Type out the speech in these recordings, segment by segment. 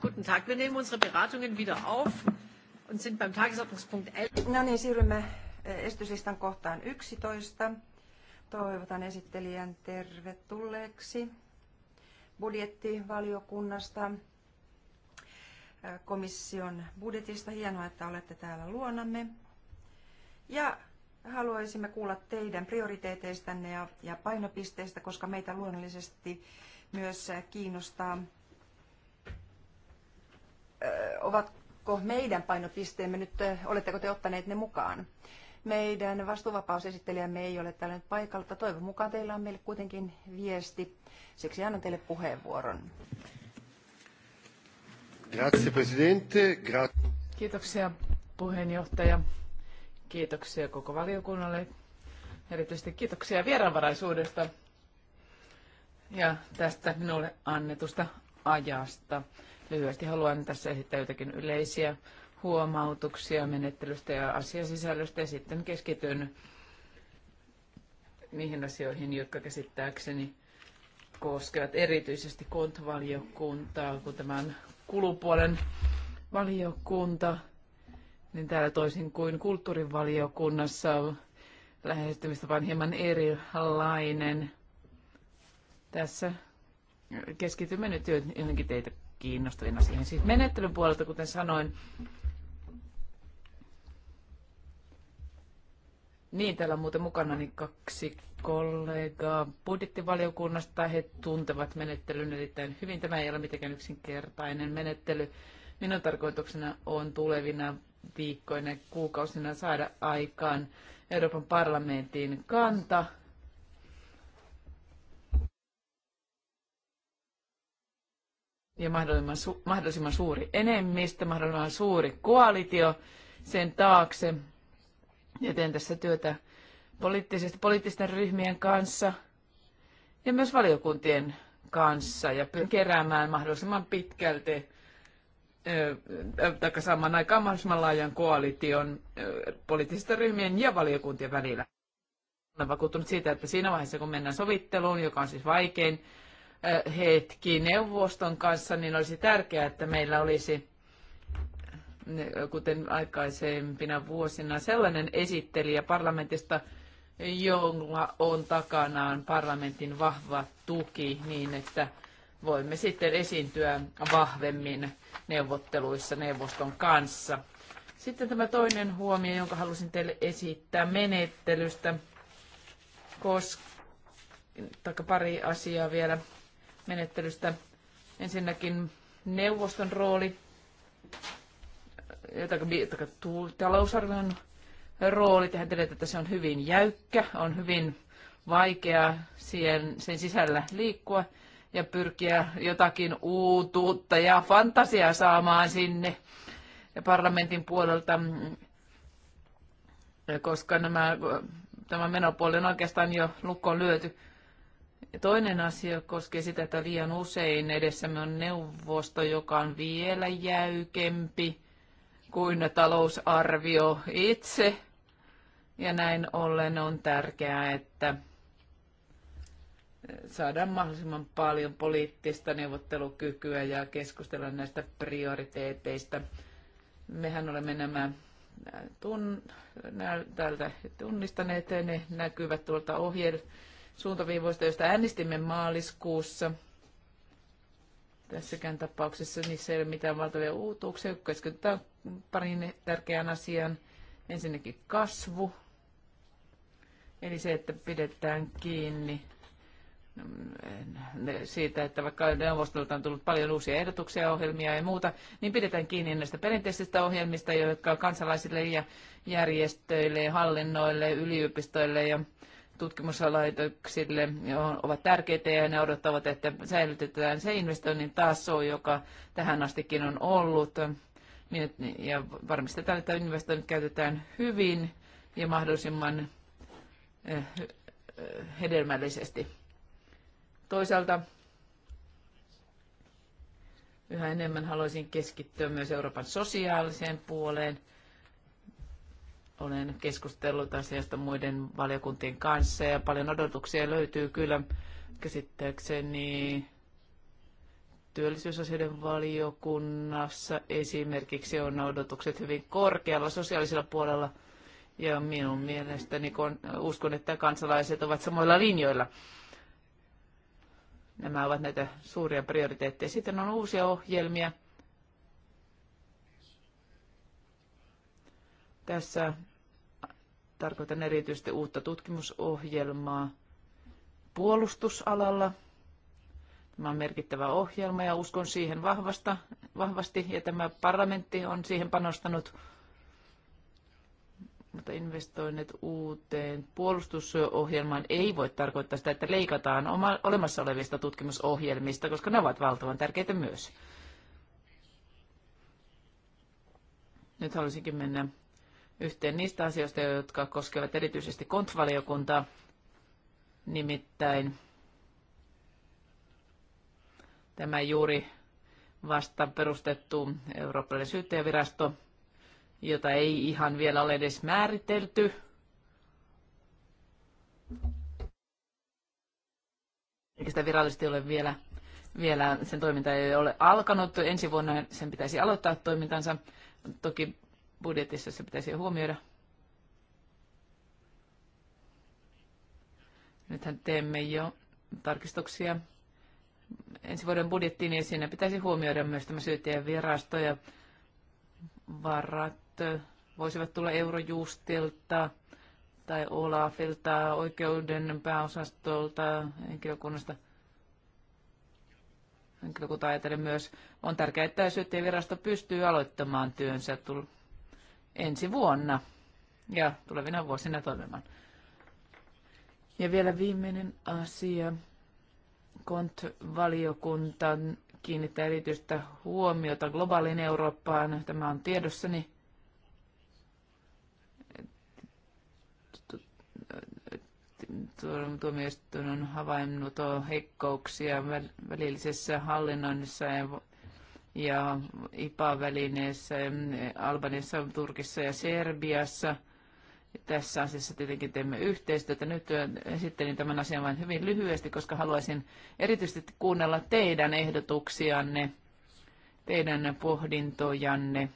guten Tag. Wir nehmen unsere Beratungen wieder auf und sind beim Tagesordnungspunkt 11. No niin, siirrymme äh, esityslistan kohtaan 11. Toivotan esittelijän tervetulleeksi budjettivaliokunnasta, äh, komission budjetista. Hienoa, että olette täällä luonamme. Ja haluaisimme kuulla teidän prioriteeteistanne ja painopisteistä, koska meitä luonnollisesti myös äh, kiinnostaa ovatko meidän painopisteemme nyt, oletteko te ottaneet ne mukaan? Meidän vastuuvapausesittelijämme ei ole täällä nyt paikalla, mutta toivon mukaan teillä on meille kuitenkin viesti. Siksi annan teille puheenvuoron. Grazie, presidente. Gra- Kiitoksia puheenjohtaja. Kiitoksia koko valiokunnalle. Erityisesti kiitoksia vieraanvaraisuudesta ja tästä minulle annetusta ajasta. Lyhyesti haluan tässä esittää jotakin yleisiä huomautuksia menettelystä ja asiasisällöstä ja sitten keskityn niihin asioihin, jotka käsittääkseni koskevat erityisesti kontvaliokuntaa, kun tämän kulupuolen valiokunta, niin täällä toisin kuin kulttuurivaliokunnassa lähestymistä vaan hieman erilainen. Tässä keskitymme nyt johonkin teitä kiinnostavina siihen. Siis menettelyn puolelta, kuten sanoin, Niin, täällä on muuten mukana niin kaksi kollegaa budjettivaliokunnasta. He tuntevat menettelyn erittäin hyvin. Tämä ei ole mitenkään yksinkertainen menettely. Minun tarkoituksena on tulevina viikkoina ja kuukausina saada aikaan Euroopan parlamentin kanta ja mahdollisimman, su- mahdollisimman suuri enemmistö, mahdollisimman suuri koalitio sen taakse. Ja teen tässä työtä poliittisesti, poliittisten ryhmien kanssa ja myös valiokuntien kanssa ja pyrin keräämään mahdollisimman pitkälti tai saamaan aikaan mahdollisimman laajan koalition poliittisten ryhmien ja valiokuntien välillä. Olen vakuuttunut siitä, että siinä vaiheessa kun mennään sovitteluun, joka on siis vaikein hetki neuvoston kanssa, niin olisi tärkeää, että meillä olisi kuten aikaisempina vuosina, sellainen esittelijä parlamentista, jolla on takanaan parlamentin vahva tuki niin, että voimme sitten esiintyä vahvemmin neuvotteluissa neuvoston kanssa. Sitten tämä toinen huomio, jonka halusin teille esittää menettelystä, koska pari asiaa vielä menettelystä. Ensinnäkin neuvoston rooli, talousarvion rooli. Tehän tiedät, että se on hyvin jäykkä, on hyvin vaikea siihen, sen sisällä liikkua ja pyrkiä jotakin uutuutta ja fantasiaa saamaan sinne parlamentin puolelta, koska nämä, tämä menopuoli on oikeastaan jo lukkoon lyöty. Ja toinen asia koskee sitä, että liian usein edessämme on neuvosto, joka on vielä jäykempi kuin talousarvio itse. Ja näin ollen on tärkeää, että saadaan mahdollisimman paljon poliittista neuvottelukykyä ja keskustella näistä prioriteeteista. Mehän olemme nämä äh, tun, nää, täältä tunnistaneet ja ne näkyvät tuolta ohjelmasta suuntaviivoista, joista äänestimme maaliskuussa. Tässäkään tapauksessa niissä ei ole mitään valtavia uutuuksia. Keskitytään pariin tärkeään asiaan. Ensinnäkin kasvu, eli se, että pidetään kiinni mm, siitä, että vaikka neuvostolta on tullut paljon uusia ehdotuksia, ohjelmia ja muuta, niin pidetään kiinni näistä perinteisistä ohjelmista, jotka kansalaisille ja järjestöille, hallinnoille, yliopistoille ja tutkimuslaitoksille ovat tärkeitä ja ne odottavat, että säilytetään se investoinnin taso, joka tähän astikin on ollut. Niin, ja varmistetaan, että investoinnit käytetään hyvin ja mahdollisimman eh, eh, hedelmällisesti. Toisaalta yhä enemmän haluaisin keskittyä myös Euroopan sosiaaliseen puoleen – olen keskustellut asiasta muiden valiokuntien kanssa ja paljon odotuksia löytyy kyllä käsittääkseni työllisyysasioiden valiokunnassa esimerkiksi on odotukset hyvin korkealla sosiaalisella puolella ja minun mielestäni kun uskon, että kansalaiset ovat samoilla linjoilla. Nämä ovat näitä suuria prioriteetteja. Sitten on uusia ohjelmia. Tässä Tarkoitan erityisesti uutta tutkimusohjelmaa puolustusalalla. Tämä on merkittävä ohjelma ja uskon siihen vahvasta, vahvasti ja tämä parlamentti on siihen panostanut mutta investoinnit uuteen puolustusohjelmaan ei voi tarkoittaa sitä, että leikataan oma, olemassa olevista tutkimusohjelmista, koska ne ovat valtavan tärkeitä myös. Nyt haluaisinkin mennä yhteen niistä asioista, jotka koskevat erityisesti kontvaliokuntaa, nimittäin tämä juuri vasta perustettu Eurooppalainen syyttäjävirasto, jota ei ihan vielä ole edes määritelty. Eikä sitä virallisesti ole vielä, vielä sen toiminta ei ole alkanut. Ensi vuonna sen pitäisi aloittaa toimintansa. Toki budjetissa se pitäisi huomioida. Nythän teemme jo tarkistuksia ensi vuoden budjettiin, niin siinä pitäisi huomioida myös tämä syyttäjän virasto ja varat voisivat tulla Eurojustilta tai Olafilta, oikeuden pääosastolta, henkilökunnasta. Henkilökunta ajatellen myös on tärkeää, että virasto pystyy aloittamaan työnsä ensi vuonna ja tulevina vuosina toimimaan. Ja vielä viimeinen asia. KONT-valiokunta kiinnittää erityistä huomiota globaaliin Eurooppaan. Tämä on tiedossani. Tuomioistuin on havainnut heikkouksia välillisessä hallinnoinnissa ja ja IPA-välineessä Albaniassa, Turkissa ja Serbiassa. Tässä asiassa tietenkin teemme yhteistyötä. Nyt esittelin tämän asian vain hyvin lyhyesti, koska haluaisin erityisesti kuunnella teidän ehdotuksianne, teidän pohdintojanne.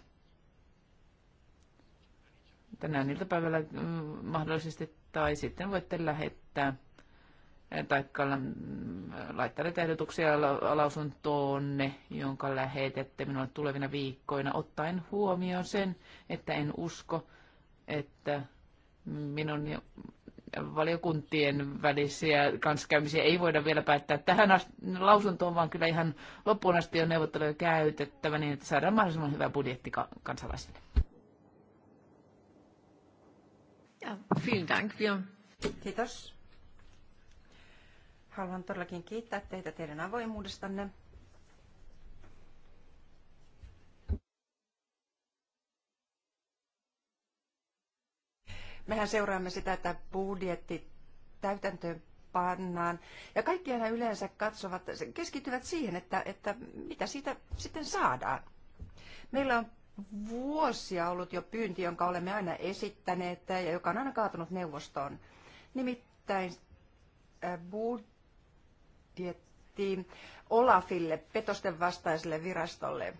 Tänään iltapäivällä mm, mahdollisesti tai sitten voitte lähettää tai laittaneet ehdotuksia lausuntoonne, jonka lähetette minulle tulevina viikkoina, ottaen huomioon sen, että en usko, että minun valiokuntien välisiä kanssakäymisiä ei voida vielä päättää tähän lausuntoon, vaan kyllä ihan loppuun asti on neuvotteluja käytettävä niin, että saadaan mahdollisimman hyvä budjetti kansalaisille. Ja, vielen Dank. Kiitos. Haluan todellakin kiittää teitä teidän avoimuudestanne. Mehän seuraamme sitä, että budjetti täytäntöön pannaan. Ja kaikki aina yleensä katsovat, keskittyvät siihen, että, että mitä siitä sitten saadaan. Meillä on vuosia ollut jo pyynti, jonka olemme aina esittäneet ja joka on aina kaatunut neuvostoon. Nimittäin äh, vietiin Olafille, petosten vastaiselle virastolle.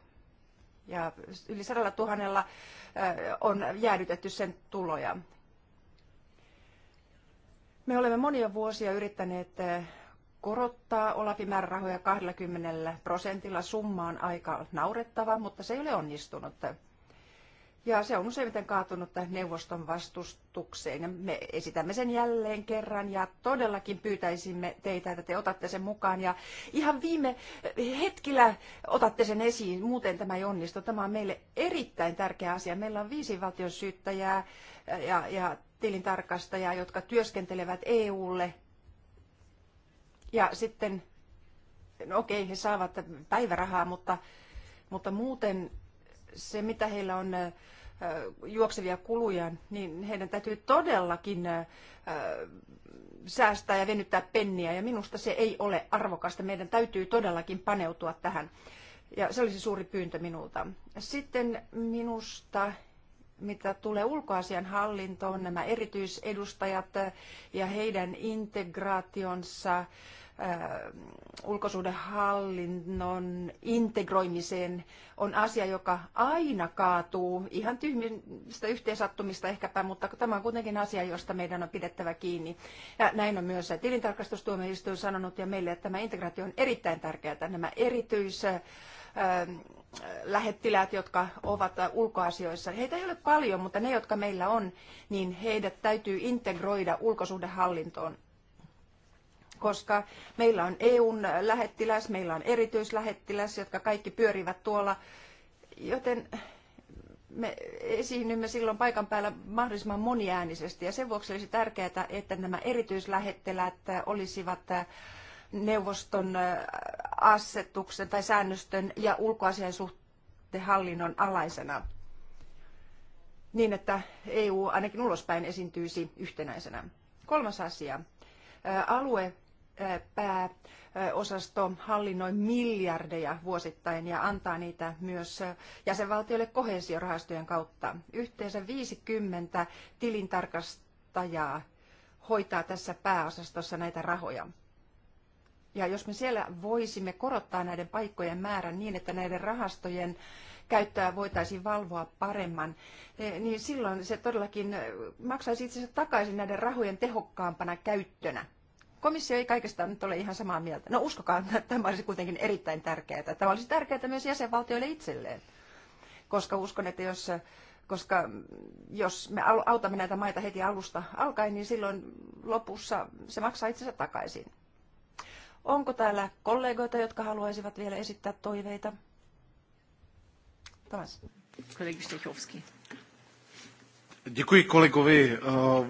Ja yli sadalla tuhannella on jäädytetty sen tuloja. Me olemme monia vuosia yrittäneet korottaa Olafin määrärahoja 20 prosentilla. Summa on aika naurettava, mutta se ei ole onnistunut. Ja se on useimmiten kaatunut neuvoston vastustukseen. Me esitämme sen jälleen kerran ja todellakin pyytäisimme teitä, että te otatte sen mukaan. Ja ihan viime hetkellä otatte sen esiin, muuten tämä ei onnistu. Tämä on meille erittäin tärkeä asia. Meillä on viisi valtion syyttäjää ja, ja tilintarkastajaa, jotka työskentelevät EUlle. Ja sitten, no okei, he saavat päivärahaa, mutta, mutta muuten se, mitä heillä on juoksevia kuluja, niin heidän täytyy todellakin säästää ja venyttää penniä. Ja minusta se ei ole arvokasta. Meidän täytyy todellakin paneutua tähän. Ja se olisi suuri pyyntö minulta. Sitten minusta mitä tulee ulkoasian hallintoon, nämä erityisedustajat äh, ja heidän integraationsa äh, ulkosuhdehallinnon integroimiseen on asia, joka aina kaatuu ihan tyhmistä yhteensattumista ehkäpä, mutta tämä on kuitenkin asia, josta meidän on pidettävä kiinni. Ja näin on myös tilintarkastustuomioistuin sanonut ja meille, että tämä integraatio on erittäin tärkeää. Nämä erityis Ähm, lähettiläät, jotka ovat äh, ulkoasioissa. Heitä ei ole paljon, mutta ne, jotka meillä on, niin heidät täytyy integroida ulkosuhdehallintoon koska meillä on EUn äh, lähettiläs, meillä on erityislähettiläs, jotka kaikki pyörivät tuolla, joten me esiinnymme silloin paikan päällä mahdollisimman moniäänisesti ja sen vuoksi olisi tärkeää, että nämä erityislähettiläät äh, olisivat neuvoston asetuksen tai säännöstön ja ulkoasian hallinnon alaisena niin, että EU ainakin ulospäin esiintyisi yhtenäisenä. Kolmas asia. Alue pääosasto hallinnoi miljardeja vuosittain ja antaa niitä myös jäsenvaltioille kohesiorahastojen kautta. Yhteensä 50 tilintarkastajaa hoitaa tässä pääosastossa näitä rahoja. Ja jos me siellä voisimme korottaa näiden paikkojen määrän niin, että näiden rahastojen käyttöä voitaisiin valvoa paremman, e, niin silloin se todellakin e, maksaisi asiassa takaisin näiden rahojen tehokkaampana käyttönä. Komissio ei kaikesta nyt ole ihan samaa mieltä. No uskokaa, että tämä olisi kuitenkin erittäin tärkeää. Tämä olisi tärkeää myös jäsenvaltioille itselleen, koska uskon, että jos e, koska jos me autamme näitä maita heti alusta alkaen, niin silloin lopussa se maksaa itsensä takaisin. Onko täällä kollegoita, jotka haluaisivat vielä esittää toiveita? Tomas. Kollega Stechowski. Děkuji eh,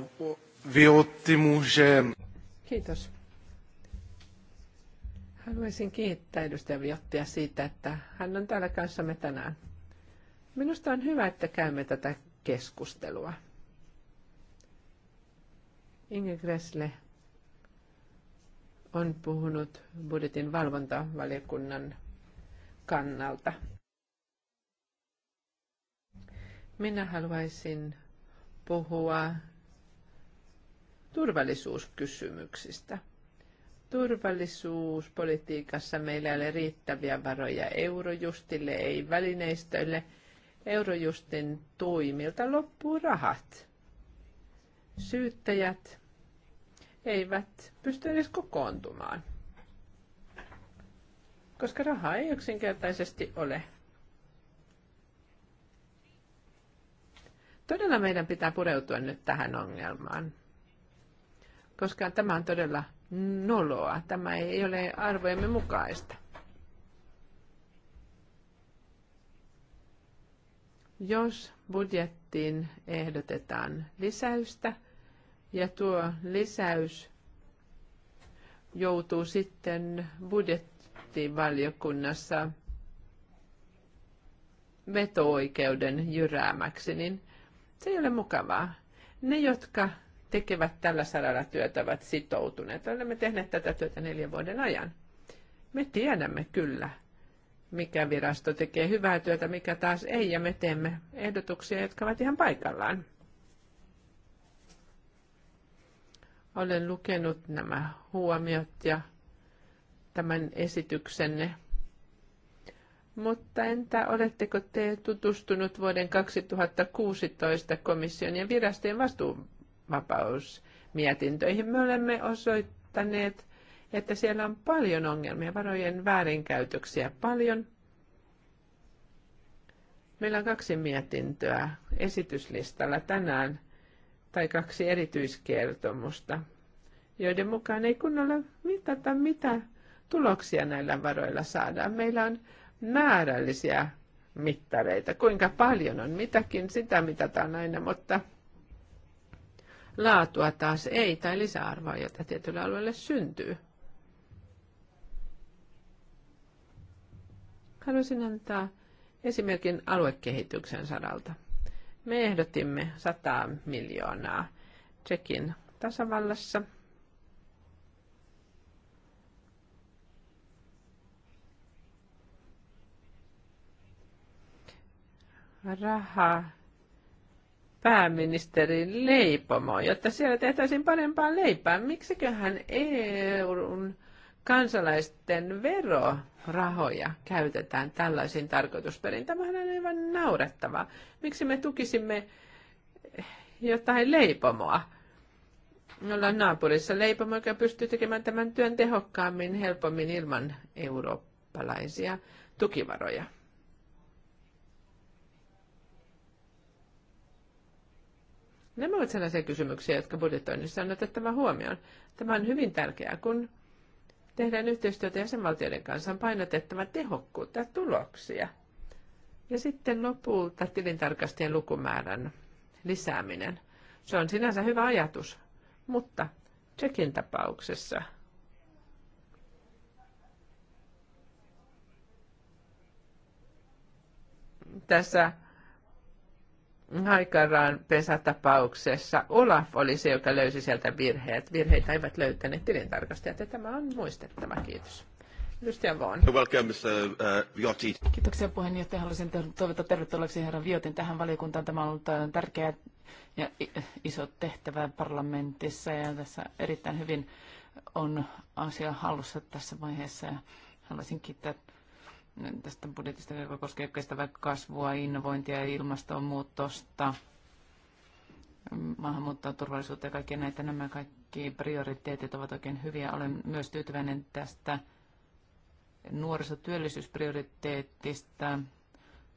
Viotimu, že... Kiitos. Haluaisin kiittää edustaja Viottia siitä, että hän on täällä kanssamme tänään. Minusta on hyvä, että käymme tätä keskustelua. Inge Gressle on puhunut budjetin valvontavaliokunnan kannalta. Minä haluaisin puhua turvallisuuskysymyksistä. Turvallisuuspolitiikassa meillä ei ole riittäviä varoja eurojustille, ei välineistöille. Eurojustin toimilta loppuu rahat. Syyttäjät eivät pysty edes kokoontumaan, koska rahaa ei yksinkertaisesti ole. Todella meidän pitää pureutua nyt tähän ongelmaan, koska tämä on todella noloa. Tämä ei ole arvojemme mukaista. Jos budjettiin ehdotetaan lisäystä, ja tuo lisäys joutuu sitten budjettivaliokunnassa veto-oikeuden jyräämäksi, niin se ei ole mukavaa. Ne, jotka tekevät tällä saralla työtä, ovat sitoutuneet. Olemme tehneet tätä työtä neljän vuoden ajan. Me tiedämme kyllä, mikä virasto tekee hyvää työtä, mikä taas ei, ja me teemme ehdotuksia, jotka ovat ihan paikallaan. Olen lukenut nämä huomiot ja tämän esityksenne. Mutta entä oletteko te tutustunut vuoden 2016 komission ja virastojen vastuunvapausmietintöihin? Me olemme osoittaneet, että siellä on paljon ongelmia, varojen väärinkäytöksiä paljon. Meillä on kaksi mietintöä esityslistalla tänään – tai kaksi erityiskertomusta, joiden mukaan ei kunnolla mitata, mitä tuloksia näillä varoilla saadaan. Meillä on määrällisiä mittareita, kuinka paljon on mitäkin, sitä mitataan aina, mutta laatua taas ei, tai lisäarvoa, jota tietyllä alueelle syntyy. Haluaisin antaa esimerkin aluekehityksen saralta. Me ehdotimme 100 miljoonaa Tsekin tasavallassa. Raha pääministerin leipomo, jotta siellä tehtäisiin parempaa leipää. Miksiköhän EUn kansalaisten verorahoja käytetään tällaisiin tarkoitusperiin. Tämähän on aivan naurettavaa. Miksi me tukisimme jotain leipomoa? Me ollaan naapurissa leipomo, joka pystyy tekemään tämän työn tehokkaammin, helpommin ilman eurooppalaisia tukivaroja. Nämä ovat sellaisia kysymyksiä, jotka budjetoinnissa on otettava huomioon. Tämä on hyvin tärkeää, kun tehdään yhteistyötä jäsenvaltioiden kanssa, on painotettava tehokkuutta ja tuloksia. Ja sitten lopulta tilintarkastajien lukumäärän lisääminen. Se on sinänsä hyvä ajatus, mutta Tsekin tapauksessa tässä Aikaraan pesätapauksessa Olaf oli se, joka löysi sieltä virheet. Virheitä eivät löytäneet tilintarkastajat ja tämä on muistettava. Kiitos. Edustaja Vaan. Uh, Kiitoksia puheenjohtaja. Haluaisin toivottaa tervetulleeksi herra Viotin tähän valiokuntaan. Tämä on ollut äh, tärkeä ja iso tehtävä parlamentissa ja tässä erittäin hyvin on asia hallussa tässä vaiheessa. Ja haluaisin kiittää tästä budjetista, joka koskee kestävää kasvua, innovointia ja ilmastonmuutosta, maahanmuuttoa, turvallisuutta ja kaikkia näitä. Nämä kaikki prioriteetit ovat oikein hyviä. Olen myös tyytyväinen tästä nuorisotyöllisyysprioriteettista.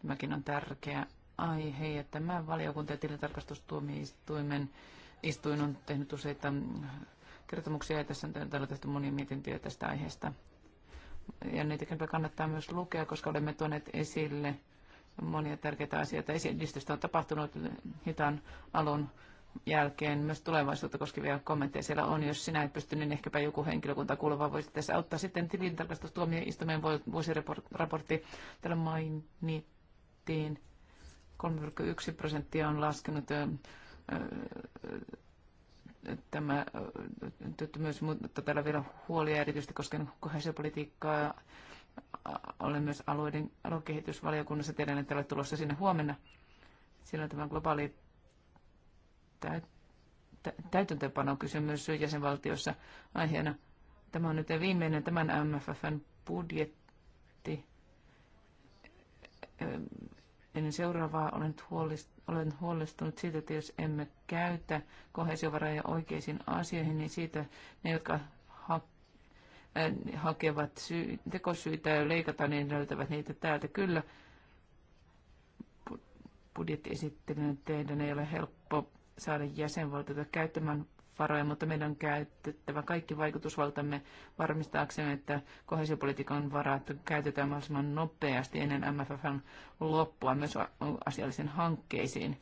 Tämäkin on tärkeä aihe. Ja tämä valiokunta ja tilintarkastustuomioistuimen istuin on tehnyt useita kertomuksia ja tässä on tehty monia mietintöjä tästä aiheesta ja niitä kyllä kannattaa myös lukea, koska olemme tuoneet esille monia tärkeitä asioita. Esitystä on tapahtunut hitaan alun jälkeen myös tulevaisuutta koskevia kommentteja siellä on. Jos sinä et pysty, niin ehkäpä joku henkilökunta kuuluva voisi tässä auttaa. Sitten tilintarkastustuomioistuimen vuosiraportti. Täällä mainittiin 3,1 prosenttia on laskenut tämä työttömyys, mutta täällä vielä huolia erityisesti koskien kohesiopolitiikkaa. Olen myös alueiden aluekehitysvaliokunnassa. Tiedän, että olet tulossa sinne huomenna. Silloin tämä globaali täytäntöpanokysymys jäsenvaltiossa aiheena. Tämä on nyt viimeinen tämän MFFn budjetti Ennen seuraavaa olen, huolist, olen huolestunut siitä, että jos emme käytä kohesiovaroja oikeisiin asioihin, niin siitä ne, jotka ha, äh, hakevat sy, tekosyitä ja leikataan, niin löytävät niitä täältä. Kyllä budjettiesittelyn teidän ei ole helppo saada jäsenvaltioita käyttämään varoja, mutta meidän on käytettävä kaikki vaikutusvaltamme varmistaaksemme, että kohesiopolitiikan varat käytetään mahdollisimman nopeasti ennen MFFn loppua myös asiallisiin hankkeisiin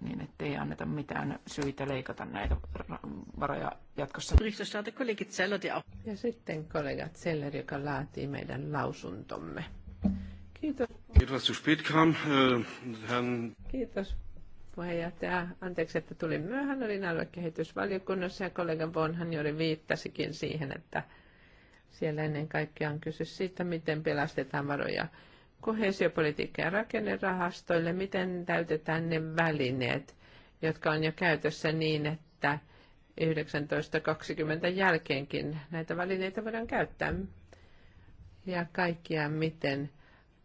niin ettei anneta mitään syitä leikata näitä varoja jatkossa. Ja sitten kollega Zeller, joka laatii meidän lausuntomme. Kiitos. Äh, Kiitos, Kiitos puheenjohtaja. Anteeksi, että tulin myöhään. Olin aluekehitysvaliokunnassa ja kollega Bonhan juuri viittasikin siihen, että siellä ennen kaikkea on kyse siitä, miten pelastetaan varoja kohesiopolitiikka- ja rakennerahastoille, miten täytetään ne välineet, jotka on jo käytössä niin, että 1920 jälkeenkin näitä välineitä voidaan käyttää. Ja kaikkia, miten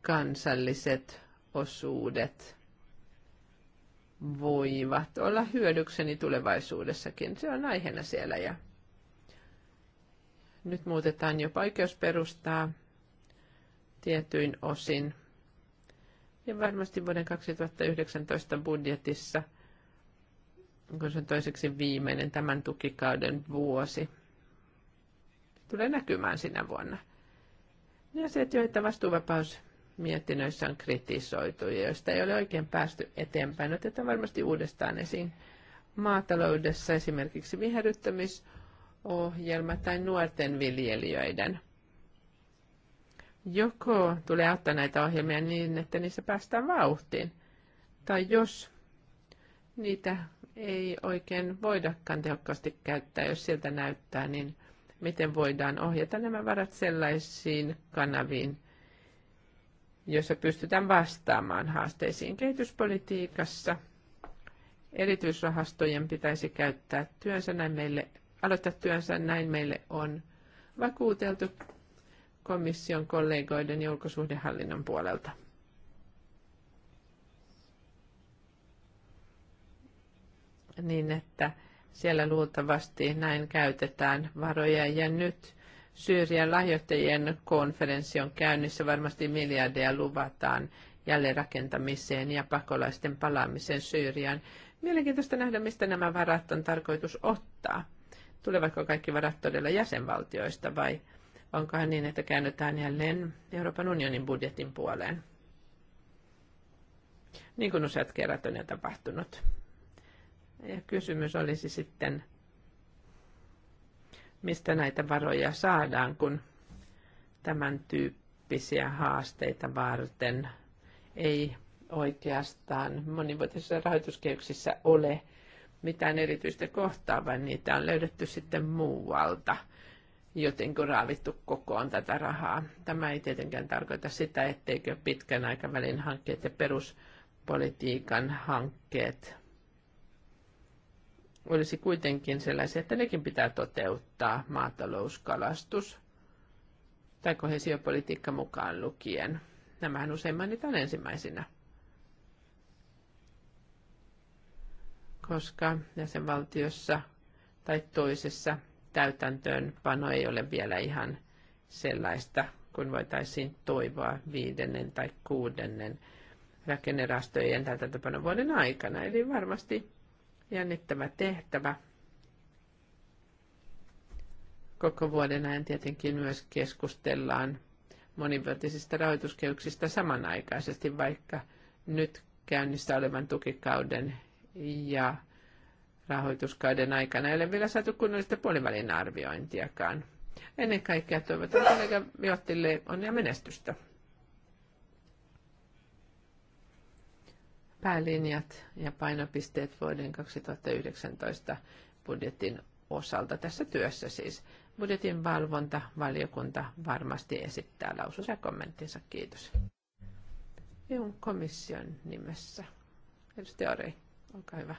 kansalliset osuudet voivat olla hyödykseni tulevaisuudessakin. Se on aiheena siellä ja nyt muutetaan jopa perustaa tietyin osin. Ja varmasti vuoden 2019 budjetissa, kun se on toiseksi viimeinen tämän tukikauden vuosi, tulee näkymään sinä vuonna. se että joita vastuuvapaus mietinnöissä on kritisoitu ja joista ei ole oikein päästy eteenpäin. Otetaan varmasti uudestaan esiin maataloudessa esimerkiksi viherryttämisohjelma tai nuorten viljelijöiden. Joko tulee ottaa näitä ohjelmia niin, että niissä päästään vauhtiin, tai jos niitä ei oikein voidakaan tehokkaasti käyttää, jos sieltä näyttää, niin miten voidaan ohjata nämä varat sellaisiin kanaviin, jossa pystytään vastaamaan haasteisiin kehityspolitiikassa. Erityisrahastojen pitäisi käyttää työnsä näin meille, aloittaa työnsä näin meille on vakuuteltu komission kollegoiden julkosuhdehallinnon puolelta. Niin, että siellä luultavasti näin käytetään varoja ja nyt Syyrian lahjoittajien konferenssi on käynnissä. Varmasti miljardeja luvataan jälleenrakentamiseen ja pakolaisten palaamiseen Syyriaan. Mielenkiintoista nähdä, mistä nämä varat on tarkoitus ottaa. Tulevatko kaikki varat todella jäsenvaltioista vai onkohan niin, että käännytään jälleen Euroopan unionin budjetin puoleen? Niin kuin useat kerrat on jo tapahtunut. Ja kysymys olisi sitten, mistä näitä varoja saadaan, kun tämän tyyppisiä haasteita varten ei oikeastaan monivuotisissa rahoituskehyksissä ole mitään erityistä kohtaa, vaan niitä on löydetty sitten muualta jotenkin raavittu kokoon tätä rahaa. Tämä ei tietenkään tarkoita sitä, etteikö pitkän aikavälin hankkeet ja peruspolitiikan hankkeet olisi kuitenkin sellaisia, että nekin pitää toteuttaa maatalouskalastus tai kohesiopolitiikka mukaan lukien. Nämähän usein mainitaan ensimmäisinä. Koska jäsenvaltiossa tai toisessa täytäntöönpano ei ole vielä ihan sellaista, kun voitaisiin toivoa viidennen tai kuudennen rakennerastojen täytäntöpanon vuoden aikana. Eli varmasti jännittävä tehtävä. Koko vuoden ajan tietenkin myös keskustellaan monivuotisista rahoituskehyksistä samanaikaisesti, vaikka nyt käynnissä olevan tukikauden ja rahoituskauden aikana ei ole vielä saatu kunnollista puolivälin arviointiakaan. Ennen kaikkea toivotan kollega Viottille onnea menestystä. päälinjat ja painopisteet vuoden 2019 budjetin osalta tässä työssä siis. Budjetin valvonta valiokunta varmasti esittää lausunsa ja kommenttinsa. Kiitos. EUn komission nimessä. Edustaja Ori, olkaa hyvä.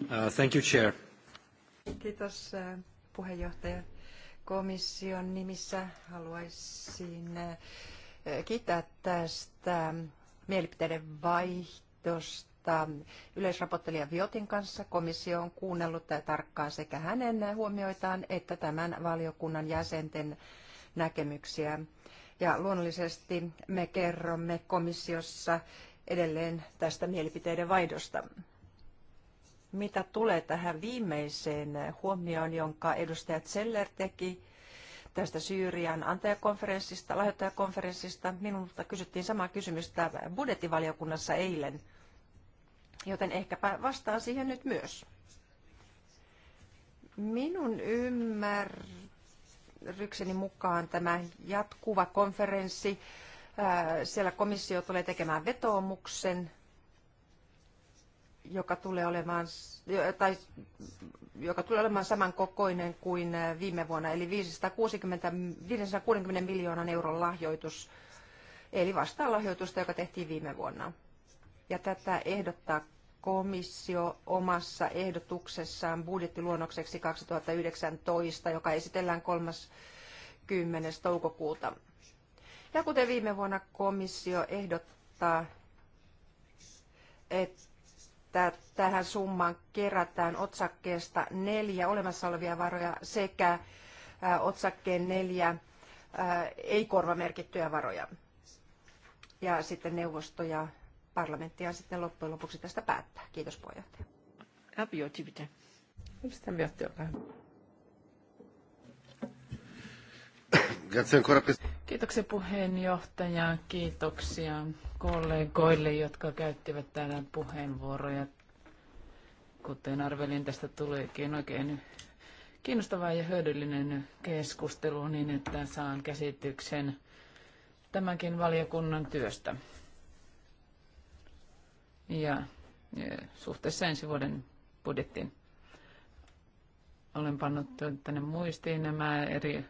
Uh, thank you, Chair. Kiitos uh, puheenjohtaja komission nimissä haluaisin eh, kiittää tästä mielipiteiden vaihdosta yleisraporttelija Viotin kanssa. Komissio on kuunnellut tarkkaan sekä hänen huomioitaan että tämän valiokunnan jäsenten näkemyksiä. Ja luonnollisesti me kerromme komissiossa edelleen tästä mielipiteiden vaihdosta. Mitä tulee tähän viimeiseen huomioon, jonka edustaja Zeller teki tästä Syyrian antajakonferenssista, lahjoittajakonferenssista, minulta kysyttiin samaa kysymystä budjettivaliokunnassa eilen, joten ehkäpä vastaan siihen nyt myös. Minun ymmärrykseni mukaan tämä jatkuva konferenssi, siellä komissio tulee tekemään vetoomuksen joka tulee olemaan, tai joka tulee olemaan samankokoinen kuin äh, viime vuonna, eli 560, 560 miljoonan euron lahjoitus, eli vastaan lahjoitusta, joka tehtiin viime vuonna. Ja tätä ehdottaa komissio omassa ehdotuksessaan budjettiluonnokseksi 2019, joka esitellään 30. toukokuuta. Ja kuten viime vuonna komissio ehdottaa, että että tähän summaan kerätään otsakkeesta neljä olemassa olevia varoja sekä otsakkeen neljä ei-korvamerkittyjä varoja. Ja sitten neuvosto ja parlamentti ja sitten loppujen lopuksi tästä päättää. Kiitos puheenjohtaja. Läpi jo, Kiitoksia puheenjohtajaan, kiitoksia kollegoille, jotka käyttivät täällä puheenvuoroja. Kuten arvelin, tästä tulikin oikein kiinnostava ja hyödyllinen keskustelu niin, että saan käsityksen tämänkin valiokunnan työstä. Ja e, suhteessa ensi vuoden budjettiin olen pannut tänne muistiin nämä eri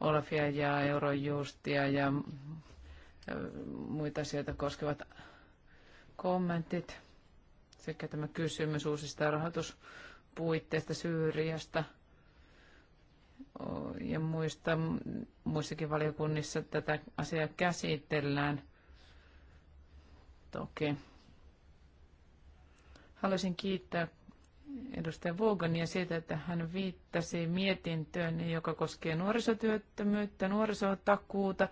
Olafia ja Eurojustia ja äh, muita asioita koskevat kommentit sekä tämä kysymys uusista rahoituspuitteista Syyriasta ja muista, muissakin valiokunnissa tätä asiaa käsitellään. Toki haluaisin kiittää edustaja Vogania siitä, että hän viittasi mietintöön, joka koskee nuorisotyöttömyyttä, nuorisotakuuta.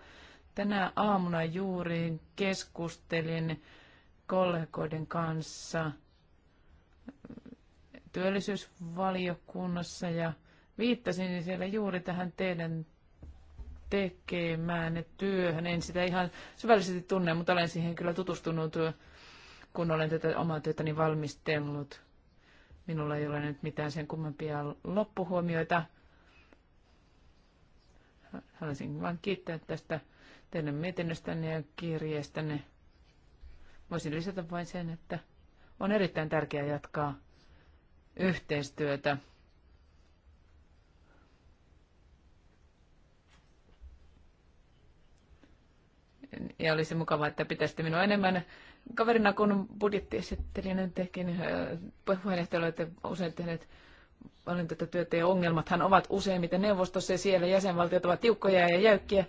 Tänä aamuna juuri keskustelin kollegoiden kanssa työllisyysvaliokunnassa ja viittasin siellä juuri tähän teidän tekemään työhön. En sitä ihan syvällisesti tunne, mutta olen siihen kyllä tutustunut, kun olen tätä omaa työtäni valmistellut. Minulla ei ole nyt mitään sen kummempia loppuhuomioita. Haluaisin vain kiittää tästä teidän mietinnöstänne ja kirjeestänne. Voisin lisätä vain sen, että on erittäin tärkeää jatkaa yhteistyötä. Ja olisi mukavaa, että pitäisitte minua enemmän kaverina, kun teki tekin äh, puheenjohtaja olette usein tehneet paljon tätä työtä ja ongelmathan ovat useimmiten neuvostossa ja siellä jäsenvaltiot ovat tiukkoja ja jäykkiä.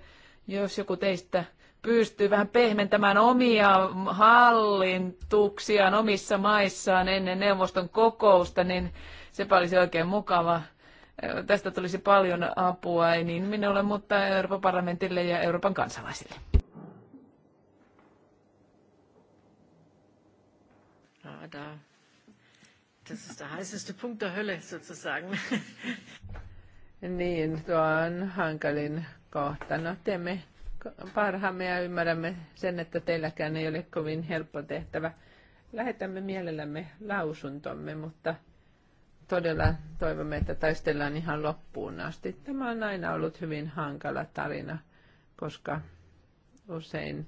Jos joku teistä pystyy vähän pehmentämään omia hallintuksiaan omissa maissaan ennen neuvoston kokousta, niin sepä olisi oikein mukava. Tästä tulisi paljon apua, ei niin minulle, mutta Euroopan parlamentille ja Euroopan kansalaisille. war da. Das ist der heißeste Punkt der Hölle sozusagen. Niin, tuo on hankalin kohta. No teemme parhaamme ja ymmärrämme sen, että teilläkään ei ole kovin helppo tehtävä. Lähetämme mielellämme lausuntomme, mutta todella toivomme, että taistellaan ihan loppuun asti. Tämä on aina ollut hyvin hankala tarina, koska usein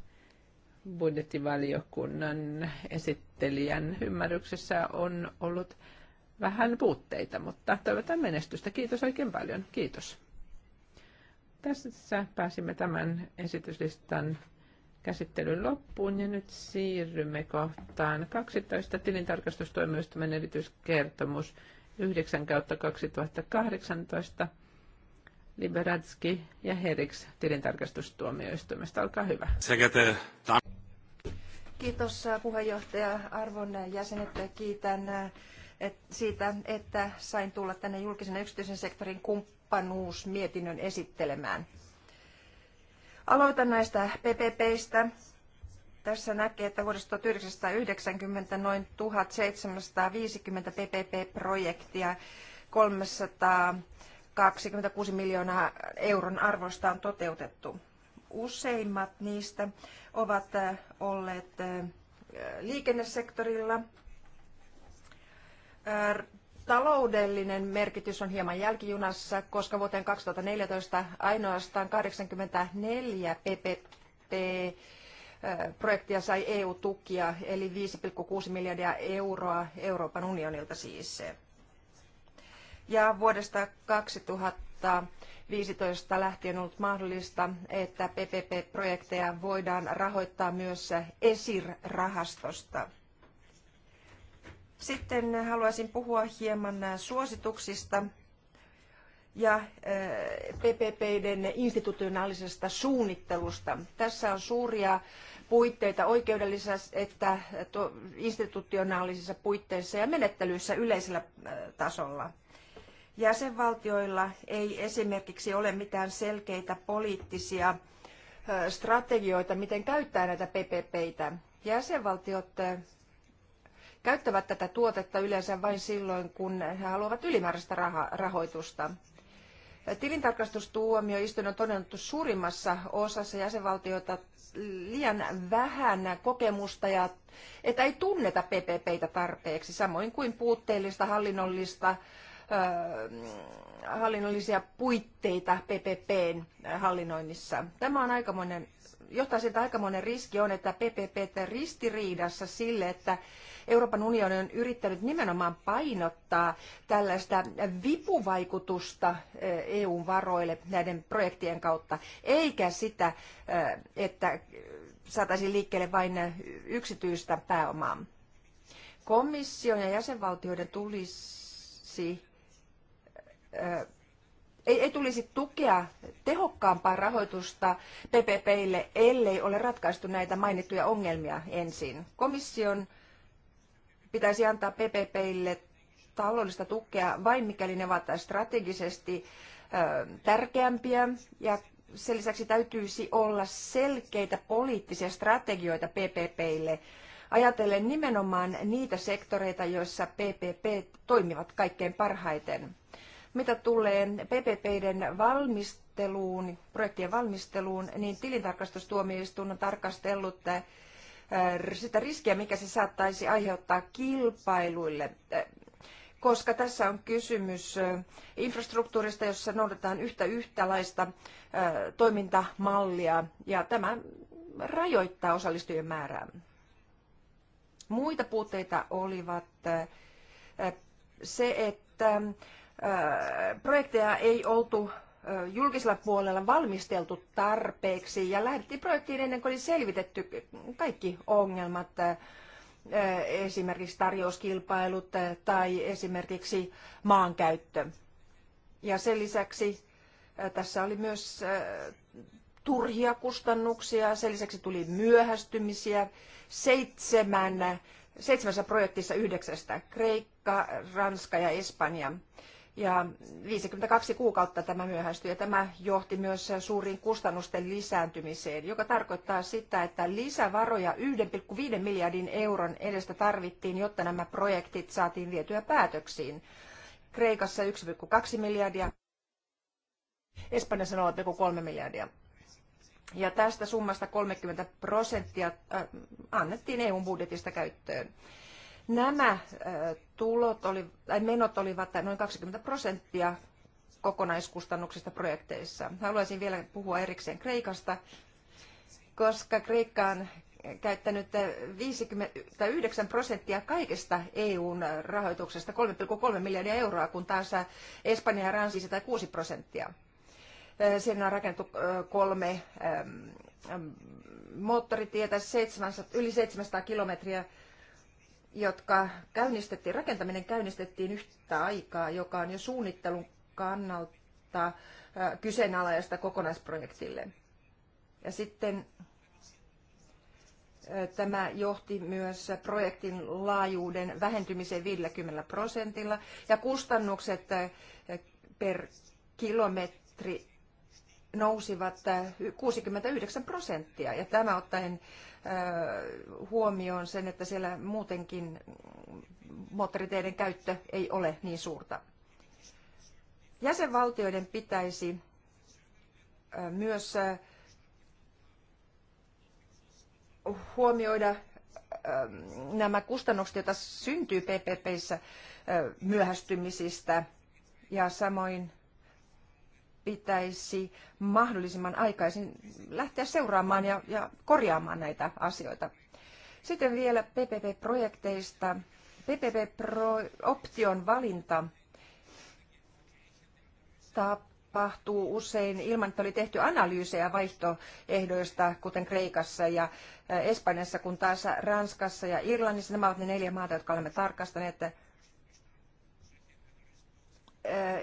budjettivaliokunnan esittelijän ymmärryksessä on ollut vähän puutteita, mutta toivotan menestystä. Kiitos oikein paljon. Kiitos. Tässä pääsimme tämän esityslistan käsittelyn loppuun ja nyt siirrymme kohtaan 12 tilintarkastustoimistomen erityiskertomus 9 kautta 2018 Liberadski ja Heriks tilintarkastustuomioistuimesta. Olkaa hyvä. Kiitos äh, puheenjohtaja arvon äh, jäsenet. Äh, kiitän siitä, että sain tulla tänne julkisen ja yksityisen sektorin kumppanuusmietinnön esittelemään. Aloitan näistä PPPistä. Tässä näkee, että vuodesta 1990 noin 1750 PPP-projektia 300 26 miljoonaa euron arvosta on toteutettu. Useimmat niistä ovat äh, olleet äh, liikennesektorilla. Äh, taloudellinen merkitys on hieman jälkijunassa, koska vuoteen 2014 ainoastaan 84 PPP projektia sai EU-tukia, eli 5,6 miljardia euroa Euroopan unionilta siis ja vuodesta 2015 lähtien on ollut mahdollista, että PPP-projekteja voidaan rahoittaa myös ESIR-rahastosta. Sitten haluaisin puhua hieman suosituksista ja äh, PPPiden institutionaalisesta suunnittelusta. Tässä on suuria puitteita oikeudellisessa että institutionaalisissa puitteissa ja menettelyissä yleisellä äh, tasolla. Jäsenvaltioilla ei esimerkiksi ole mitään selkeitä poliittisia strategioita, miten käyttää näitä PPPitä. Jäsenvaltiot käyttävät tätä tuotetta yleensä vain silloin, kun he haluavat ylimääräistä rahoitusta. Tilintarkastustuomioistuin on todennut suurimmassa osassa jäsenvaltioita liian vähän kokemusta ja että ei tunneta PPPitä tarpeeksi, samoin kuin puutteellista hallinnollista hallinnollisia puitteita PPPn hallinnoinnissa. Tämä on aikamoinen, johtaa siltä aikamoinen riski on, että PPP on ristiriidassa sille, että Euroopan unioni on yrittänyt nimenomaan painottaa tällaista vipuvaikutusta EUn varoille näiden projektien kautta, eikä sitä, että saataisiin liikkeelle vain yksityistä pääomaa. Komission ja jäsenvaltioiden tulisi ei, ei tulisi tukea tehokkaampaa rahoitusta PPPille, ellei ole ratkaistu näitä mainittuja ongelmia ensin. Komission pitäisi antaa PPPille taloudellista tukea vain mikäli ne ovat strategisesti tärkeämpiä ja sen lisäksi täytyisi olla selkeitä poliittisia strategioita PPPille ajatellen nimenomaan niitä sektoreita, joissa PPP toimivat kaikkein parhaiten. Mitä tulee PPPiden valmisteluun, projektien valmisteluun, niin tilintarkastustuomioistuin on tarkastellut äh, sitä riskiä, mikä se saattaisi aiheuttaa kilpailuille äh, koska tässä on kysymys äh, infrastruktuurista, jossa noudatetaan yhtä yhtälaista toimintamallia ja tämä rajoittaa osallistujien määrää. Muita puutteita olivat se, että projekteja ei oltu julkisella puolella valmisteltu tarpeeksi ja lähdettiin projektiin ennen kuin oli selvitetty kaikki ongelmat, esimerkiksi tarjouskilpailut tai esimerkiksi maankäyttö. Ja sen lisäksi tässä oli myös turhia kustannuksia, sen lisäksi tuli myöhästymisiä seitsemän, seitsemässä projektissa yhdeksästä, Kreikka, Ranska ja Espanja. Ja 52 kuukautta tämä myöhästyi ja tämä johti myös suuriin kustannusten lisääntymiseen, joka tarkoittaa sitä, että lisävaroja 1,5 miljardin euron edestä tarvittiin, jotta nämä projektit saatiin vietyä päätöksiin. Kreikassa 1,2 miljardia, Espanjassa 0,3 miljardia. Ja tästä summasta 30 prosenttia äh, annettiin EUn budjetista käyttöön. Nämä tulot oli, tai menot olivat noin 20 prosenttia kokonaiskustannuksista projekteissa. Haluaisin vielä puhua erikseen Kreikasta, koska Kreikka on käyttänyt 59 prosenttia kaikesta EUn rahoituksesta, 3,3 miljardia euroa, kun taas Espanja ja Ranska sitä 6 prosenttia. Siinä on rakennettu kolme moottoritietä, 700, yli 700 kilometriä jotka käynnistettiin, rakentaminen käynnistettiin yhtä aikaa, joka on jo suunnittelun kannalta kyseenalaista kokonaisprojektille. Ja sitten Tämä johti myös projektin laajuuden vähentymiseen 50 prosentilla ja kustannukset per kilometri nousivat 69 prosenttia. Ja tämä ottaen huomioon sen, että siellä muutenkin moottoriteiden käyttö ei ole niin suurta. Jäsenvaltioiden pitäisi myös huomioida nämä kustannukset, joita syntyy PPPissä myöhästymisistä ja samoin pitäisi mahdollisimman aikaisin lähteä seuraamaan ja, ja korjaamaan näitä asioita. Sitten vielä PPP-projekteista. PPP-option valinta tapahtuu usein ilman, että oli tehty analyysejä vaihtoehdoista, kuten Kreikassa ja äh, Espanjassa, kun taas Ranskassa ja Irlannissa. Nämä ovat ne neljä maata, jotka olemme tarkastaneet. Että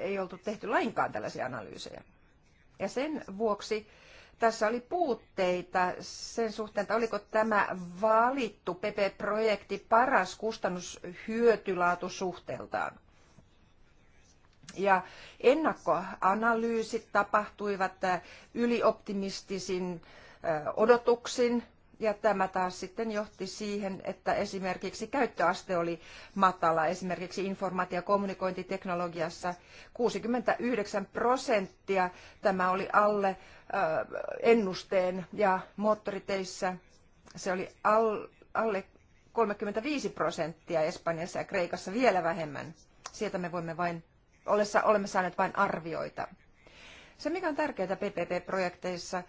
ei oltu tehty lainkaan tällaisia analyysejä. Ja sen vuoksi tässä oli puutteita sen suhteen, että oliko tämä valittu PP-projekti paras kustannushyötylaatu suhteeltaan. Ja ennakkoanalyysit tapahtuivat ylioptimistisin odotuksin ja tämä taas sitten johti siihen, että esimerkiksi käyttöaste oli matala. Esimerkiksi informaatio- ja kommunikointiteknologiassa 69 prosenttia tämä oli alle ennusteen ja moottoriteissä se oli alle 35 prosenttia Espanjassa ja Kreikassa vielä vähemmän. Sieltä me voimme vain, olemme saaneet vain arvioita. Se, mikä on tärkeää PPP-projekteissa,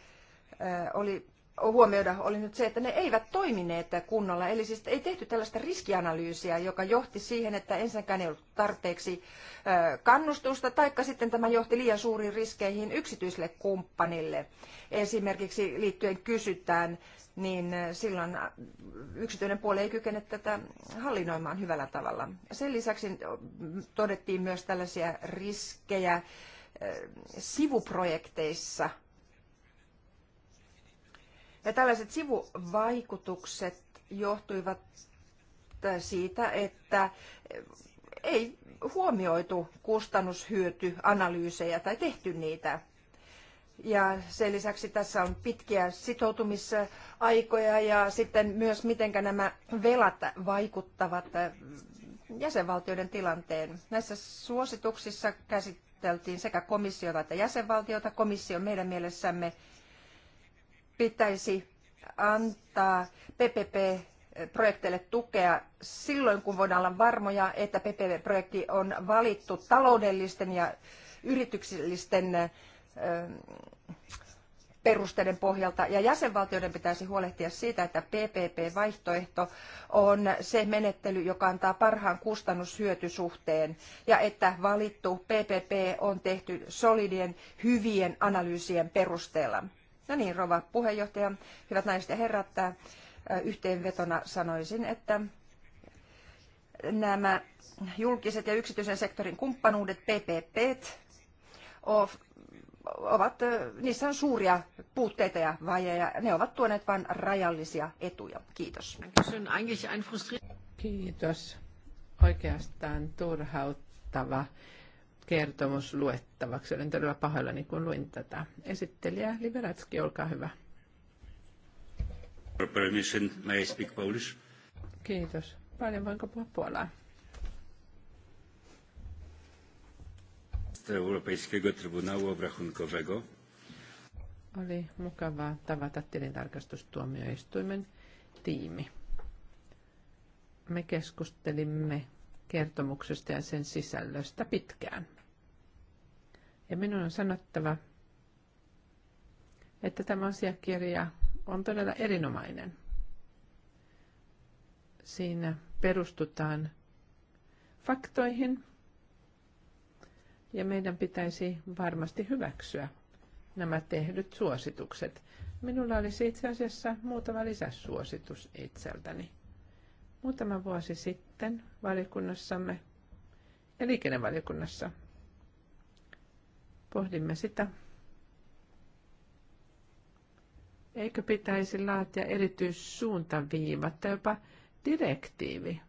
oli huomioida oli nyt se, että ne eivät toimineet kunnolla. Eli siis ei tehty tällaista riskianalyysiä, joka johti siihen, että ensinnäkään ei ollut tarpeeksi kannustusta, taikka sitten tämä johti liian suuriin riskeihin yksityisille kumppanille. Esimerkiksi liittyen kysytään, niin silloin yksityinen puoli ei kykene tätä hallinnoimaan hyvällä tavalla. Sen lisäksi todettiin myös tällaisia riskejä sivuprojekteissa – ja tällaiset sivuvaikutukset johtuivat siitä, että ei huomioitu kustannushyötyanalyysejä tai tehty niitä. Ja sen lisäksi tässä on pitkiä sitoutumisaikoja ja sitten myös miten nämä velat vaikuttavat jäsenvaltioiden tilanteen. Näissä suosituksissa käsiteltiin sekä komissiota että jäsenvaltiota. Komissio meidän mielessämme pitäisi antaa PPP projekteille tukea silloin, kun voidaan olla varmoja, että PPP-projekti on valittu taloudellisten ja yrityksellisten perusteiden pohjalta. Ja jäsenvaltioiden pitäisi huolehtia siitä, että PPP-vaihtoehto on se menettely, joka antaa parhaan kustannushyötysuhteen ja että valittu PPP on tehty solidien hyvien analyysien perusteella. No niin, rouva puheenjohtaja, hyvät naiset ja herrat, äh, yhteenvetona sanoisin, että nämä julkiset ja yksityisen sektorin kumppanuudet, PPP, ovat, äh, niissä on suuria puutteita ja vajeja. Ne ovat tuoneet vain rajallisia etuja. Kiitos. Kiitos. Oikeastaan turhauttava kertomus luettavaksi. Olen todella pahoillani, kun luin tätä. Esittelijä Liberatski, olkaa hyvä. Kiitos. Paljon voinko puhua puolaa? Oli mukavaa tavata tilintarkastustuomioistuimen tiimi. Me keskustelimme kertomuksesta ja sen sisällöstä pitkään. Ja minun on sanottava, että tämä asiakirja on todella erinomainen. Siinä perustutaan faktoihin ja meidän pitäisi varmasti hyväksyä nämä tehdyt suositukset. Minulla olisi itse asiassa muutama lisäsuositus itseltäni. Muutama vuosi sitten valiokunnassamme ja liikennevaliokunnassa Pohdimme sitä, eikö pitäisi laatia erityissuuntaviiva tai jopa direktiivi,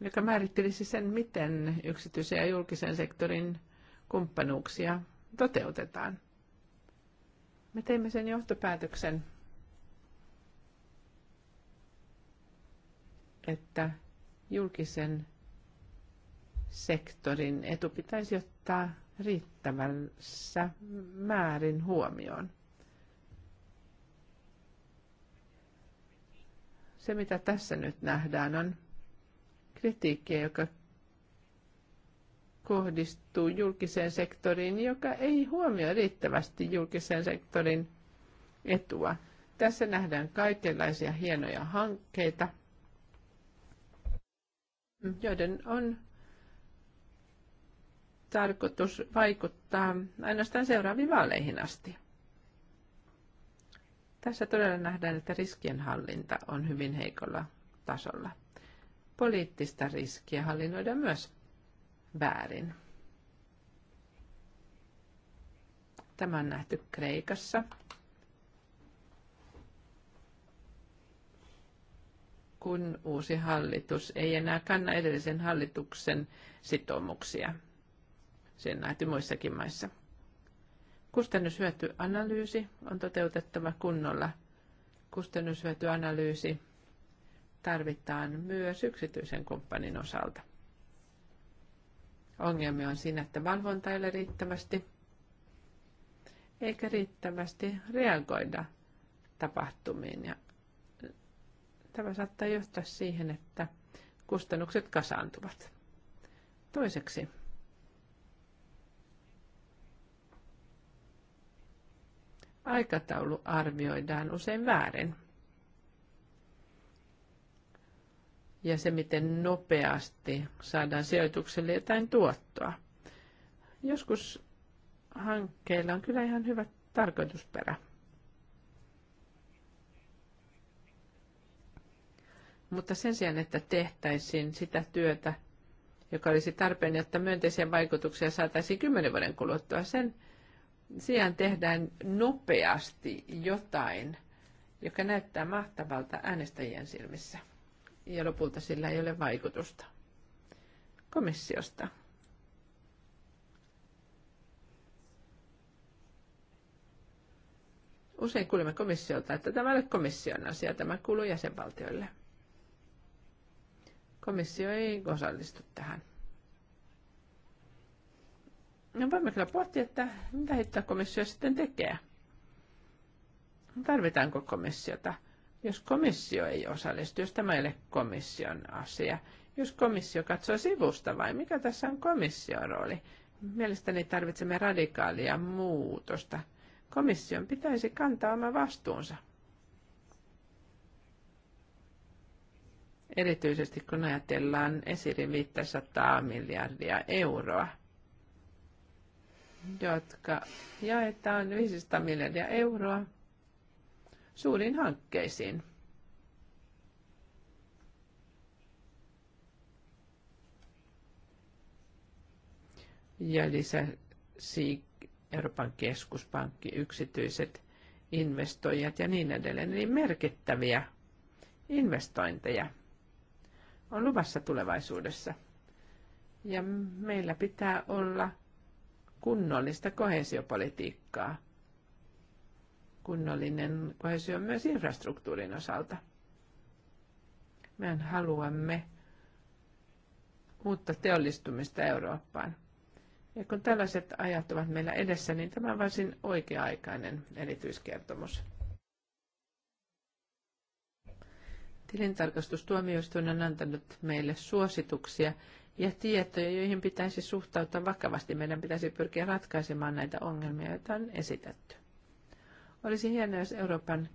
joka määrittelisi sen, miten yksityisen ja julkisen sektorin kumppanuuksia toteutetaan. Me teimme sen johtopäätöksen, että julkisen sektorin etu pitäisi ottaa riittävässä määrin huomioon. Se, mitä tässä nyt nähdään, on kritiikkiä, joka kohdistuu julkiseen sektoriin, joka ei huomioi riittävästi julkisen sektorin etua. Tässä nähdään kaikenlaisia hienoja hankkeita, joiden on tarkoitus vaikuttaa ainoastaan seuraaviin vaaleihin asti. Tässä todella nähdään, että riskienhallinta on hyvin heikolla tasolla. Poliittista riskiä hallinnoidaan myös väärin. Tämä on nähty Kreikassa. kun uusi hallitus ei enää kanna edellisen hallituksen sitoumuksia. Se on nähty muissakin maissa. Kustannushyötyanalyysi on toteutettava kunnolla. Kustannushyötyanalyysi tarvitaan myös yksityisen kumppanin osalta. Ongelmia on siinä, että valvonta ei ole riittävästi, eikä riittävästi reagoida tapahtumiin. Ja tämä saattaa johtaa siihen, että kustannukset kasaantuvat. Toiseksi aikataulu arvioidaan usein väärin. Ja se, miten nopeasti saadaan sijoitukselle jotain tuottoa. Joskus hankkeilla on kyllä ihan hyvä tarkoitusperä. Mutta sen sijaan, että tehtäisiin sitä työtä, joka olisi tarpeen, jotta myönteisiä vaikutuksia saataisiin kymmenen vuoden kuluttua, sen sijaan tehdään nopeasti jotain, joka näyttää mahtavalta äänestäjien silmissä. Ja lopulta sillä ei ole vaikutusta komissiosta. Usein kuulemme komissiolta, että tämä ei ole komission asia, tämä kuuluu jäsenvaltioille. Komissio ei osallistu tähän. No voimme kyllä pohtia, että mitä hittoa komissio sitten tekee. Tarvitaanko komissiota? Jos komissio ei osallistu, jos tämä ei ole komission asia, jos komissio katsoo sivusta vai mikä tässä on komission rooli? Mielestäni tarvitsemme radikaalia muutosta. Komission pitäisi kantaa oma vastuunsa. Erityisesti kun ajatellaan esiriin 500 miljardia euroa – jotka jaetaan 500 miljardia euroa suuriin hankkeisiin. Ja lisäsi Euroopan keskuspankki, yksityiset investoijat ja niin edelleen. Eli merkittäviä investointeja on luvassa tulevaisuudessa. Ja meillä pitää olla – kunnollista kohesiopolitiikkaa. Kunnollinen kohesio myös infrastruktuurin osalta. Me haluamme uutta teollistumista Eurooppaan. Ja kun tällaiset ajat ovat meillä edessä, niin tämä on varsin oikea-aikainen erityiskertomus. Tilintarkastustuomioistuin on antanut meille suosituksia, ja tietoja, joihin pitäisi suhtautua vakavasti. Meidän pitäisi pyrkiä ratkaisemaan näitä ongelmia, joita on esitetty. Olisi hienoa, jos Euroopan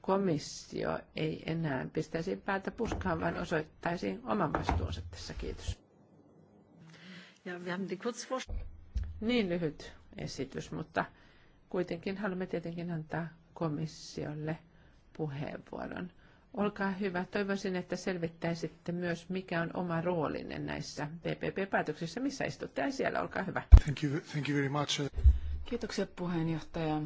komissio ei enää pistäisi päätä puskaan, vaan osoittaisi oman vastuunsa tässä. Kiitos. Ja, wir haben die niin lyhyt esitys, mutta kuitenkin haluamme tietenkin antaa komissiolle puheenvuoron. Olkaa hyvä. Toivoisin, että selvittäisitte myös, mikä on oma roolinne näissä PPP-päätöksissä. Missä istutte? Ja siellä, olkaa hyvä. Thank you, thank you very much. Kiitoksia puheenjohtaja.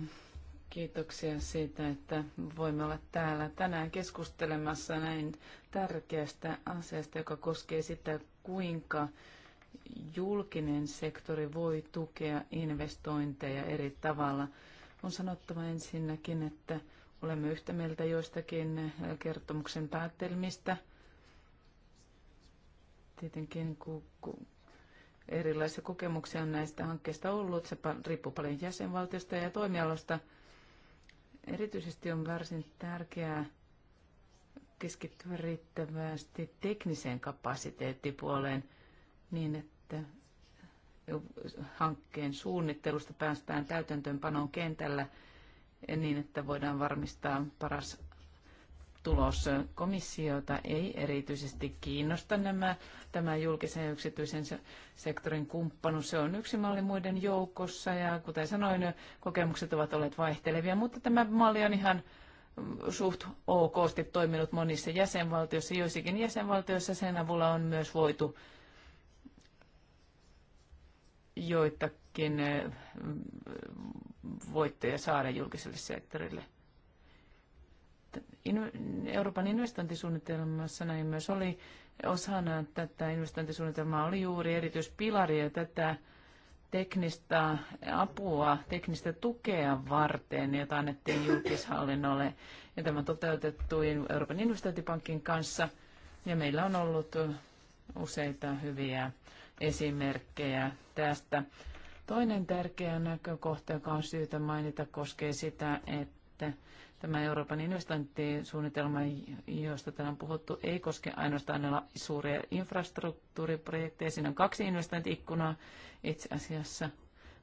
Kiitoksia siitä, että voimme olla täällä tänään keskustelemassa näin tärkeästä asiasta, joka koskee sitä, kuinka julkinen sektori voi tukea investointeja eri tavalla. On sanottava ensinnäkin, että Olemme yhtä mieltä joistakin eh, kertomuksen päättelmistä. Tietenkin kun, kun erilaisia kokemuksia on näistä hankkeista ollut, se riippuu paljon jäsenvaltiosta ja toimialosta. Erityisesti on varsin tärkeää keskittyä riittävästi tekniseen kapasiteettipuoleen niin, että hankkeen suunnittelusta päästään täytäntöönpanoon kentällä – niin, että voidaan varmistaa paras tulos. Komissiota ei erityisesti kiinnosta nämä, tämä julkisen ja yksityisen sektorin kumppanuus. Se on yksi malli muiden joukossa ja kuten sanoin, kokemukset ovat olleet vaihtelevia, mutta tämä malli on ihan suht okosti toiminut monissa jäsenvaltioissa. Joissakin jäsenvaltioissa sen avulla on myös voitu joitakin eh, voittoja saada julkiselle sektorille. Euroopan investointisuunnitelmassa näin myös oli. Osana tätä investointisuunnitelmaa oli juuri erityispilari ja tätä teknistä apua, teknistä tukea varten, jota annettiin julkishallinnolle. Ja tämä toteutettiin Euroopan investointipankin kanssa. Ja meillä on ollut useita hyviä esimerkkejä tästä. Toinen tärkeä näkökohta, joka on syytä mainita, koskee sitä, että tämä Euroopan investointisuunnitelma, josta täällä on puhuttu, ei koske ainoastaan suuria infrastruktuuriprojekteja. Siinä on kaksi investointiikkunaa itse asiassa.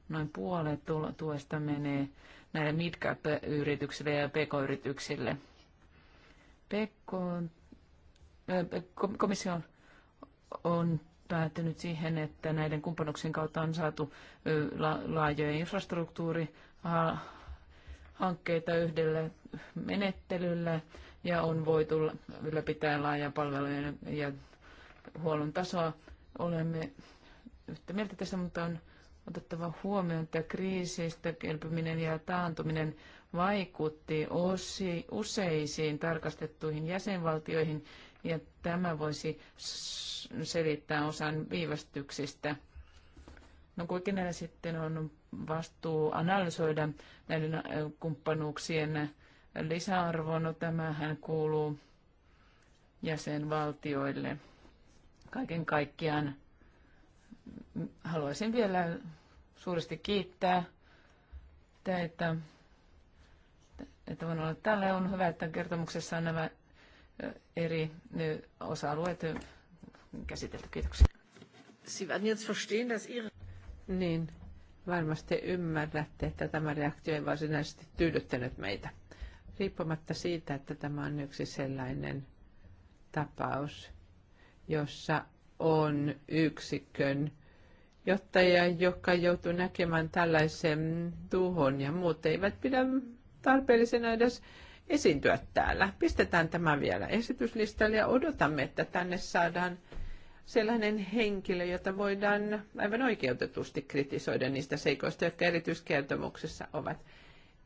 Noin puolet tuesta menee näille midcap-yrityksille ja pk-yrityksille. Pekko, komissio on päätynyt siihen, että näiden kumppanuksien kautta on saatu laajoja infrastruktuurihankkeita yhdelle menettelylle ja on voitu ylläpitää laajaa palvelujen ja huollon tasoa. Olemme yhtä mieltä tässä, mutta on otettava huomioon, että kriisistä elpyminen ja taantuminen vaikutti osi, useisiin tarkastettuihin jäsenvaltioihin ja tämä voisi selittää osan viivästyksistä. No kuinka sitten on vastuu analysoida näiden äh, kumppanuuksien lisäarvoa? No tämähän kuuluu jäsenvaltioille. Kaiken kaikkiaan haluaisin vielä suuresti kiittää teitä, että voin olla tälle On hyvä, että kertomuksessa on nämä eri osa-alueet käsitelty. Kiitoksia. Sie werden jetzt verstehen, dass Ihre... Niin, varmasti ymmärrätte, että tämä reaktio ei varsinaisesti tyydyttänyt meitä. Riippumatta siitä, että tämä on yksi sellainen tapaus, jossa on yksikön johtaja, joka joutuu näkemään tällaisen tuhon ja muut eivät pidä tarpeellisena edes esiintyä täällä. Pistetään tämä vielä esityslistalle ja odotamme, että tänne saadaan sellainen henkilö, jota voidaan aivan oikeutetusti kritisoida niistä seikoista, jotka erityiskertomuksessa ovat.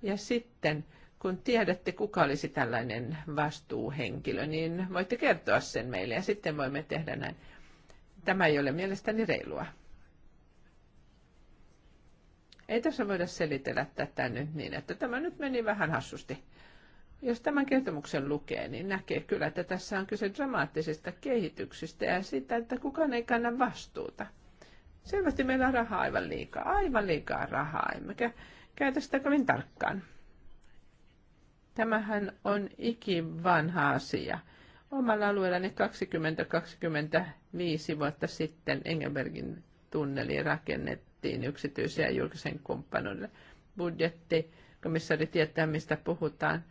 Ja sitten, kun tiedätte, kuka olisi tällainen vastuuhenkilö, niin voitte kertoa sen meille ja sitten voimme tehdä näin. Tämä ei ole mielestäni reilua. Ei tässä voida selitellä tätä nyt niin, että tämä nyt meni vähän hassusti. Jos tämän kertomuksen lukee, niin näkee kyllä, että tässä on kyse dramaattisesta kehityksestä ja siitä, että kukaan ei kanna vastuuta. Selvästi meillä on rahaa aivan liikaa, aivan liikaa rahaa, emmekä käytä sitä kovin tarkkaan. Tämähän on ikivanha asia. Omalla alueellani 20-25 vuotta sitten Engelbergin tunneli rakennettiin yksityisen ja julkisen kumppanuille. Budjetti, komissari tietää mistä puhutaan,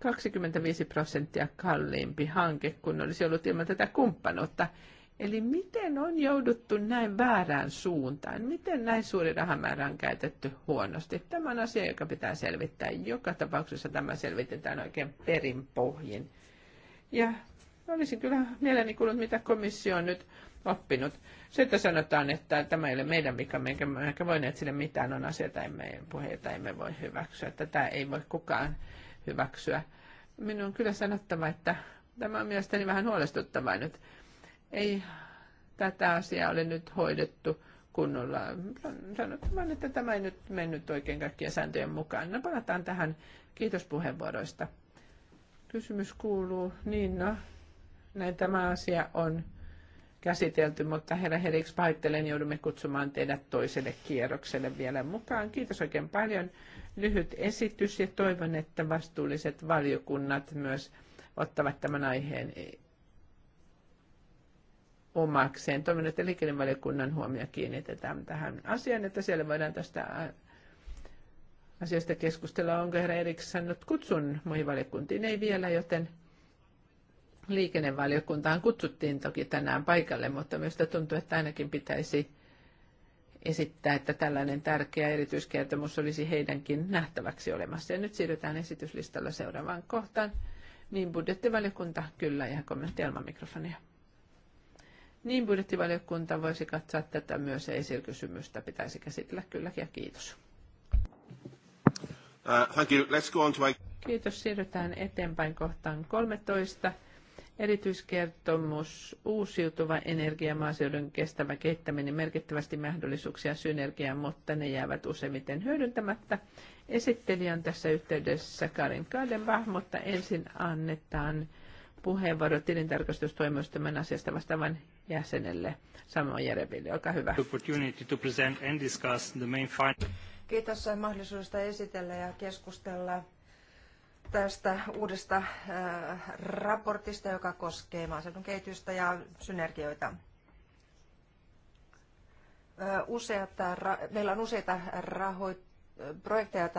25 prosenttia kalliimpi hanke kuin olisi ollut ilman tätä kumppanuutta. Eli miten on jouduttu näin väärään suuntaan? Miten näin suuri rahamäärä on käytetty huonosti? Tämä on asia, joka pitää selvittää. Joka tapauksessa tämä selvitetään oikein perinpohjin. Ja olisin kyllä mieleni kuullut, mitä komissio on nyt oppinut. Se, että sanotaan, että tämä ei ole meidän vika, me eikä voineet sille mitään, on asia, tai puheita emme voi hyväksyä. Tätä ei voi kukaan hyväksyä. Minun on kyllä sanottava, että tämä on mielestäni vähän huolestuttavaa nyt. Ei tätä asiaa ole nyt hoidettu kunnolla. Sanottava, että tämä ei nyt mennyt oikein kaikkien sääntöjen mukaan. No palataan tähän. Kiitos puheenvuoroista. Kysymys kuuluu, niin no, näin tämä asia on käsitelty, mutta herra Heriks, pahittelen, joudumme kutsumaan teidät toiselle kierrokselle vielä mukaan. Kiitos oikein paljon. Lyhyt esitys ja toivon, että vastuulliset valiokunnat myös ottavat tämän aiheen e- omakseen. Toivon, että liikennevaliokunnan huomio kiinnitetään tähän asiaan, että siellä voidaan tästä asiasta keskustella. Onko herra Eriksson saanut kutsun muihin valiokuntiin? Ei vielä, joten Liikennevaliokuntaan kutsuttiin toki tänään paikalle, mutta minusta tuntuu, että ainakin pitäisi esittää, että tällainen tärkeä erityiskertomus olisi heidänkin nähtäväksi olemassa. Ja nyt siirrytään esityslistalla seuraavaan kohtaan. Niin budjettivaliokunta, kyllä, ja kommentti ilman mikrofonia. Niin budjettivaliokunta voisi katsoa tätä myös ja esikysymystä pitäisi käsitellä kylläkin ja kiitos. Uh, thank you. Let's go on to... Kiitos, siirrytään eteenpäin kohtaan 13. Erityiskertomus uusiutuva energia maaseudun kestävä kehittäminen merkittävästi mahdollisuuksia synergiaan, mutta ne jäävät useimmiten hyödyntämättä. Esittelijä on tässä yhteydessä Karin Kadenbach, mutta ensin annetaan puheenvuoro tilintarkastustoimistomen asiasta vastaavan jäsenelle Samo Jereville. Olkaa hyvä. Kiitos mahdollisuudesta esitellä ja keskustella tästä uudesta äh, raportista, joka koskee maaseudun kehitystä ja synergioita. Äh, Useata, äh, meillä on useita rahoit, projekteja,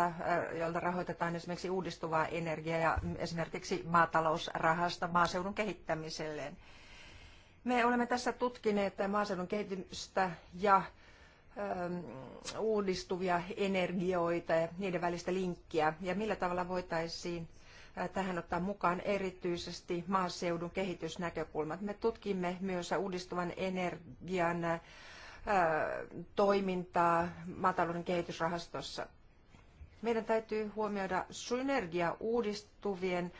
joilta rahoitetaan esimerkiksi uudistuvaa energiaa ja esimerkiksi maatalousrahasta maaseudun kehittämiselle. Me olemme tässä tutkineet maaseudun kehitystä ja Ähm, uudistuvia energioita ja niiden välistä linkkiä ja millä tavalla voitaisiin äh, tähän ottaa mukaan erityisesti maaseudun kehitysnäkökulmat. Me tutkimme myös uudistuvan energian äh, toimintaa maatalouden kehitysrahastossa. Meidän täytyy huomioida synergia uudistuvien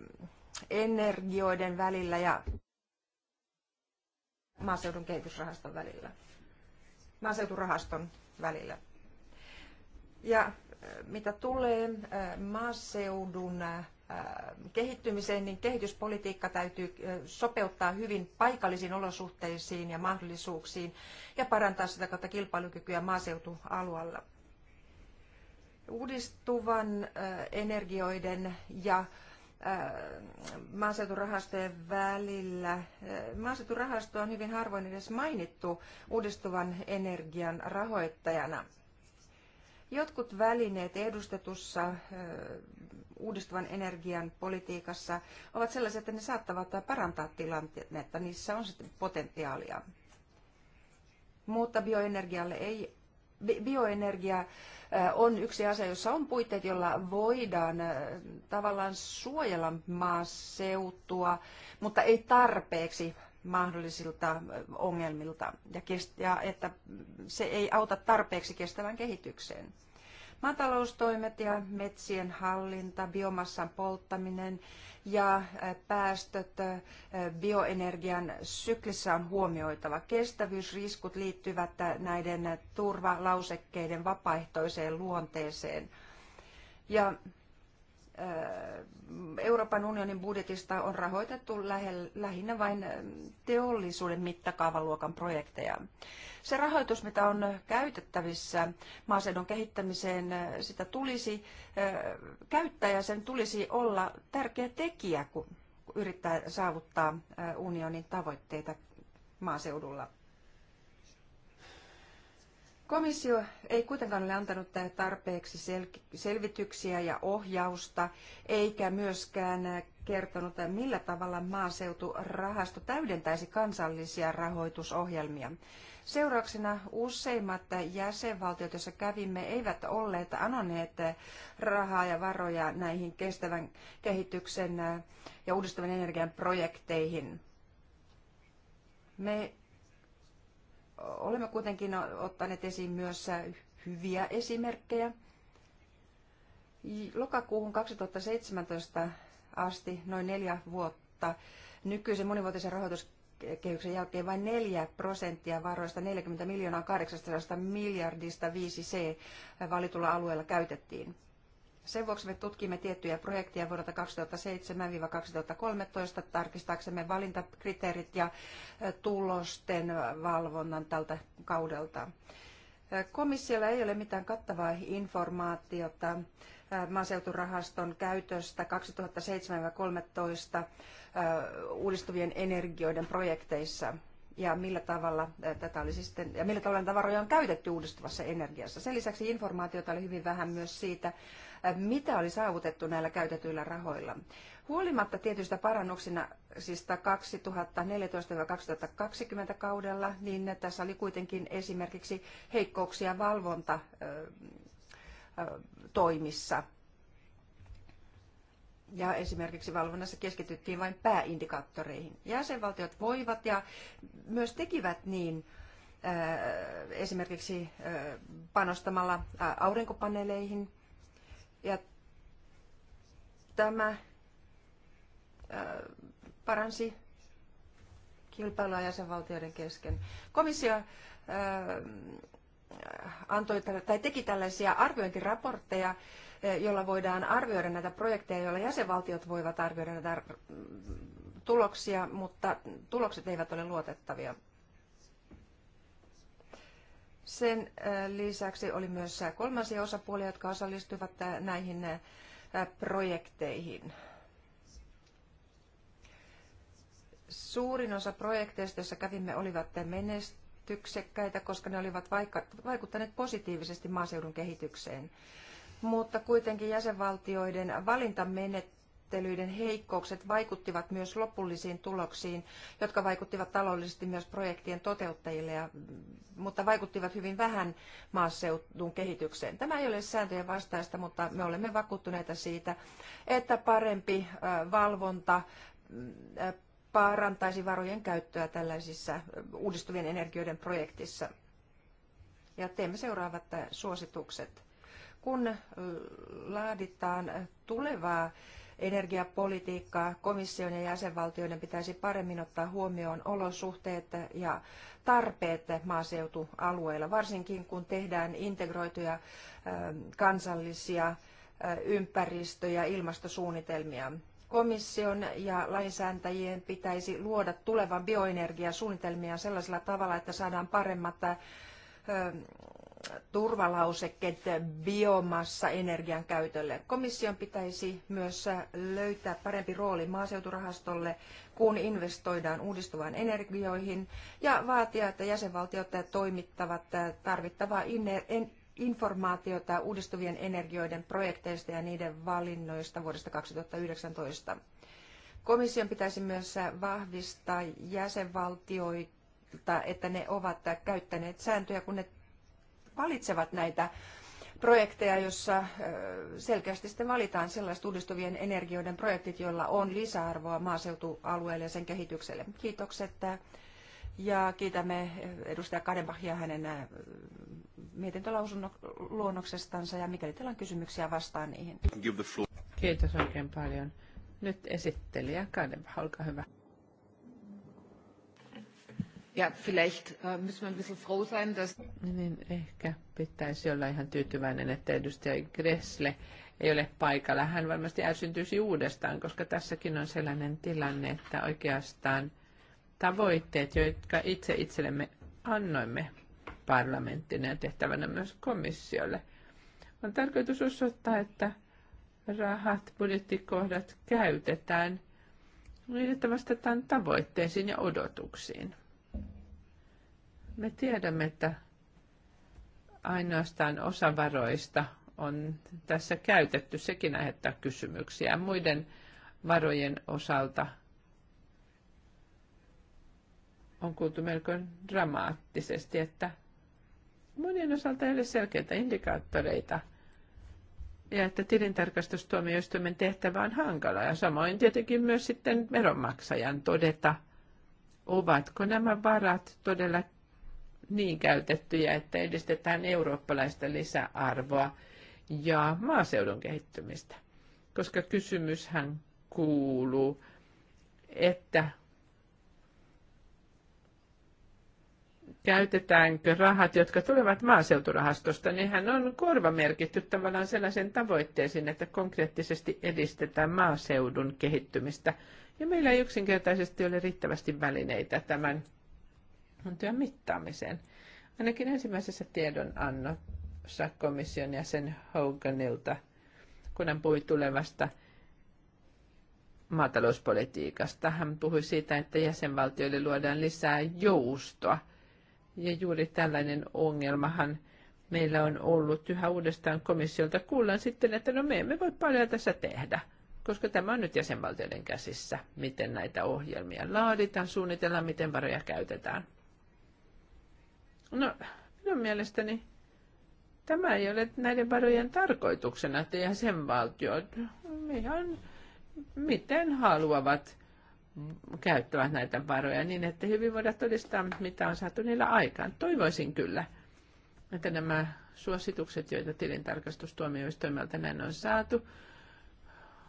äh, energioiden välillä ja maaseudun kehitysrahaston välillä maaseuturahaston välillä. Ja äh, mitä tulee äh, maaseudun äh, kehittymiseen, niin kehityspolitiikka täytyy sopeuttaa hyvin paikallisiin olosuhteisiin ja mahdollisuuksiin ja parantaa sitä kautta kilpailukykyä maaseutualueella. Uudistuvan energioiden ja Äh, maaseuturahastojen välillä. Äh, maaseuturahasto on hyvin harvoin edes mainittu uudistuvan energian rahoittajana. Jotkut välineet edustetussa äh, uudistuvan energian politiikassa ovat sellaisia, että ne saattavat parantaa tilannetta. Niissä on sitten potentiaalia. Mutta bioenergialle ei bioenergia on yksi asia, jossa on puitteet, jolla voidaan tavallaan suojella maaseutua, mutta ei tarpeeksi mahdollisilta ongelmilta ja, että se ei auta tarpeeksi kestävän kehitykseen. Maataloustoimet ja metsien hallinta, biomassan polttaminen ja päästöt bioenergian syklissä on huomioitava. Kestävyysriskut liittyvät näiden turvalausekkeiden vapaaehtoiseen luonteeseen. Ja Euroopan unionin budjetista on rahoitettu lähinnä vain teollisuuden mittakaavan projekteja. Se rahoitus, mitä on käytettävissä maaseudun kehittämiseen, sitä tulisi käyttää ja sen tulisi olla tärkeä tekijä, kun yrittää saavuttaa unionin tavoitteita maaseudulla. Komissio ei kuitenkaan ole antanut tarpeeksi selvityksiä ja ohjausta, eikä myöskään kertonut, millä tavalla maaseuturahasto täydentäisi kansallisia rahoitusohjelmia. Seurauksena useimmat jäsenvaltiot, joissa kävimme, eivät olleet anoneet rahaa ja varoja näihin kestävän kehityksen ja uudistuvan energian projekteihin. Me olemme kuitenkin ottaneet esiin myös hyviä esimerkkejä. Lokakuuhun 2017 asti noin neljä vuotta nykyisen monivuotisen rahoituskehyksen jälkeen vain 4 prosenttia varoista 40 miljoonaa 800 miljardista 5C valitulla alueella käytettiin. Sen vuoksi me tutkimme tiettyjä projekteja vuodelta 2007-2013 tarkistaaksemme valintakriteerit ja tulosten valvonnan tältä kaudelta. Komissiolla ei ole mitään kattavaa informaatiota maaseuturahaston käytöstä 2007-2013 uudistuvien energioiden projekteissa ja millä tavalla tätä oli siis sitten, ja millä tavalla tavaroja on käytetty uudistuvassa energiassa. Sen lisäksi informaatiota oli hyvin vähän myös siitä, mitä oli saavutettu näillä käytetyillä rahoilla. Huolimatta tietystä parannuksina siis 2014-2020 kaudella, niin tässä oli kuitenkin esimerkiksi heikkouksia valvontatoimissa. Ja esimerkiksi valvonnassa keskityttiin vain pääindikaattoreihin. Jäsenvaltiot voivat ja myös tekivät niin, esimerkiksi panostamalla aurinkopaneeleihin ja tämä paransi kilpailua jäsenvaltioiden kesken. Komissio antoi tai teki tällaisia arviointiraportteja, jolla voidaan arvioida näitä projekteja, joilla jäsenvaltiot voivat arvioida näitä tuloksia, mutta tulokset eivät ole luotettavia. Sen lisäksi oli myös kolmansia osapuolia, jotka osallistuivat näihin projekteihin. Suurin osa projekteista, joissa kävimme, olivat menestyksekkäitä, koska ne olivat vaikuttaneet positiivisesti maaseudun kehitykseen. Mutta kuitenkin jäsenvaltioiden valintamenettely menettelyiden heikkoukset vaikuttivat myös lopullisiin tuloksiin, jotka vaikuttivat taloudellisesti myös projektien toteuttajille, ja, mutta vaikuttivat hyvin vähän maaseudun kehitykseen. Tämä ei ole sääntöjen vastaista, mutta me olemme vakuuttuneita siitä, että parempi valvonta parantaisi varojen käyttöä tällaisissa uudistuvien energioiden projektissa. Ja teemme seuraavat suositukset kun laaditaan tulevaa energiapolitiikkaa komission ja jäsenvaltioiden pitäisi paremmin ottaa huomioon olosuhteet ja tarpeet maaseutualueilla, varsinkin kun tehdään integroituja kansallisia ympäristö- ja ilmastosuunnitelmia. Komission ja lainsääntäjien pitäisi luoda tulevan bioenergiasuunnitelmia sellaisella tavalla, että saadaan paremmat turvalausekkeet biomassa energian käytölle. Komission pitäisi myös löytää parempi rooli maaseuturahastolle, kun investoidaan uudistuvaan energioihin ja vaatia, että jäsenvaltiot toimittavat tarvittavaa informaatiota uudistuvien energioiden projekteista ja niiden valinnoista vuodesta 2019. Komission pitäisi myös vahvistaa jäsenvaltioita, että ne ovat käyttäneet sääntöjä, kun ne valitsevat näitä projekteja, jossa selkeästi sitten valitaan sellaiset uudistuvien energioiden projektit, joilla on lisäarvoa maaseutualueelle ja sen kehitykselle. Kiitokset ja kiitämme edustaja Kadenbachia hänen mietintöluonnoksestansa ja mikäli teillä on kysymyksiä, vastaan niihin. Kiitos oikein paljon. Nyt esittelijä Kadenbach, olkaa hyvä. Ja vielleicht äh, müssen wir ein bisschen froh sein, dass... Niin, niin ehkä pitäisi olla ihan tyytyväinen, että edustaja Gressle ei ole paikalla. Hän varmasti ärsyntyisi uudestaan, koska tässäkin on sellainen tilanne, että oikeastaan tavoitteet, jotka itse itsellemme annoimme parlamenttina ja tehtävänä myös komissiolle, on tarkoitus osoittaa, että rahat, budjettikohdat käytetään niin, että vastataan tavoitteisiin ja odotuksiin. Me tiedämme, että ainoastaan osa varoista on tässä käytetty. Sekin aiheuttaa kysymyksiä. Muiden varojen osalta on kuultu melko dramaattisesti, että monien osalta ei ole selkeitä indikaattoreita ja että tilintarkastustuomioistuimen tehtävä on hankala ja samoin tietenkin myös sitten veronmaksajan todeta, ovatko nämä varat todella niin käytettyjä, että edistetään eurooppalaista lisäarvoa ja maaseudun kehittymistä. Koska kysymyshän kuuluu, että käytetäänkö rahat, jotka tulevat maaseuturahastosta, niin hän on korvamerkitty tavallaan sellaisen tavoitteisiin, että konkreettisesti edistetään maaseudun kehittymistä. Ja meillä ei yksinkertaisesti ole riittävästi välineitä tämän työn mittaamiseen. Ainakin ensimmäisessä tiedonannossa komission ja sen Hoganilta, kun hän puhui tulevasta maatalouspolitiikasta. Hän puhui siitä, että jäsenvaltioille luodaan lisää joustoa. Ja juuri tällainen ongelmahan meillä on ollut yhä uudestaan komissiolta. Kuullaan sitten, että no me emme voi paljon tässä tehdä, koska tämä on nyt jäsenvaltioiden käsissä, miten näitä ohjelmia laaditaan, suunnitellaan, miten varoja käytetään. No, minun mielestäni tämä ei ole näiden varojen tarkoituksena, että jäsenvaltiot ihan miten haluavat käyttävät näitä varoja niin, että hyvin voidaan todistaa, mitä on saatu niillä aikaan. Toivoisin kyllä, että nämä suositukset, joita tilintarkastustuomioistuimelta näin on saatu,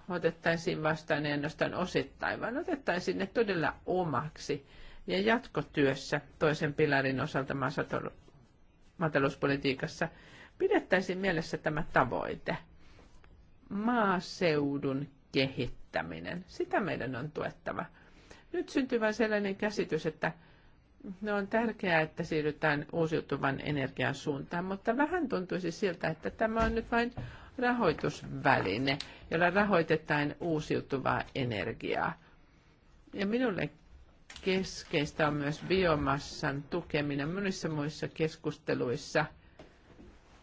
otettaisiin vastaan ei ainoastaan osittain, vaan otettaisiin ne todella omaksi ja jatkotyössä toisen pilarin osalta maatalouspolitiikassa pidettäisiin mielessä tämä tavoite. Maaseudun kehittäminen. Sitä meidän on tuettava. Nyt syntyy vain sellainen käsitys, että no on tärkeää, että siirrytään uusiutuvan energian suuntaan, mutta vähän tuntuisi siltä, että tämä on nyt vain rahoitusväline, jolla rahoitetaan uusiutuvaa energiaa. Ja minulle keskeistä on myös biomassan tukeminen monissa muissa keskusteluissa.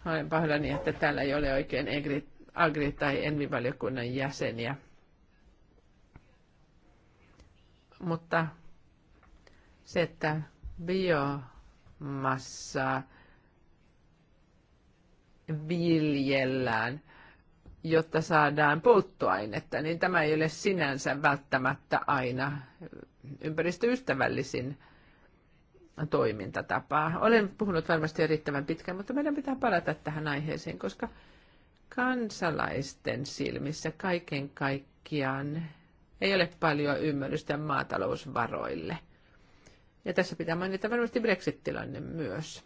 Olen pahoillani, että täällä ei ole oikein Agri- tai Envivaliokunnan jäseniä. Mutta se, että biomassaa viljellään, jotta saadaan polttoainetta, niin tämä ei ole sinänsä välttämättä aina ympäristöystävällisin toimintatapa. Olen puhunut varmasti jo riittävän pitkään, mutta meidän pitää palata tähän aiheeseen, koska kansalaisten silmissä kaiken kaikkiaan ei ole paljon ymmärrystä maatalousvaroille. Ja tässä pitää mainita varmasti Brexit-tilanne myös.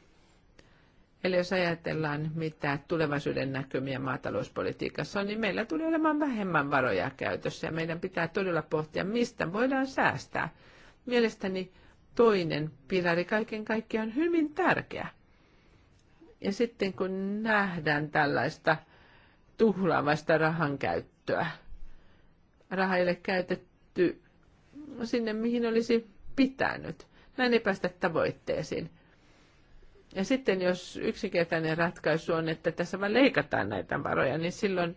Eli jos ajatellaan, mitä tulevaisuuden näkymiä maatalouspolitiikassa on, niin meillä tulee olemaan vähemmän varoja käytössä ja meidän pitää todella pohtia, mistä voidaan säästää. Mielestäni toinen pilari kaiken kaikkiaan on hyvin tärkeä. Ja sitten kun nähdään tällaista tuhlaavasta rahan käyttöä, raha ei ole käytetty sinne, mihin olisi pitänyt. Näin ei päästä tavoitteisiin. Ja sitten jos yksinkertainen ratkaisu on, että tässä vain leikataan näitä varoja, niin silloin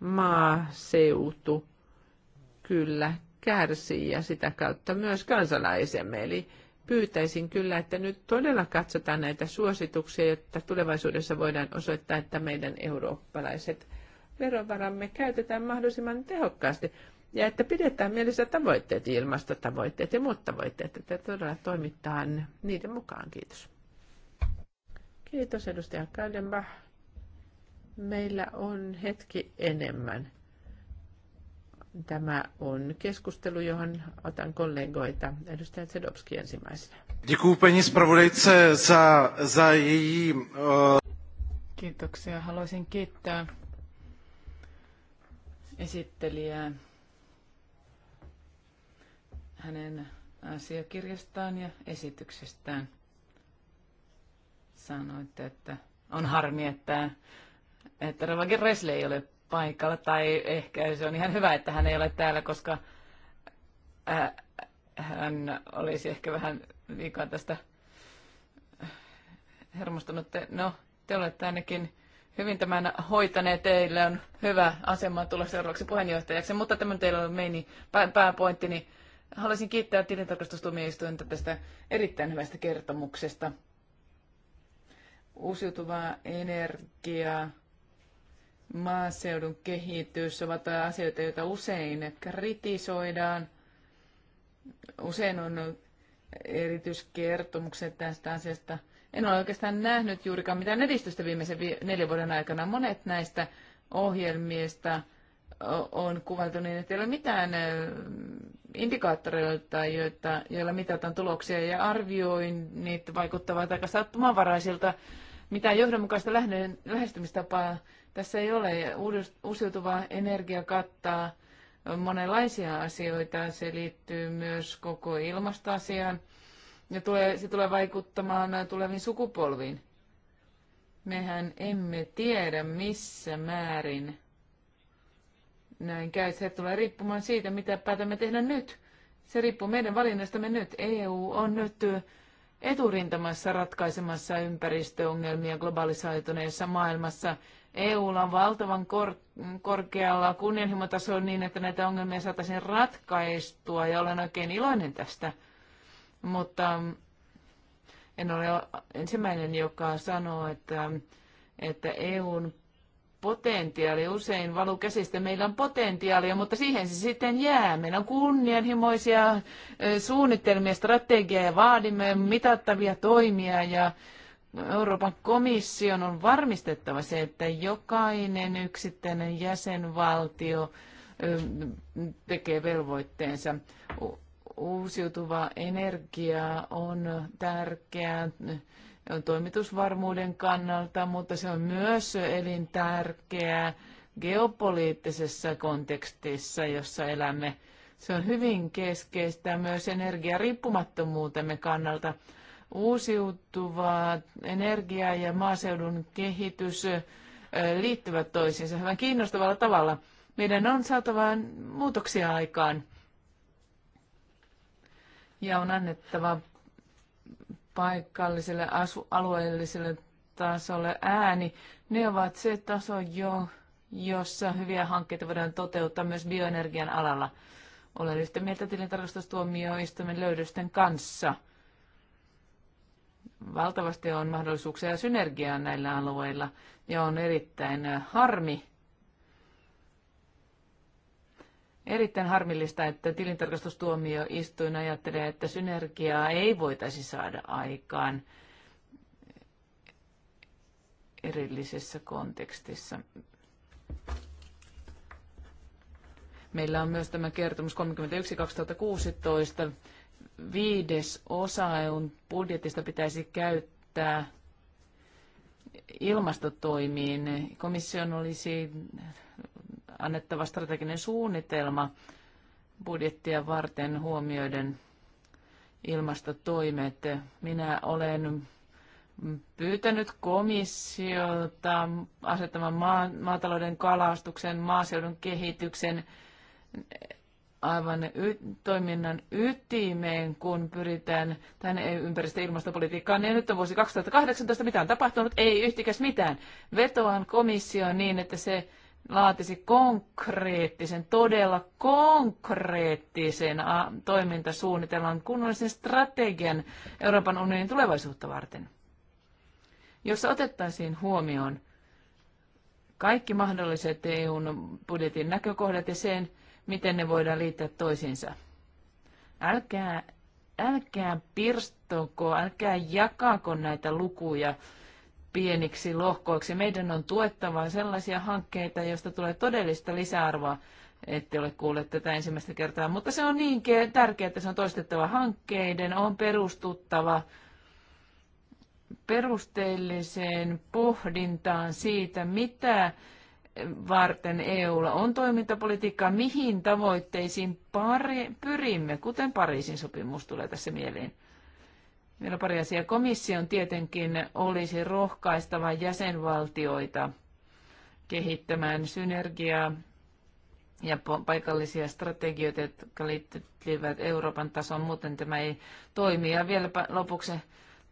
maaseutu kyllä kärsii ja sitä kautta myös kansalaisemme. Eli pyytäisin kyllä, että nyt todella katsotaan näitä suosituksia, jotta tulevaisuudessa voidaan osoittaa, että meidän eurooppalaiset verovaramme käytetään mahdollisimman tehokkaasti ja että pidetään mielessä tavoitteet, ilmastotavoitteet ja muut tavoitteet, että todella toimitaan niiden mukaan. Kiitos. Kiitos edustaja Kadenbach. Meillä on hetki enemmän. Tämä on keskustelu, johon otan kollegoita. Edustaja Zedowski ensimmäisenä. Děkuji za, za její... Eh, Kiitoksia. Haluaisin kiittää esittelijää hänen asiakirjastaan ja esityksestään. Sanoitte, että on harmi, että, että Ravakin Resli ei ole paikalla, tai ehkä se on ihan hyvä, että hän ei ole täällä, koska äh, hän olisi ehkä vähän liikaa tästä hermostunut. Te, no, te olette ainakin hyvin tämän hoitaneet. Teillä on hyvä asema tulla seuraavaksi puheenjohtajaksi, mutta tämä teillä on meini pää, pääpointti, niin haluaisin kiittää tilintarkastustuomioistuinta tästä erittäin hyvästä kertomuksesta uusiutuvaa energiaa, maaseudun kehitys ovat asioita, joita usein kritisoidaan. Usein on erityiskertomukset tästä asiasta. En ole oikeastaan nähnyt juurikaan mitään edistystä viimeisen neljän vuoden aikana. Monet näistä ohjelmista on kuvailtu niin, että ei ole mitään indikaattoreita, joita, joilla mitataan tuloksia ja arvioinnit vaikuttavat aika sattumanvaraisilta mitään johdonmukaista lähestymistapaa tässä ei ole. Uusiutuva energia kattaa monenlaisia asioita. Se liittyy myös koko ilmastoasiaan ja tulee, se tulee vaikuttamaan tuleviin sukupolviin. Mehän emme tiedä missä määrin näin käy. Se tulee riippumaan siitä, mitä päätämme tehdä nyt. Se riippuu meidän valinnastamme nyt. EU on nyt eturintamassa ratkaisemassa ympäristöongelmia globalisoituneessa maailmassa. EUlla on valtavan kor- korkealla kunnianhimotaso niin, että näitä ongelmia saataisiin ratkaistua ja olen oikein iloinen tästä. Mutta en ole ensimmäinen, joka sanoo, että, että EUn potentiaali usein valuu käsistä. Meillä on potentiaalia, mutta siihen se sitten jää. Meillä on kunnianhimoisia suunnitelmia, strategiaa ja vaadimme mitattavia toimia ja Euroopan komission on varmistettava se, että jokainen yksittäinen jäsenvaltio tekee velvoitteensa. Uusiutuva energia on tärkeää toimitusvarmuuden kannalta, mutta se on myös elintärkeää geopoliittisessa kontekstissa, jossa elämme. Se on hyvin keskeistä myös energiariippumattomuutemme kannalta. Uusiutuvaa energiaa ja maaseudun kehitys liittyvät toisiinsa hyvän kiinnostavalla tavalla. Meidän on saatava muutoksia aikaan ja on annettava paikalliselle asu- alueelliselle tasolle ääni, ne ovat se taso, jo, jossa hyviä hankkeita voidaan toteuttaa myös bioenergian alalla. Olen yhtä mieltä tilintarkastustuomioistuimen löydösten kanssa. Valtavasti on mahdollisuuksia synergiaa näillä alueilla ja on erittäin harmi, Erittäin harmillista, että tilintarkastustuomioistuin ajattelee, että synergiaa ei voitaisi saada aikaan erillisessä kontekstissa. Meillä on myös tämä kertomus 31-2016. Viides osa EUn budjetista pitäisi käyttää ilmastotoimiin. Komission olisi annettava strateginen suunnitelma budjettia varten huomioiden ilmastotoimet. Minä olen pyytänyt komissiolta asettamaan maa, maatalouden kalastuksen, maaseudun kehityksen aivan y- toiminnan ytimeen, kun pyritään tänne ympäristö- ja ilmastopolitiikkaan. Ja nyt on vuosi 2018, mitä on tapahtunut? Ei yhtikäs mitään. Vetoan komissioon niin, että se laatisi konkreettisen, todella konkreettisen toimintasuunnitelman, kunnollisen strategian Euroopan unionin tulevaisuutta varten, jossa otettaisiin huomioon kaikki mahdolliset EUn budjetin näkökohdat ja sen, miten ne voidaan liittää toisiinsa. Älkää, älkää pirstoko, älkää jakako näitä lukuja pieniksi lohkoiksi. Meidän on tuettava sellaisia hankkeita, joista tulee todellista lisäarvoa. Ette ole kuulleet tätä ensimmäistä kertaa, mutta se on niin tärkeää, että se on toistettava hankkeiden, on perustuttava perusteelliseen pohdintaan siitä, mitä varten EUlla on toimintapolitiikkaa, mihin tavoitteisiin pari, pyrimme, kuten Pariisin sopimus tulee tässä mieleen. Vielä pari asiaa. Komission tietenkin olisi rohkaistava jäsenvaltioita kehittämään synergiaa ja paikallisia strategioita, jotka liittyvät Euroopan tasoon. Muuten tämä ei toimi. Ja vielä lopuksi